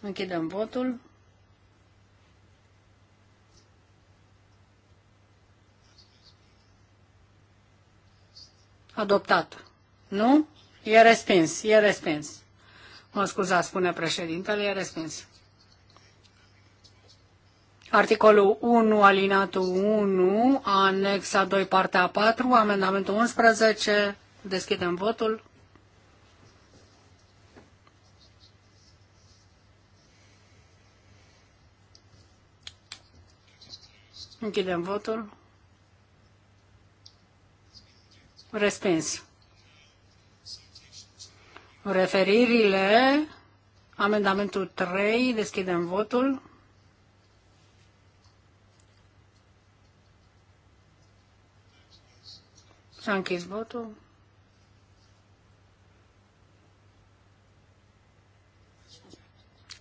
Închidem votul. Adoptat. Nu? E respins, e respins. Mă scuzați, spune președintele, e respins. Articolul 1, alinatul 1, anexa 2, partea 4, amendamentul 11, deschidem votul. Închidem votul. Respins. Referirile, amendamentul 3, deschidem votul. S-a închis votul.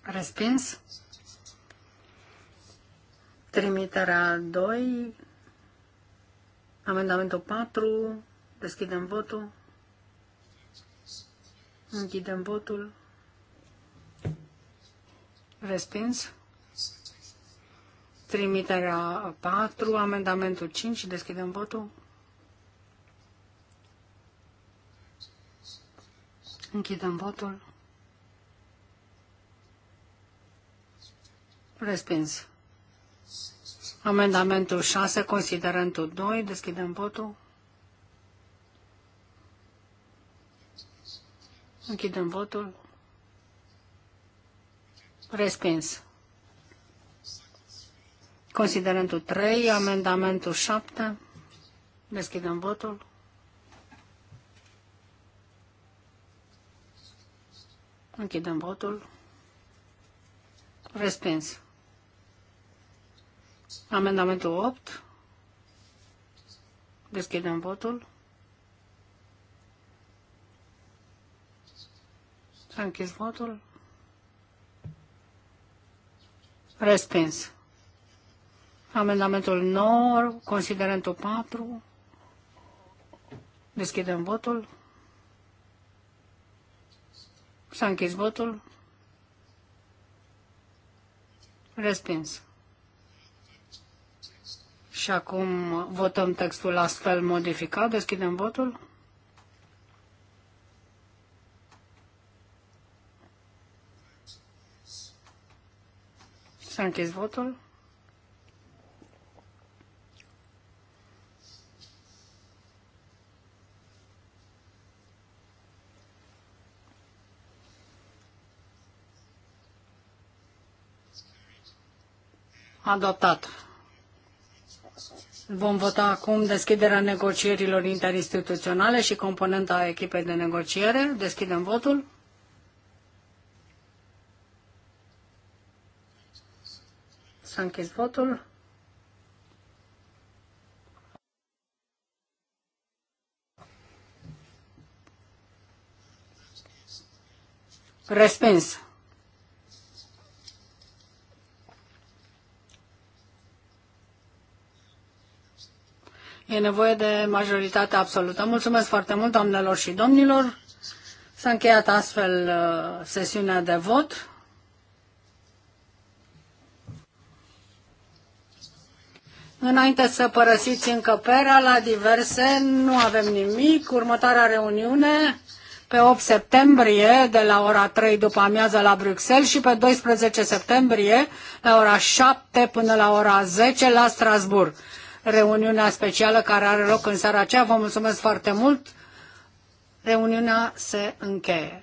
Respins. Trimiterea 2. Amendamentul 4. Deschidem votul. Închidem votul. Respins. Trimiterea 4, amendamentul 5, deschidem votul. Închidem votul. Respins. Amendamentul 6, considerentul 2. Deschidem votul. Închidem votul. Respins. Considerentul 3, amendamentul 7. Deschidem votul. Închidem votul. Respins. Amendamentul 8. Deschidem votul. S-a închis votul. Respins. Amendamentul 9, considerentul 4. Deschidem votul. S-a închis votul. Respins. Și acum votăm textul astfel modificat. Deschidem votul. S-a închis votul. Adoptat. Vom vota acum deschiderea negocierilor interinstituționale și componenta echipei de negociere. Deschidem votul. S-a închis votul. Respins. E nevoie de majoritate absolută. Mulțumesc foarte mult, doamnelor și domnilor. S-a încheiat astfel uh, sesiunea de vot. Înainte să părăsiți încăperea la diverse, nu avem nimic. Următoarea reuniune pe 8 septembrie de la ora 3 după amiază la Bruxelles și pe 12 septembrie la ora 7 până la ora 10 la Strasburg reuniunea specială care are loc în seara aceea. Vă mulțumesc foarte mult. Reuniunea se încheie.